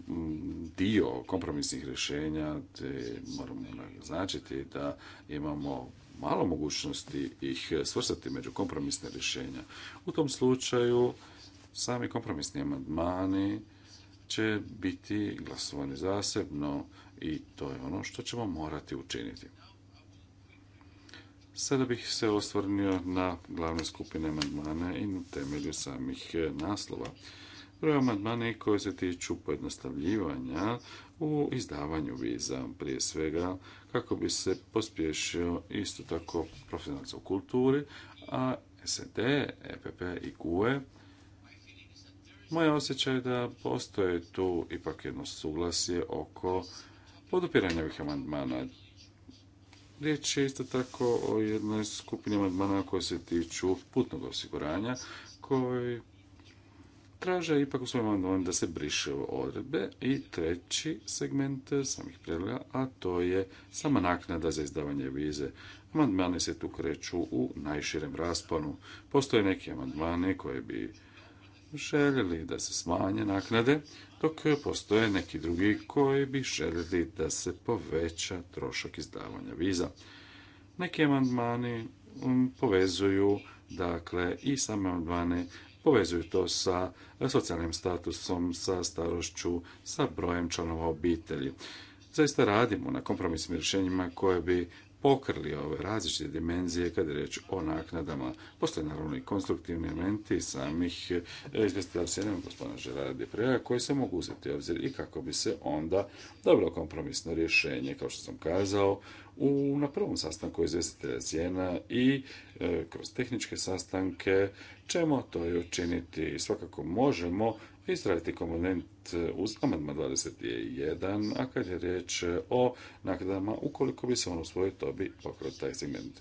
dio kompromisnih rješenja, te moramo naznačiti da imamo malo mogućnosti ih svrstati među kompromisne rješenja. U tom slučaju sami kompromisni amandmani će biti glasovani zasebno i to je ono što ćemo morati učiniti. Sada bih se osvrnio na glavne skupine amandmana i na temelju samih naslova. Prvo amandmani koji se tiču pojednostavljivanja u izdavanju viza prije svega kako bi se pospješio isto tako profesionalca u kulturi, a SED, EPP i GUE moj osjećaj je da postoje tu ipak jedno suglasje oko podupiranja ovih amandmana. Riječ je isto tako o jednoj skupini amandmana koje se tiču putnog osiguranja, koji traže ipak u svojom amandmanu da se briše odredbe. I treći segment samih predloga, a to je sama naknada za izdavanje vize. Amandmani se tu kreću u najširem rasponu. Postoje neki amandmani koje bi željeli da se smanje naknade, dok postoje neki drugi koji bi željeli da se poveća trošak izdavanja viza. Neki amandmani povezuju dakle i same amandmane povezuju to sa socijalnim statusom, sa starošću, sa brojem članova obitelji. Zaista radimo na kompromisnim rješenjima koje bi pokrili ove različite dimenzije kada je reč o naknadama. Postoje naravno i konstruktivni elementi samih e, izvjestitelja gospodina Žerara Depreja koji se mogu uzeti u obzir i kako bi se onda dobilo kompromisno rješenje, kao što sam kazao, u, na prvom sastanku izvjestitelja razijena i e, kroz tehničke sastanke ćemo to i učiniti. Svakako možemo izraditi komponent e, uz amandman 21, a kad je riječ o naknadama, ukoliko bi se on usvojio, to bi pokrao taj segment.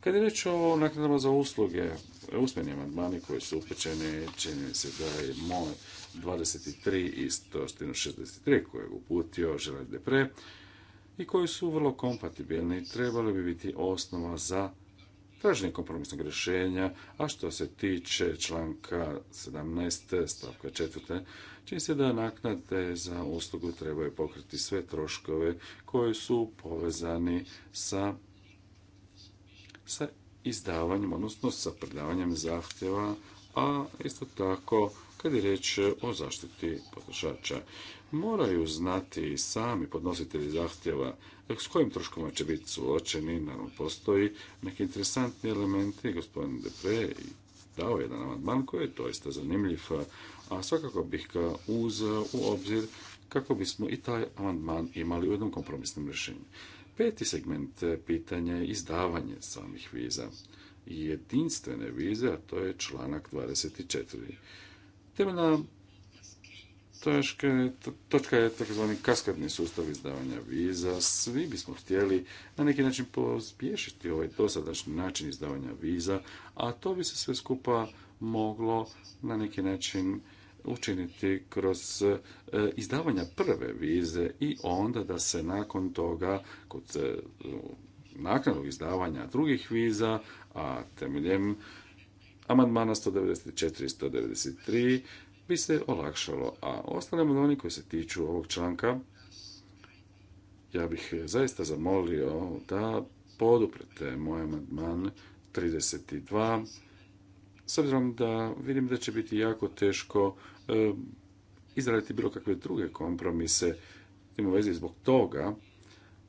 Kad je riječ o naknadama za usluge, usmeni amandmani koji su upućeni, čini se da je moj 23 i 163 koje je uputio Želaj Depre, i koji su vrlo kompatibilni trebali bi biti osnova za traženje kompromisnog rješenja, a što se tiče članka 17. stavka 4. čini se da naknade za uslugu trebaju pokriti sve troškove koji su povezani sa, sa izdavanjem, odnosno sa predavanjem zahtjeva, a isto tako kad je riječ o zaštiti potrošača moraju znati i sami podnositelji zahtjeva s kojim troškoma će biti suočeni. Naravno, postoji neki interesantni elementi. Gospodin Depre dao jedan amandman koji je doista zanimljiv, a svakako bih ga uzeo u obzir kako bismo i taj amandman imali u jednom kompromisnom rješenju. Peti segment eh, pitanja je izdavanje samih viza i jedinstvene vize, a to je članak 24. Temeljna Točka, točka je takozvani kaskadni sustav izdavanja viza. Svi bismo htjeli na neki način pospješiti ovaj dosadašnji način izdavanja viza, a to bi se sve skupa moglo na neki način učiniti kroz e, izdavanja prve vize i onda da se nakon toga kod e, naknadnog izdavanja drugih viza, a temeljem amandmana 194 i 193 bi se olakšalo. A ostale oni koji se tiču ovog članka, ja bih zaista zamolio da poduprete moj amandman 32, s obzirom da vidim da će biti jako teško e, izraditi bilo kakve druge kompromise tim u vezi zbog toga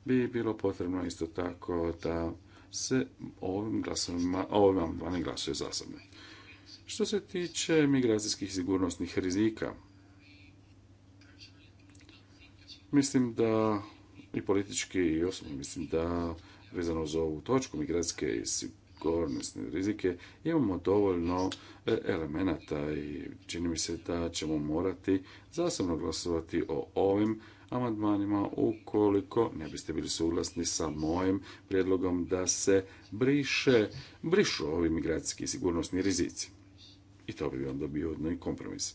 bi bilo potrebno isto tako da se ovim glasovima, ovim glasuje glasuje zasebno. Što se tiče migracijskih sigurnosnih rizika, mislim da i politički i osobno mislim da vezano za ovu točku migracijske i sigurnosne rizike imamo dovoljno e, elemenata i čini mi se da ćemo morati zasebno glasovati o ovim amandmanima ukoliko ne biste bili suglasni sa mojim prijedlogom da se briše, brišu ovi migracijski sigurnosni rizici i to bi onda bio kompromis.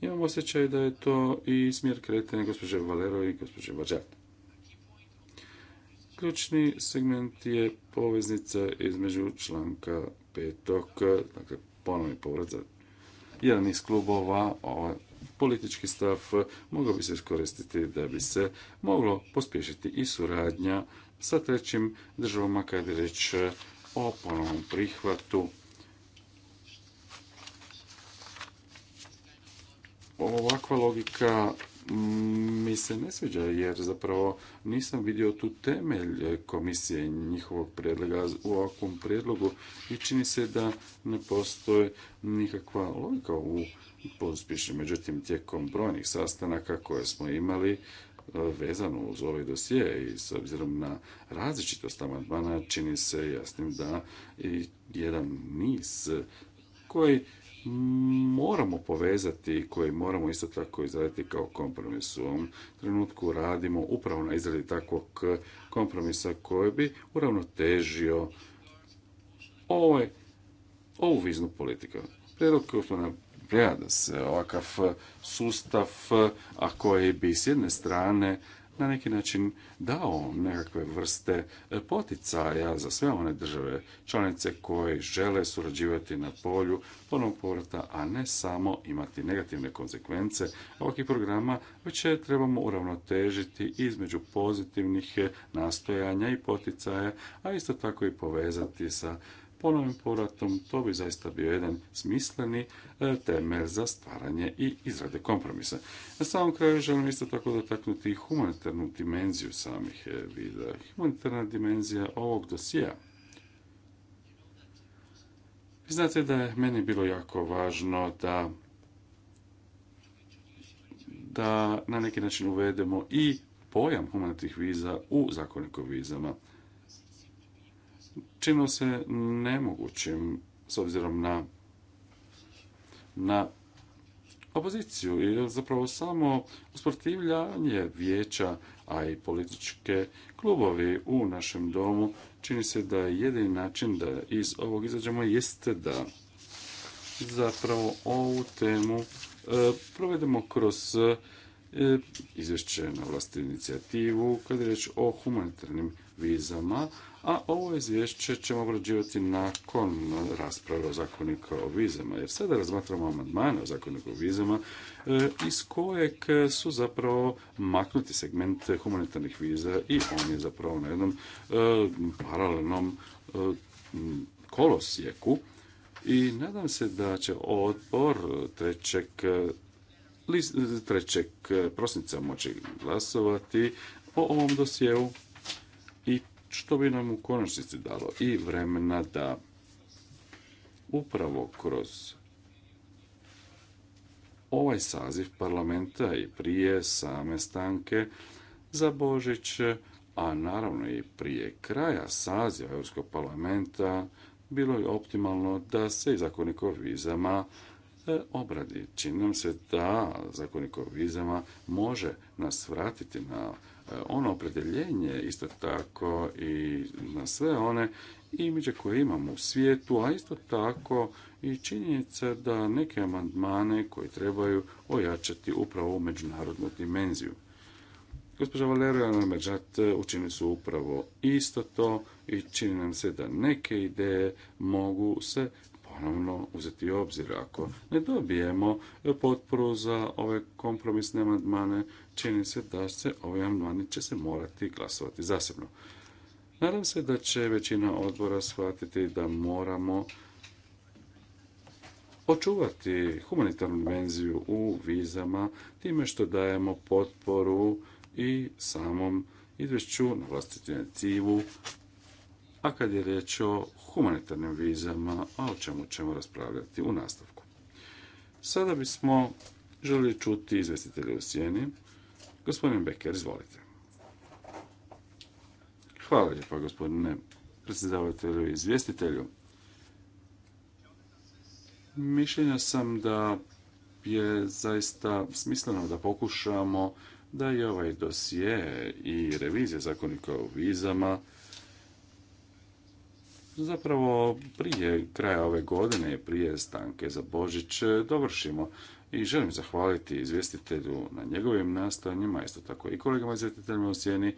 Imam osjećaj da je to i smjer kretanja gospođe Valero i gospođe Ključni segment je poveznica između članka petog, dakle ponovni povrat za jedan iz klubova, ovaj politički stav mogao bi se iskoristiti da bi se moglo pospješiti i suradnja sa trećim državama kada je riječ o ponovnom prihvatu ovakva logika mm, mi se ne sviđa jer zapravo nisam vidio tu temelj komisije njihovog predloga u ovakvom predlogu i čini se da ne postoje nikakva logika u pospišu. Međutim, tijekom brojnih sastanaka koje smo imali e, vezano uz ovaj dosije i s obzirom na različitost amandmana čini se jasnim da i jedan niz koji moramo povezati i koji moramo isto tako izraditi kao kompromis. U ovom trenutku radimo upravo na izradi takvog kompromisa koji bi uravnotežio ovaj, ovu viznu politiku. Prijedlog gospodina da se ovakav sustav, a koji bi s jedne strane na neki način dao nekakve vrste e, poticaja za sve one države članice koje žele surađivati na polju ponovnog povrata, a ne samo imati negativne konsekvence ovakvih programa, već je trebamo uravnotežiti između pozitivnih e, nastojanja i poticaja, a isto tako i povezati sa ponovnim povratom, to bi zaista bio jedan smisleni e, temelj za stvaranje i izrade kompromisa. Na samom kraju želim isto tako dotaknuti i humanitarnu dimenziju samih e, videa. Humanitarna dimenzija ovog dosija vi znate da je meni bilo jako važno da da na neki način uvedemo i pojam humanitarnih viza u zakoniku vizama činilo se nemogućim s obzirom na, na opoziciju i zapravo samo usprotivljanje vijeća, a i političke klubovi u našem domu, čini se da je jedini način da iz ovog izađemo jeste da zapravo ovu temu e, provedemo kroz e, izvješće na vlasti inicijativu kad je reč o humanitarnim vizama, a ovo izvješće ćemo obrađivati nakon rasprave o zakonika o vizama, jer sada razmatramo amandmane o zakoniku o vizama e, iz kojeg su zapravo maknuti segment humanitarnih viza i on je zapravo na jednom e, paralelnom e, kolosijeku i nadam se da će odbor trećeg prosinca moći glasovati o ovom dosjeu i što bi nam u konačnici dalo i vremena da upravo kroz ovaj saziv parlamenta i prije same stanke za Božić, a naravno i prije kraja saziva Europskog parlamenta, bilo je optimalno da se i zakonik o vizama e, obradi. Čini nam se da zakonik o vizama može nas vratiti na Eh, ono opredeljenje isto tako i na sve one imidže koje imamo u svijetu, a isto tako i činjenica da neke amandmane koji trebaju ojačati upravo međunarodnu dimenziju. Gospođa Valerija Nameđat eh, učini su upravo isto to i čini nam se da neke ideje mogu se ponovno uzeti u obzir. Ako ne dobijemo eh, potporu za ove kompromisne amandmane, čini se da se ovi amandmani će se morati glasovati zasebno. Nadam se da će većina odbora shvatiti da moramo očuvati humanitarnu dimenziju u vizama time što dajemo potporu i samom izvješću na vlastitu inicijativu, a kad je riječ o humanitarnim vizama, a o čemu ćemo raspravljati u nastavku. Sada bismo želi čuti izvestitelje u sjeni, Gospodin Becker, izvolite. Hvala lijepa gospodine predsjedavatelju i izvjestitelju. Mišljenja sam da je zaista smisleno da pokušamo da i ovaj dosije i revizija zakonika o vizama zapravo prije kraja ove godine, prije stanke za Božić, dovršimo i želim zahvaliti izvjestitelju na njegovim nastojanjima, isto tako i kolegama izvjestiteljima u sjeni,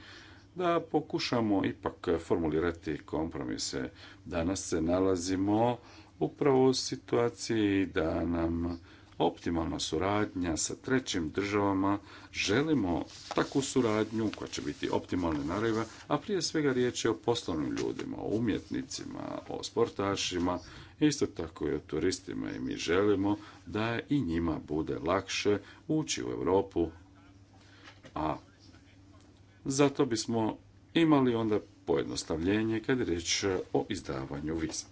da pokušamo ipak formulirati kompromise. Danas se nalazimo upravo u situaciji da nam optimalna suradnja sa trećim državama, želimo takvu suradnju koja će biti optimalna nariva, a prije svega riječ je o poslovnim ljudima, o umjetnicima, o sportašima, Isto tako i o turistima i mi želimo da i njima bude lakše ući u Europu, a zato bismo imali onda pojednostavljenje kad je riječ o izdavanju viza.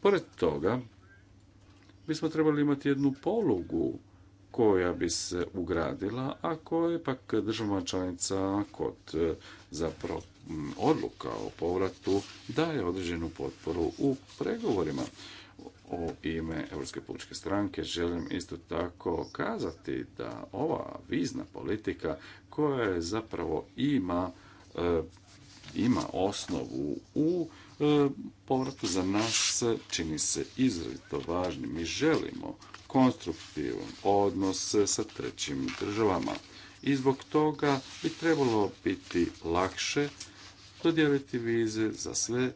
Pored toga, bismo trebali imati jednu polugu koja bi se ugradila, a koja je pak država članica kod zapravo odluka o povratu daje određenu potporu u pregovorima o ime Europske političke stranke želim isto tako kazati da ova vizna politika koja je zapravo ima, e, ima osnovu u e, povratu za nas čini se izrazito važnim. Mi želimo konstruktivan odnos sa trećim državama i zbog toga bi trebalo biti lakše dodijeliti vize za sve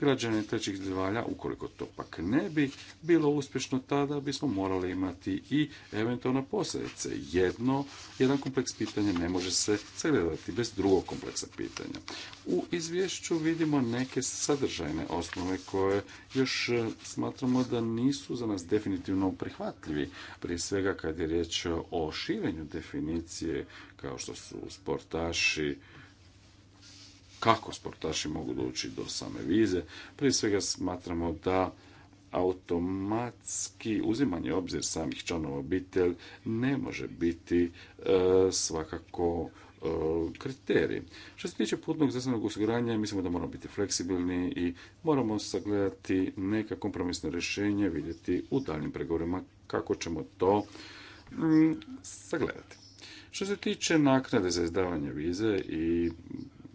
građane trećih zemalja, ukoliko to pak ne bi bilo uspješno, tada bismo morali imati i eventualne posljedice. Jedno, jedan kompleks pitanja ne može se sagledati bez drugog kompleksa pitanja. U izvješću vidimo neke sadržajne osnove koje još e, smatramo da nisu za nas definitivno prihvatljivi, prije svega kad je riječ o širenju definicije kao što su sportaši, kako sportaši mogu doći do same vize. Prije svega smatramo da automatski uzimanje obzir samih članova obitelj ne može biti e, svakako e, kriterij. Što se tiče putnog zdravstvenog osiguranja, mislimo da moramo biti fleksibilni i moramo sagledati neka kompromisna rješenja, vidjeti u daljnim pregovorima kako ćemo to mm, sagledati. Što se tiče naknade za izdavanje vize i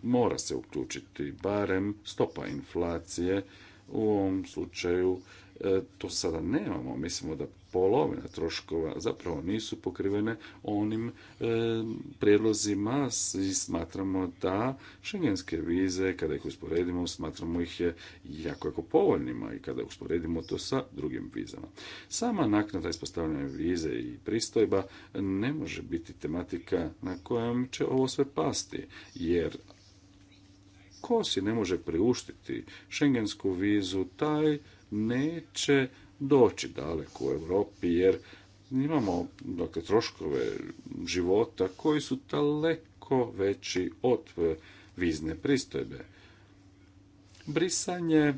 mora se uključiti barem stopa inflacije u ovom slučaju e, to sada nemamo. Mislimo da polovina troškova zapravo nisu pokrivene onim e, prijedlozima i smatramo da šengenske vize, kada ih usporedimo, smatramo ih je jako, jako povoljnima i kada usporedimo to sa drugim vizama. Sama naknada ispostavljanja vize i pristojba ne može biti tematika na kojem će ovo sve pasti, jer tko si ne može priuštiti šengensku vizu, taj neće doći daleko u Europi, jer imamo dakle, troškove života koji su daleko veći od e, vizne pristojbe. Brisanje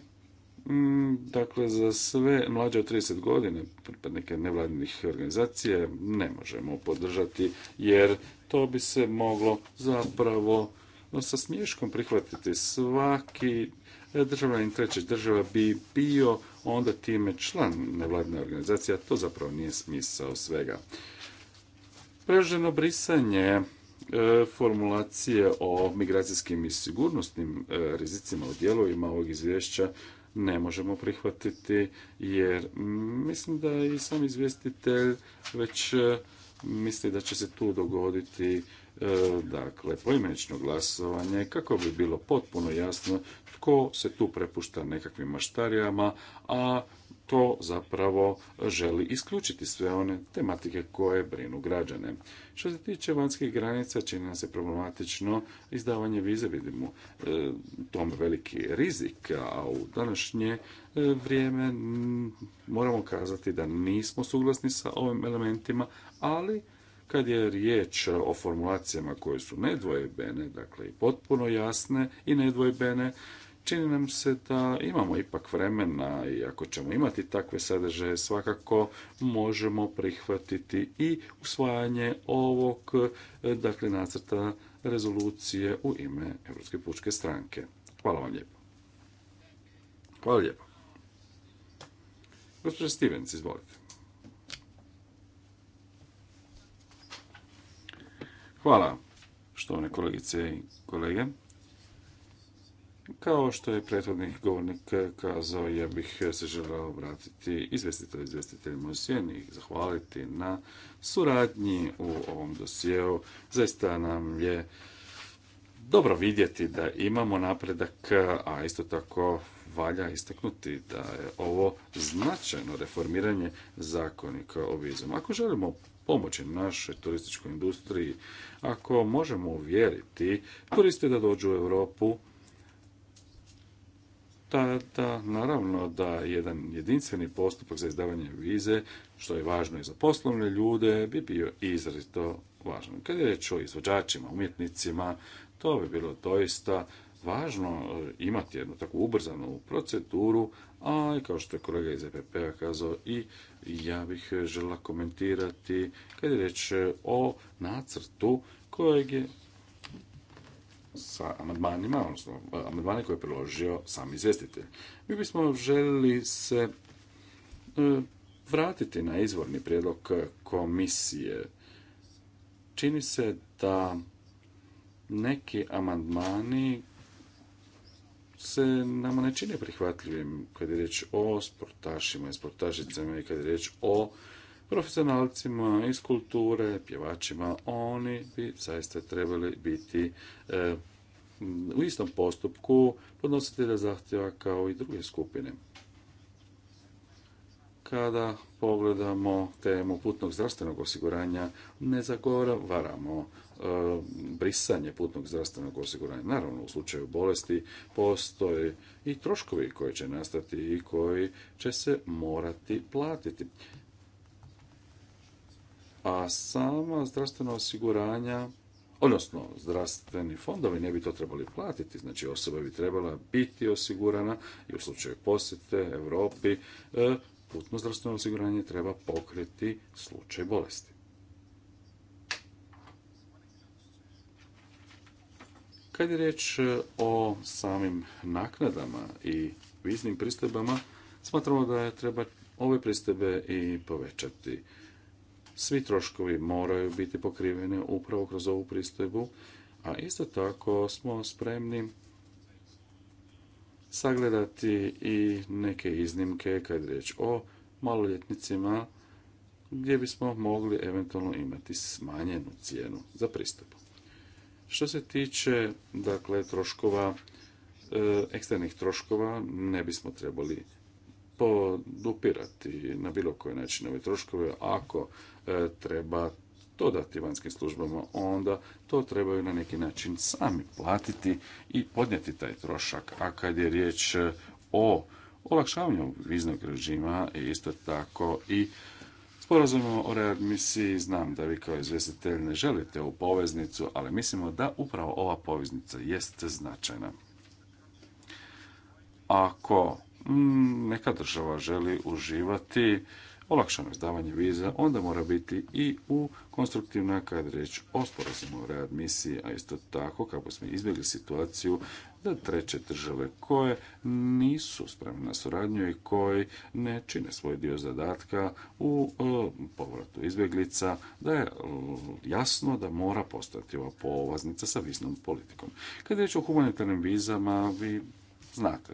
mm, Dakle, za sve mlađe od 30 godine pripadnike nevladinih organizacije ne možemo podržati jer to bi se moglo zapravo no sa smiješkom prihvatiti svaki državljanin treće država bi bio onda time član nevladne organizacije, a to zapravo nije smisao svega. Preženo brisanje e, formulacije o migracijskim i sigurnosnim e, rizicima u dijelovima ovog izvješća ne možemo prihvatiti jer mislim da i sam izvjestitelj već e, misli da će se tu dogoditi E, dakle poimenično glasovanje kako bi bilo potpuno jasno tko se tu prepušta nekakvim maštarijama, a to zapravo želi isključiti sve one tematike koje brinu građane. Što se tiče vanjskih granica, čini nam se problematično izdavanje vize, vidimo e, tom veliki rizik, a u današnje e, vrijeme moramo kazati da nismo suglasni sa ovim elementima, ali kad je riječ o formulacijama koje su nedvojbene, dakle i potpuno jasne i nedvojbene, čini nam se da imamo ipak vremena i ako ćemo imati takve sadržaje, svakako možemo prihvatiti i usvajanje ovog dakle, nacrta rezolucije u ime Europske pučke stranke. Hvala vam lijepo. Hvala lijepo. Gospodin Stevens, izvolite. Hvala, štovane kolegice i kolege. Kao što je prethodni govornik kazao, ja bih se želeo obratiti izvestitelj izvestiteljima u i zahvaliti na suradnji u ovom dosijeu. Zaista nam je dobro vidjeti da imamo napredak, a isto tako valja istaknuti da je ovo značajno reformiranje zakonika o vizama. Ako želimo pomoći našoj turističkoj industriji, ako možemo uvjeriti turiste da dođu u Europu, tada naravno da jedan jedinstveni postupak za izdavanje vize, što je važno i za poslovne ljude, bi bio izrazito važan. Kad je riječ o izvođačima, umjetnicima, to bi bilo doista važno e, imati jednu takvu ubrzanu proceduru, a kao što je kolega iz EPP-a kazao i ja bih e, žela komentirati kad je reč e, o nacrtu kojeg je sa amandmanima, odnosno amandmane koje je priložio sam izvestitelj. Mi bismo željeli se vratiti na izvorni prijedlog komisije. Čini se da neki amandmani se nama ne čine prihvatljivim kad je riječ o sportašima i sportašicama i kad je riječ o profesionalcima iz kulture, pjevačima, oni bi zaista trebali biti e, u istom postupku podnositelja zahtjeva kao i druge skupine. Kada pogledamo temu putnog zdravstvenog osiguranja, ne zagovaramo E, brisanje putnog zdravstvenog osiguranja. Naravno, u slučaju bolesti postoje i troškovi koji će nastati i koji će se morati platiti. A sama zdravstvena osiguranja, odnosno zdravstveni fondovi ne bi to trebali platiti, znači osoba bi trebala biti osigurana i u slučaju posjete Europi e, putno zdravstveno osiguranje treba pokriti slučaj bolesti. Kad je riječ e, o samim naknadama i viznim pristojbama, smatramo da je treba ove pristojbe i povećati. Svi troškovi moraju biti pokriveni upravo kroz ovu pristojbu, a isto tako smo spremni sagledati i neke iznimke kad je riječ o maloljetnicima gdje bismo mogli eventualno imati smanjenu cijenu za pristup. Što se tiče dakle troškova, e, eksternih troškova, ne bismo trebali podupirati na bilo koji način ove troškove. Ako e, treba to dati vanjskim službama, onda to trebaju na neki način sami platiti i podnijeti taj trošak. A kad je riječ e, o olakšavanju viznog režima, isto tako i Porazum o readmisiji znam da vi kao izvjestitelj ne želite u poveznicu, ali mislimo da upravo ova poveznica jest značajna. Ako mm, neka država želi uživati olakšano izdavanje viza, onda mora biti i u konstruktivna kad reći riječ o sporazumu o readmisiji, a isto tako kako smo izbjegli situaciju da treće države koje nisu spremne na suradnju i koji ne čine svoj dio zadatka u e, povratu izbjeglica, da je e, jasno da mora postati ova povaznica sa visnom politikom. Kad je riječ o humanitarnim vizama, vi znate,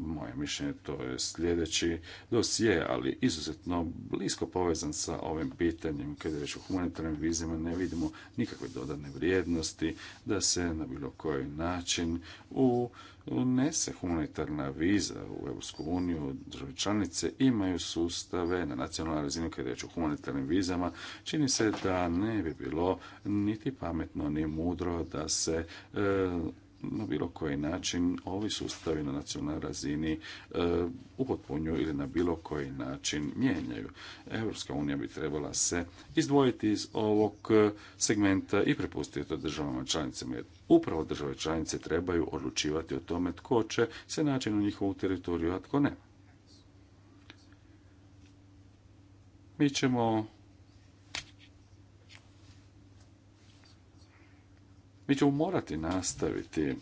moje mišljenje to je sljedeći dosije, ali izuzetno blisko povezan sa ovim pitanjem. Kada je u o humanitarnim vizima, ne vidimo nikakve dodane vrijednosti da se na bilo koji način u unese humanitarna viza u EU. uniju, države članice imaju sustave na nacionalnoj razini kada je riječ o humanitarnim vizama, čini se da ne bi bilo niti pametno ni mudro da se e, na bilo koji način ovi sustavi na nacionalnoj razini e, upotpunjuju ili na bilo koji način mijenjaju. Europska unija bi trebala se izdvojiti iz ovog e, segmenta i prepustiti to državama članicama. Jer upravo države članice trebaju odlučivati o tome tko će se naći na njihovu teritoriju, a tko ne. Mi ćemo Mi ćemo morati nastaviti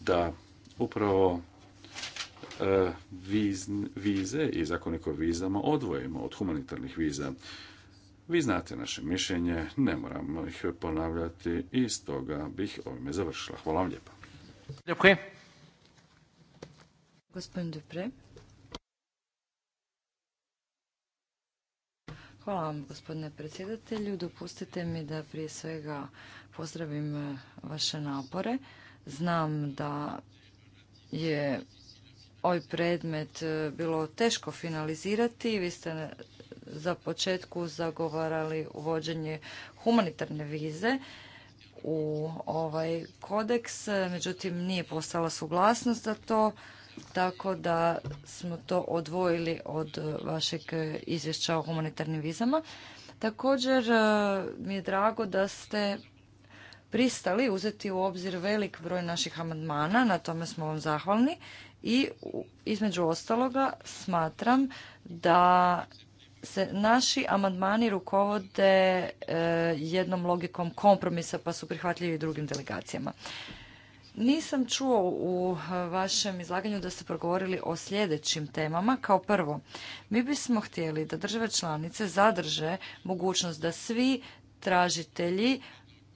da upravo e, vize i zakonik o vizama odvojimo od humanitarnih viza. Vi znate naše mišljenje, ne moramo ih ponavljati i stoga bih ovime završila. Hvala vam lijepa. Gospodin Dupre. Hvala vam, gospodine predsjedatelju. Dopustite mi da prije svega pozdravim e, vaše napore. Znam da je ovaj predmet e, bilo teško finalizirati. Vi ste za početku zagovarali uvođenje humanitarne vize u ovaj kodeks, međutim nije postala suglasnost za to tako da smo to odvojili od e, vašeg e, izvješća o humanitarnim vizama. Također e, mi je drago da ste pristali uzeti u obzir velik broj naših amandmana, na tome smo vam zahvalni i između ostaloga smatram da se naši amandmani rukovode jednom logikom kompromisa pa su prihvatljivi drugim delegacijama. Nisam čuo u eh, vašem izlaganju da ste progovorili o sljedećim temama. Kao prvo, mi bismo htjeli da države članice zadrže mogućnost da svi tražitelji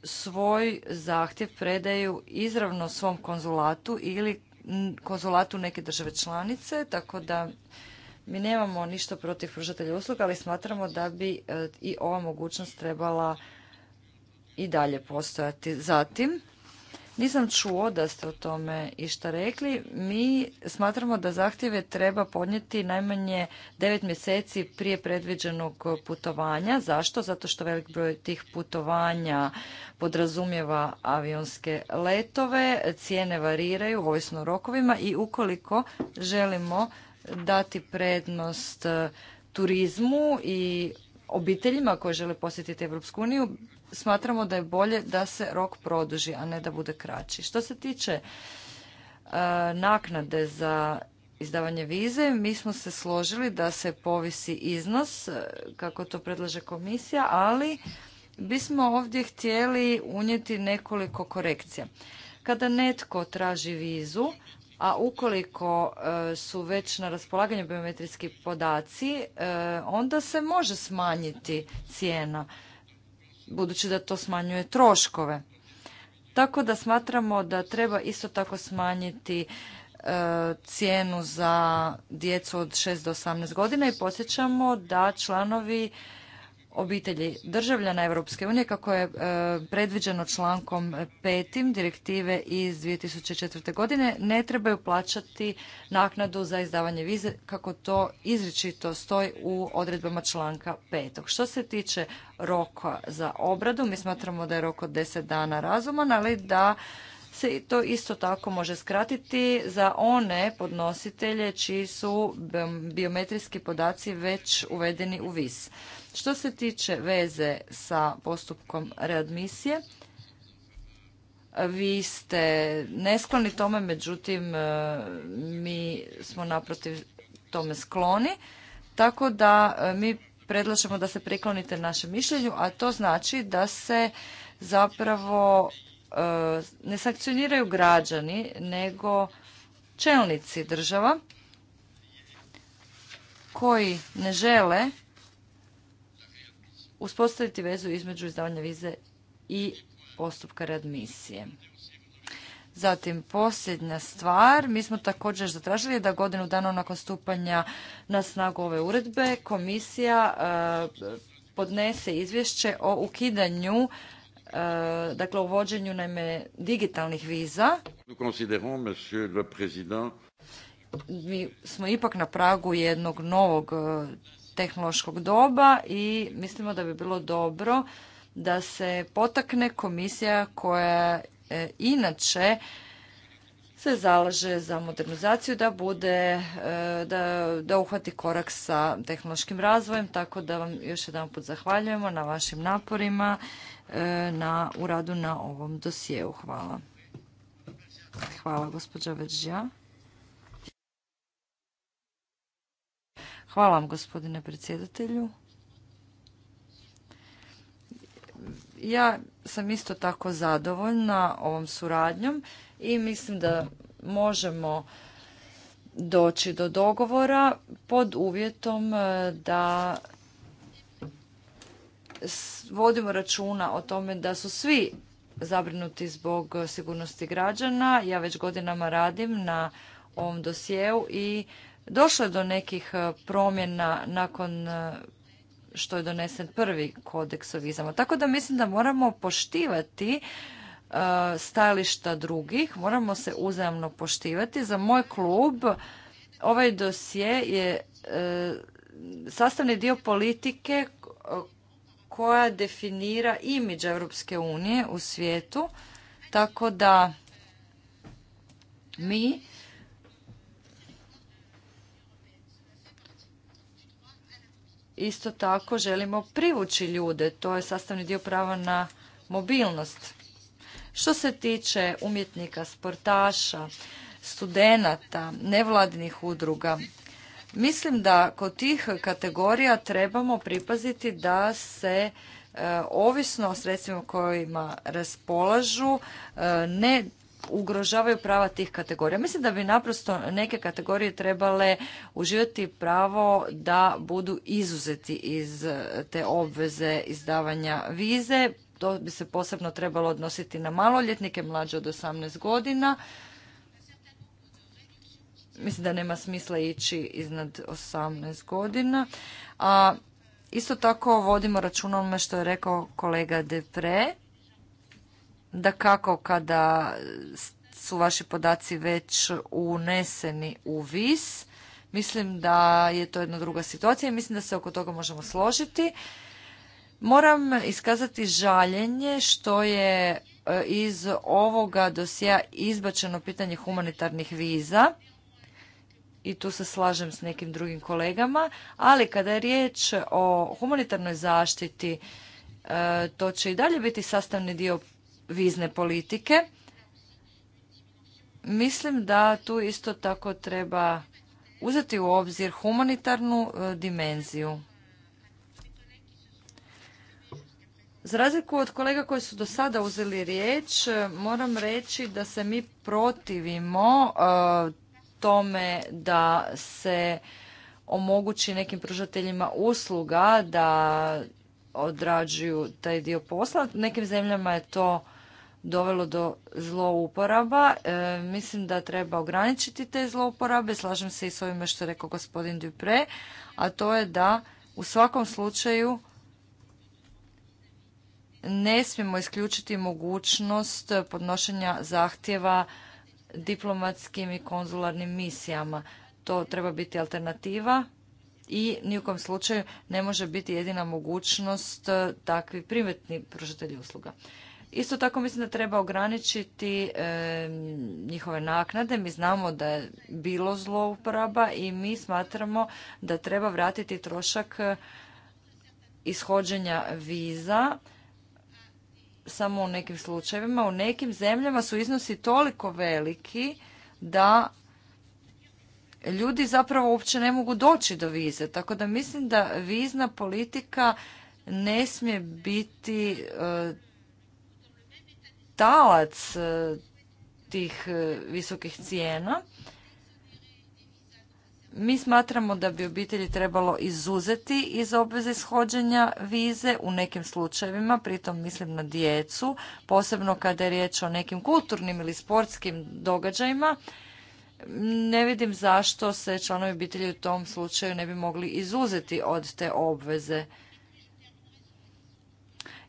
svoj zahtjev predaju izravno svom konzulatu ili konzulatu neke države članice, tako da mi nemamo ništa protiv pružatelja usluga, ali smatramo da bi eh, i ova mogućnost trebala i dalje postojati. Zatim, nisam čuo da ste o tome išta rekli. Mi smatramo da zahtjeve treba podnijeti najmanje devet mjeseci prije predviđenog putovanja. Zašto? Zato što velik broj tih putovanja podrazumijeva avionske letove, cijene variraju ovisno o rokovima i ukoliko želimo dati prednost turizmu i obiteljima koje žele posjetiti Evropsku uniju, smatramo da je bolje da se rok produži, a ne da bude kraći. Što se tiče e, naknade za izdavanje vize, mi smo se složili da se povisi iznos, e, kako to predlaže komisija, ali bismo ovdje htjeli unijeti nekoliko korekcija. Kada netko traži vizu, a ukoliko e, su već na raspolaganju biometrijski podaci, onda se može smanjiti cijena budući da to smanjuje troškove. Tako da smatramo da treba isto tako smanjiti e, cijenu za djecu od 6 do 18 godina i posjećamo da članovi obitelji državljana Europske unije kako je e, predviđeno člankom petim direktive iz 2004. godine ne trebaju plaćati naknadu za izdavanje vize kako to izričito stoji u odredbama članka petog. Što se tiče roka za obradu, mi smatramo da je rok od 10 dana razuman, ali da se to isto tako može skratiti za one podnositelje čiji su biometrijski podaci već uvedeni u VIS. Što se tiče veze sa postupkom readmisije, vi ste neskloni tome, međutim e, mi smo naprotiv tome skloni, tako da e, mi predlažemo da se priklonite našem mišljenju, a to znači da se zapravo e, ne sankcioniraju građani, nego čelnici država koji ne žele uspostaviti vezu između izdavanja vize i postupka readmisije. Zatim, posljednja stvar, mi smo također zatražili da godinu dana nakon stupanja na snagu ove uredbe komisija e, podnese izvješće o ukidanju, e, dakle uvođenju vođenju naime digitalnih viza. Mi smo ipak na pragu jednog novog e, tehnološkog doba i mislimo da bi bilo dobro da se potakne komisija koja e, inače se zalaže za modernizaciju da bude, e, da, da uhvati korak sa tehnološkim razvojem, tako da vam još jedanput put zahvaljujemo na vašim naporima e, na, u radu na ovom dosijeu. Hvala. Hvala, gospođa Hvala vam gospodine predsjedatelju. Ja sam isto tako zadovoljna ovom suradnjom i mislim da možemo doći do dogovora pod uvjetom e, da vodimo računa o tome da su svi zabrinuti zbog sigurnosti građana. Ja već godinama radim na ovom dosjeu i Došlo je do nekih e, promjena nakon e, što je donesen prvi kodeks o vizama. Tako da mislim da moramo poštivati e, stajališta drugih, moramo se uzajamno poštivati. Za moj klub ovaj dosje je sastavni dio politike koja definira imidž Europske unije u svijetu, tako da mi isto tako želimo privući ljude. To je sastavni dio prava na mobilnost. Što se tiče umjetnika, sportaša, studenata, nevladinih udruga, mislim da kod tih kategorija trebamo pripaziti da se e, ovisno o sredstvima kojima raspolažu e, ne ugrožavaju prava tih kategorija. Mislim da bi naprosto neke kategorije trebale uživati pravo da budu izuzeti iz eh, te obveze izdavanja vize. To bi se posebno trebalo odnositi na maloljetnike mlađe od 18 godina. Mislim da nema smisla ići iznad 18 godina. A isto tako vodimo računom što je rekao kolega Depre da kako kada su vaši podaci već uneseni u vis, mislim da je to jedna druga situacija i mislim da se oko toga možemo složiti. Moram iskazati žaljenje što je e, iz ovoga dosija izbačeno pitanje humanitarnih viza i tu se slažem s nekim drugim kolegama, ali kada je riječ o humanitarnoj zaštiti, e, to će i dalje biti sastavni dio vizne politike. Mislim da tu isto tako treba uzeti u obzir humanitarnu e, dimenziju. Za razliku od kolega koji su do sada uzeli riječ, e, moram reći da se mi protivimo e, tome da se omogući nekim pružateljima usluga da odrađuju taj dio posla. nekim zemljama je to dovelo do zlouporaba. E, mislim da treba ograničiti te zlouporabe. Slažem se i s ovime što je rekao gospodin Dupre, a to je da u svakom slučaju ne smijemo isključiti mogućnost podnošenja zahtjeva diplomatskim i konzularnim misijama. To treba biti alternativa i ni u slučaju ne može biti jedina mogućnost takvi privatni pružatelji usluga. Isto tako mislim da treba ograničiti njihove naknade. Mi znamo da je bilo zlouporaba i mi smatramo da treba vratiti trošak e, ishođenja viza samo u nekim slučajevima. U nekim zemljama su iznosi toliko veliki da ljudi zapravo uopće ne mogu doći do vize. Tako da mislim da vizna politika ne smije biti e, talac e, tih e, visokih cijena. Mi smatramo da bi obitelji trebalo izuzeti iz obveze ishođenja vize u nekim slučajevima, pritom mislim na djecu, posebno kada je riječ o nekim kulturnim ili sportskim događajima. Ne vidim zašto se članovi obitelji u tom slučaju ne bi mogli izuzeti od te obveze.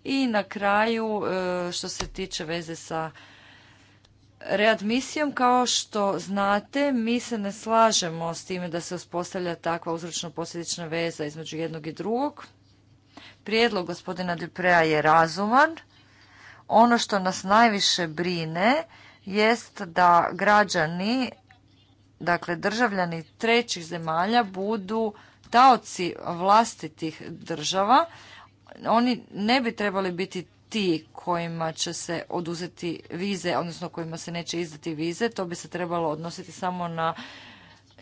I na kraju, e, što se tiče veze sa readmisijom, kao što znate, mi se ne slažemo s time da se uspostavlja takva uzročno-posljedična veza između jednog i drugog. Prijedlog gospodina Duprea je razuman. Ono što nas najviše brine jest da građani, dakle državljani trećih zemalja, budu taoci vlastitih država oni ne bi trebali biti ti kojima će se oduzeti vize, odnosno kojima se neće izdati vize, to bi se trebalo odnositi samo na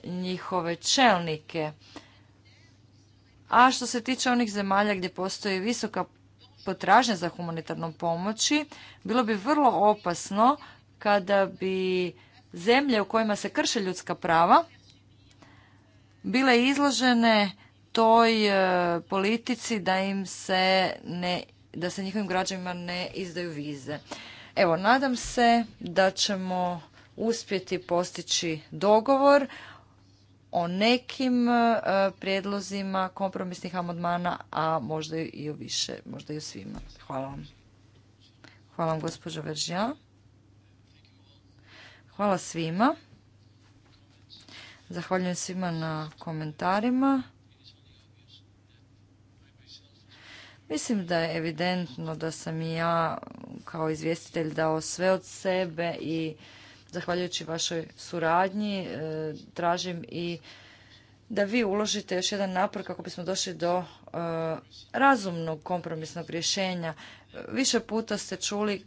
njihove čelnike. A što se tiče onih zemalja gdje postoji visoka potražnja za humanitarnom pomoći, bilo bi vrlo opasno kada bi zemlje u kojima se krše ljudska prava bile izložene toj e, politici da im se ne, da se njihovim građanima ne izdaju vize. Evo, nadam se da ćemo uspjeti postići dogovor o nekim e, prijedlozima kompromisnih amandmana, a možda i o više, možda i o svima. Hvala vam. Hvala vam, gospođo Veržija. Hvala svima. Zahvaljujem svima na komentarima. Mislim da je evidentno da sam i ja kao izvjestitelj dao sve od sebe i zahvaljujući vašoj suradnji e, tražim i da vi uložite još jedan napor kako bismo došli do e, razumnog kompromisnog rješenja. Više puta ste čuli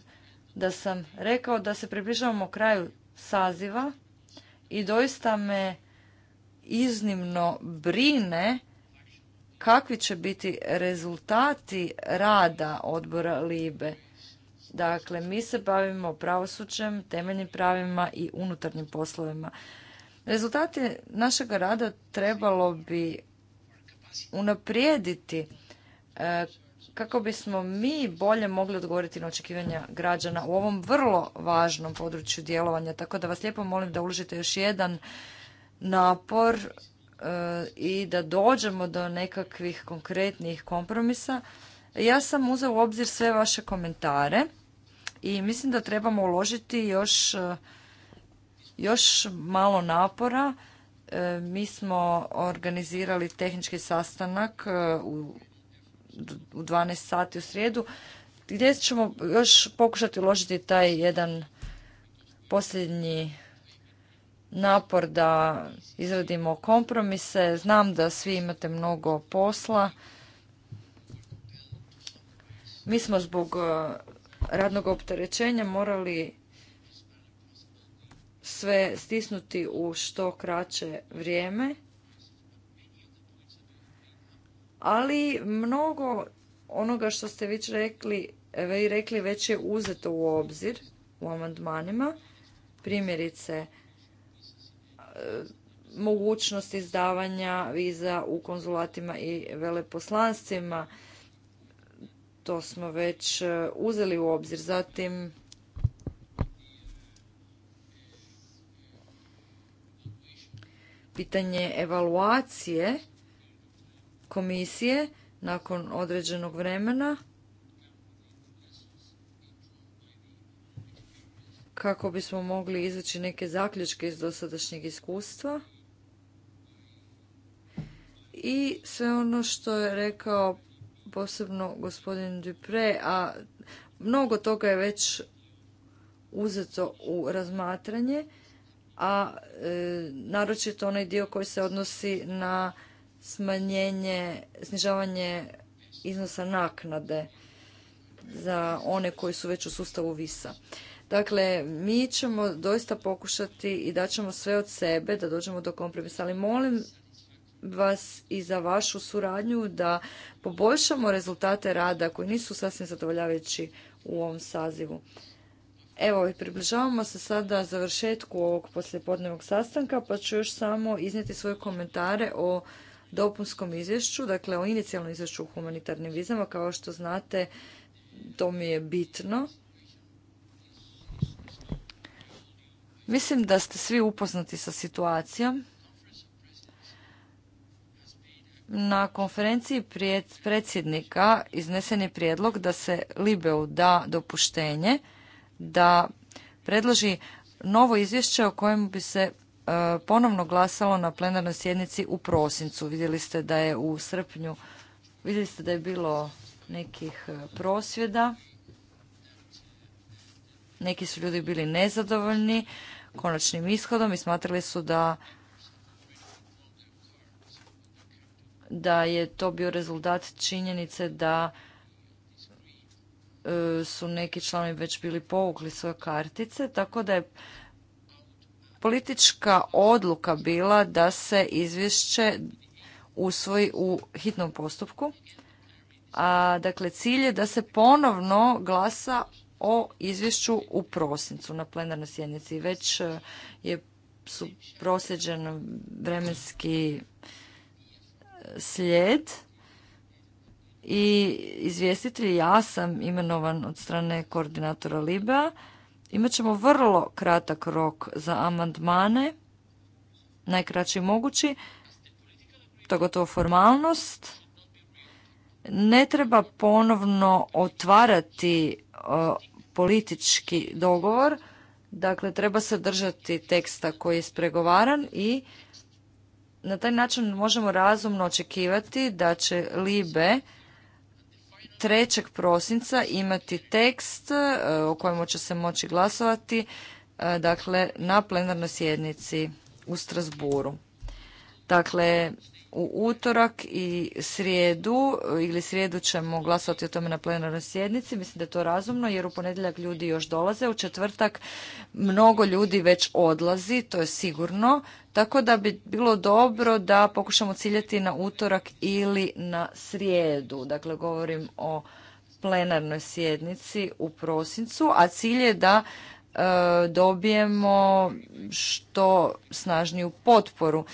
da sam rekao da se približavamo kraju saziva i doista me iznimno brine kakvi će biti rezultati rada odbora Libe. Dakle, mi se bavimo pravosuđem, temeljnim pravima i unutarnjim poslovima. Rezultati našeg rada trebalo bi unaprijediti e, kako bismo mi bolje mogli odgovoriti na očekivanja građana u ovom vrlo važnom području djelovanja. Tako da vas lijepo molim da uložite još jedan napor i da dođemo do nekakvih konkretnih kompromisa. Ja sam uzela u obzir sve vaše komentare i mislim da trebamo uložiti još, još malo napora. E, mi smo organizirali tehnički sastanak e, u 12 sati u srijedu gdje ćemo još pokušati uložiti taj jedan posljednji napor da izradimo kompromise. Znam da svi imate mnogo posla. Mi smo zbog e, radnog opterećenja morali sve stisnuti u što kraće vrijeme. Ali mnogo onoga što ste već rekli, rekli već je uzeto u obzir u amandmanima. Primjerice, E, mogućnost izdavanja viza u konzulatima i veleposlanstvima. To smo već e, uzeli u obzir. Zatim pitanje evaluacije komisije nakon određenog vremena. kako bismo mogli izvući neke zaključke iz dosadašnjeg iskustva i sve ono što je rekao posebno gospodin Dupre, a mnogo toga je već uzeto u razmatranje, a e, naročito onaj dio koji se odnosi na smanjenje, snižavanje iznosa naknade za one koji su već u sustavu visa. Dakle, mi ćemo doista pokušati i daćemo sve od sebe da dođemo do kompromisa, ali molim vas i za vašu suradnju da poboljšamo rezultate rada koji nisu sasvim zadovoljavajući u ovom sazivu. Evo, približavamo se sada završetku ovog poslijepodnevnog sastanka, pa ću još samo iznijeti svoje komentare o dopunskom izvješću, dakle o inicijalnom izvješću o humanitarnim vizama. Kao što znate, to mi je bitno. Mislim da ste svi upoznati sa situacijom. Na konferenciji predsjednika iznesen je prijedlog da se Libeu da dopuštenje da predloži novo izvješće o kojem bi se e, ponovno glasalo na plenarnoj sjednici u prosincu. Vidjeli ste da je u srpnju, vidjeli ste da je bilo nekih e, prosvjeda neki su ljudi bili nezadovoljni konačnim ishodom i smatrali su da da je to bio rezultat činjenice da e, su neki članovi već bili povukli svoje kartice, tako da je politička odluka bila da se izvješće usvoji u hitnom postupku. A, dakle, cilj je da se ponovno glasa o izvješću u prosincu na plenarnoj sjednici. Već e, je su vremenski e, slijed i izvjestitelj ja sam imenovan od strane koordinatora Libea. Imat ćemo vrlo kratak rok za amandmane, najkraći mogući, to je gotovo formalnost. Ne treba ponovno otvarati e, politički dogovor. Dakle, treba se držati teksta koji je spregovaran i na taj način možemo razumno očekivati da će Libe 3. prosinca imati tekst e, o kojemu će se moći glasovati e, dakle, na plenarnoj sjednici u Strasburu. Dakle, u utorak i srijedu e, ili srijedu ćemo glasovati o tome na plenarnoj sjednici. Mislim da je to razumno jer u ponedjeljak ljudi još dolaze, u četvrtak mnogo ljudi već odlazi, to je sigurno. Tako da bi bilo dobro da pokušamo ciljati na utorak ili na srijedu. Dakle, govorim o plenarnoj sjednici u prosincu, a cilj je da e, dobijemo što snažniju potporu.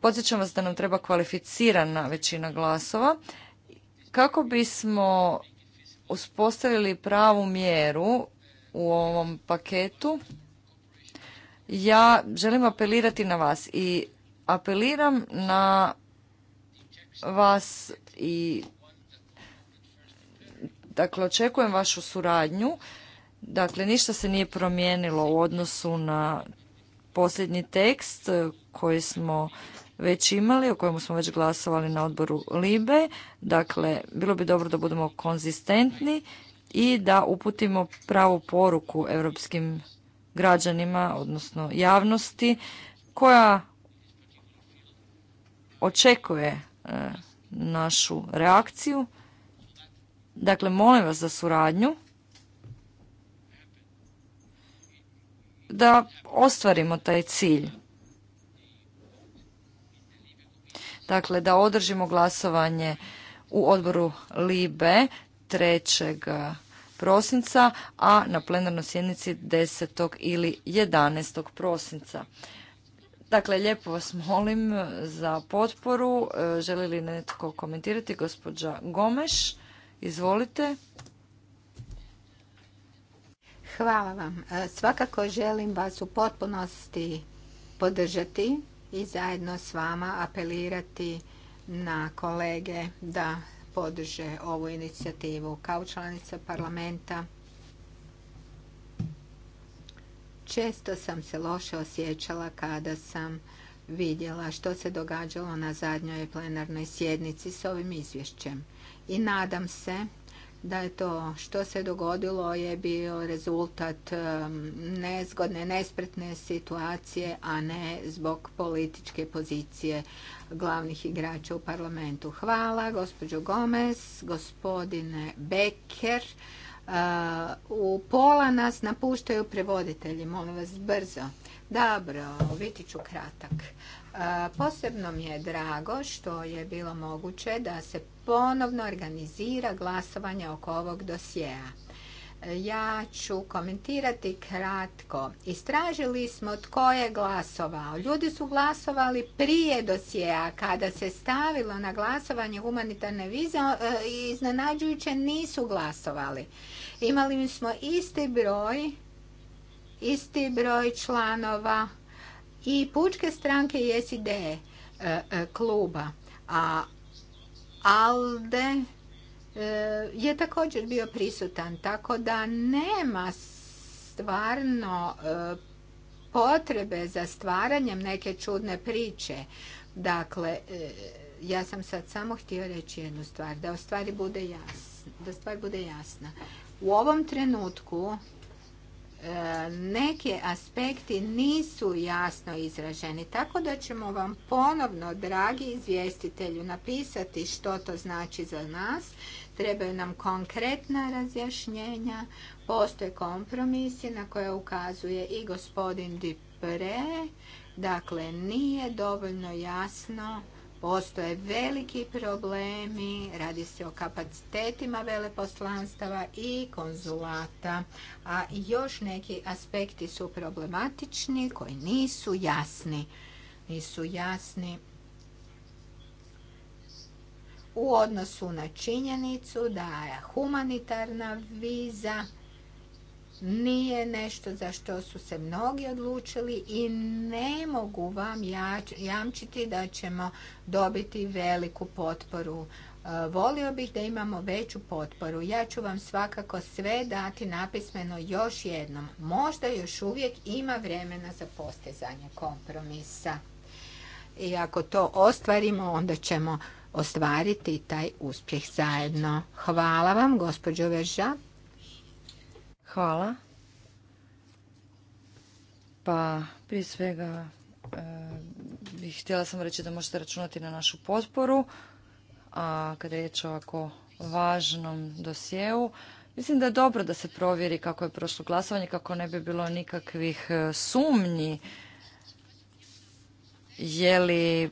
Podsjećam vas da nam treba kvalificirana većina glasova kako bismo uspostavili pravu mjeru u ovom paketu. Ja želim apelirati na vas i apeliram na vas i dakle očekujem vašu suradnju. Dakle, ništa se nije promijenilo u odnosu na posljednji tekst koji smo već imali, o kojemu smo već glasovali na odboru Libe. Dakle, bilo bi dobro da budemo konzistentni i da uputimo pravu poruku europskim građanima, odnosno javnosti, koja očekuje e, našu reakciju. Dakle, molim vas za suradnju. Da ostvarimo taj cilj. Dakle, da održimo glasovanje u odboru LIBE 3. Eh, prosinca, a na plenarnoj sjednici 10. ili 11. prosinca. Dakle, lijepo vas molim eh, za potporu. Eh, želi li netko komentirati? Gospođa Gomeš, izvolite. Hvala vam. Svakako želim vas u potpunosti podržati i zajedno s vama apelirati na kolege da podrže ovu inicijativu kao članica parlamenta. Često sam se loše osjećala kada sam vidjela što se događalo na zadnjoj plenarnoj sjednici s ovim izvješćem. I nadam se da je to što se dogodilo je bio rezultat um, nezgodne, nespretne situacije, a ne zbog političke pozicije glavnih igrača u parlamentu. Hvala, gospođo Gomez, gospodine Becker. Uh, u pola nas napuštaju prevoditelji, molim vas brzo. Dobro, biti ću kratak. Uh, posebno mi je drago što je bilo moguće da se ponovno organizira glasovanje oko ovog dosjea. Ja ću komentirati kratko. Istražili smo tko je glasovao. Ljudi su glasovali prije dosjeja. Kada se stavilo na glasovanje humanitarne vize, e, iznenađujuće nisu glasovali. Imali smo isti broj, isti broj članova i pučke stranke i SID e, e, kluba. A ALDE e, je također bio prisutan, tako da nema stvarno e, potrebe za stvaranjem neke čudne priče. Dakle, e, ja sam sad samo htio reći jednu stvar, da stvar bude jasna. Da bude jasna. U ovom trenutku neki aspekti nisu jasno izraženi. Tako da ćemo vam ponovno, dragi izvjestitelju, napisati što to znači za nas. Trebaju nam konkretna razjašnjenja, postoje kompromisi na koje ukazuje i gospodin Dupre. Dakle, nije dovoljno jasno Postoje veliki problemi, radi se o kapacitetima veleposlanstava i konzulata, a još neki aspekti su problematični koji nisu jasni. Nisu jasni u odnosu na činjenicu da je humanitarna viza nije nešto za što su se mnogi odlučili i ne mogu vam jamčiti da ćemo dobiti veliku potporu. E, volio bih da imamo veću potporu. Ja ću vam svakako sve dati napismeno još jednom. Možda još uvijek ima vremena za postezanje kompromisa. I ako to ostvarimo, onda ćemo ostvariti taj uspjeh zajedno. Hvala vam, gospođo Veža. Hvala. Pa prije svega e, bih htjela sam reći da možete računati na našu potporu, a kada je riječ o ovako važnom dosjeu, mislim da je dobro da se provjeri kako je prošlo glasovanje, kako ne bi bilo nikakvih e, sumnji je li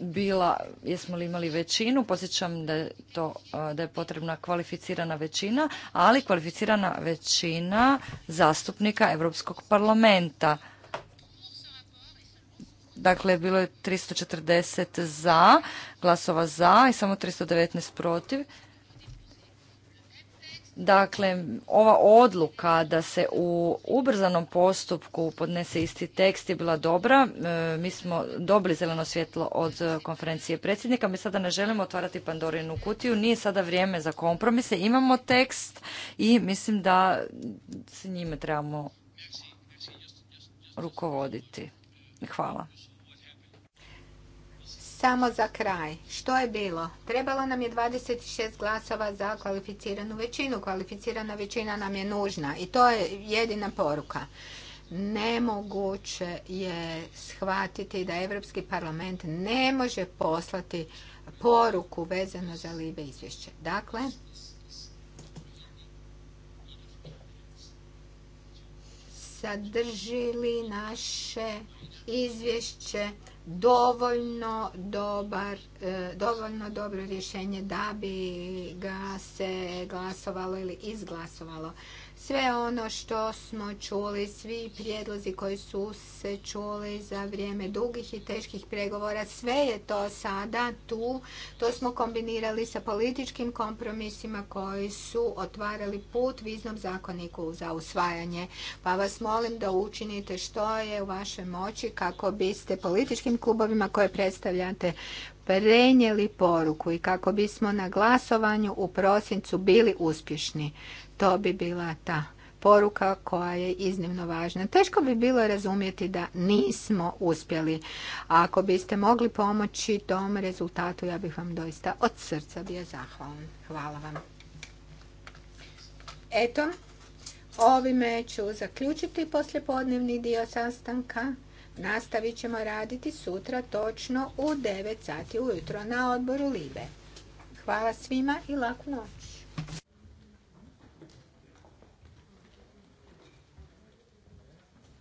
bila, jesmo li imali većinu, posjećam da je, to, da je potrebna kvalificirana većina, ali kvalificirana većina zastupnika Europskog parlamenta. Dakle, bilo je 340 za, glasova za i samo 319 protiv. Dakle, ova odluka da se u ubrzanom postupku podnese isti tekst je bila dobra. E, mi smo dobili zeleno svjetlo od e, konferencije predsjednika. Mi sada ne želimo otvarati Pandorinu kutiju. Nije sada vrijeme za kompromise. Imamo tekst i mislim da se njime trebamo rukovoditi. Hvala. Samo za kraj. Što je bilo? Trebalo nam je 26 glasova za kvalificiranu većinu. Kvalificirana većina nam je nužna i to je jedina poruka. Nemoguće je shvatiti da Europski parlament ne može poslati poruku vezano za libe izvješće. Dakle, sadrži li naše izvješće dovoljno dobar, e, dovoljno dobro rješenje da bi ga se glasovalo ili izglasovalo sve ono što smo čuli, svi prijedlozi koji su se čuli za vrijeme dugih i teških pregovora, sve je to sada tu. To smo kombinirali sa političkim kompromisima koji su otvarali put viznom zakoniku za usvajanje. Pa vas molim da učinite što je u vašoj moći kako biste političkim klubovima koje predstavljate prenijeli poruku i kako bismo na glasovanju u prosincu bili uspješni. To bi bila ta poruka koja je iznimno važna. Teško bi bilo razumjeti da nismo uspjeli. ako biste mogli pomoći tom rezultatu, ja bih vam doista od srca bio zahvalan. Hvala vam. Eto, ovime ću zaključiti poslijepodnevni dio sastanka. Nastavit ćemo raditi sutra točno u 9 sati ujutro na odboru Libe. Hvala svima i laku noć.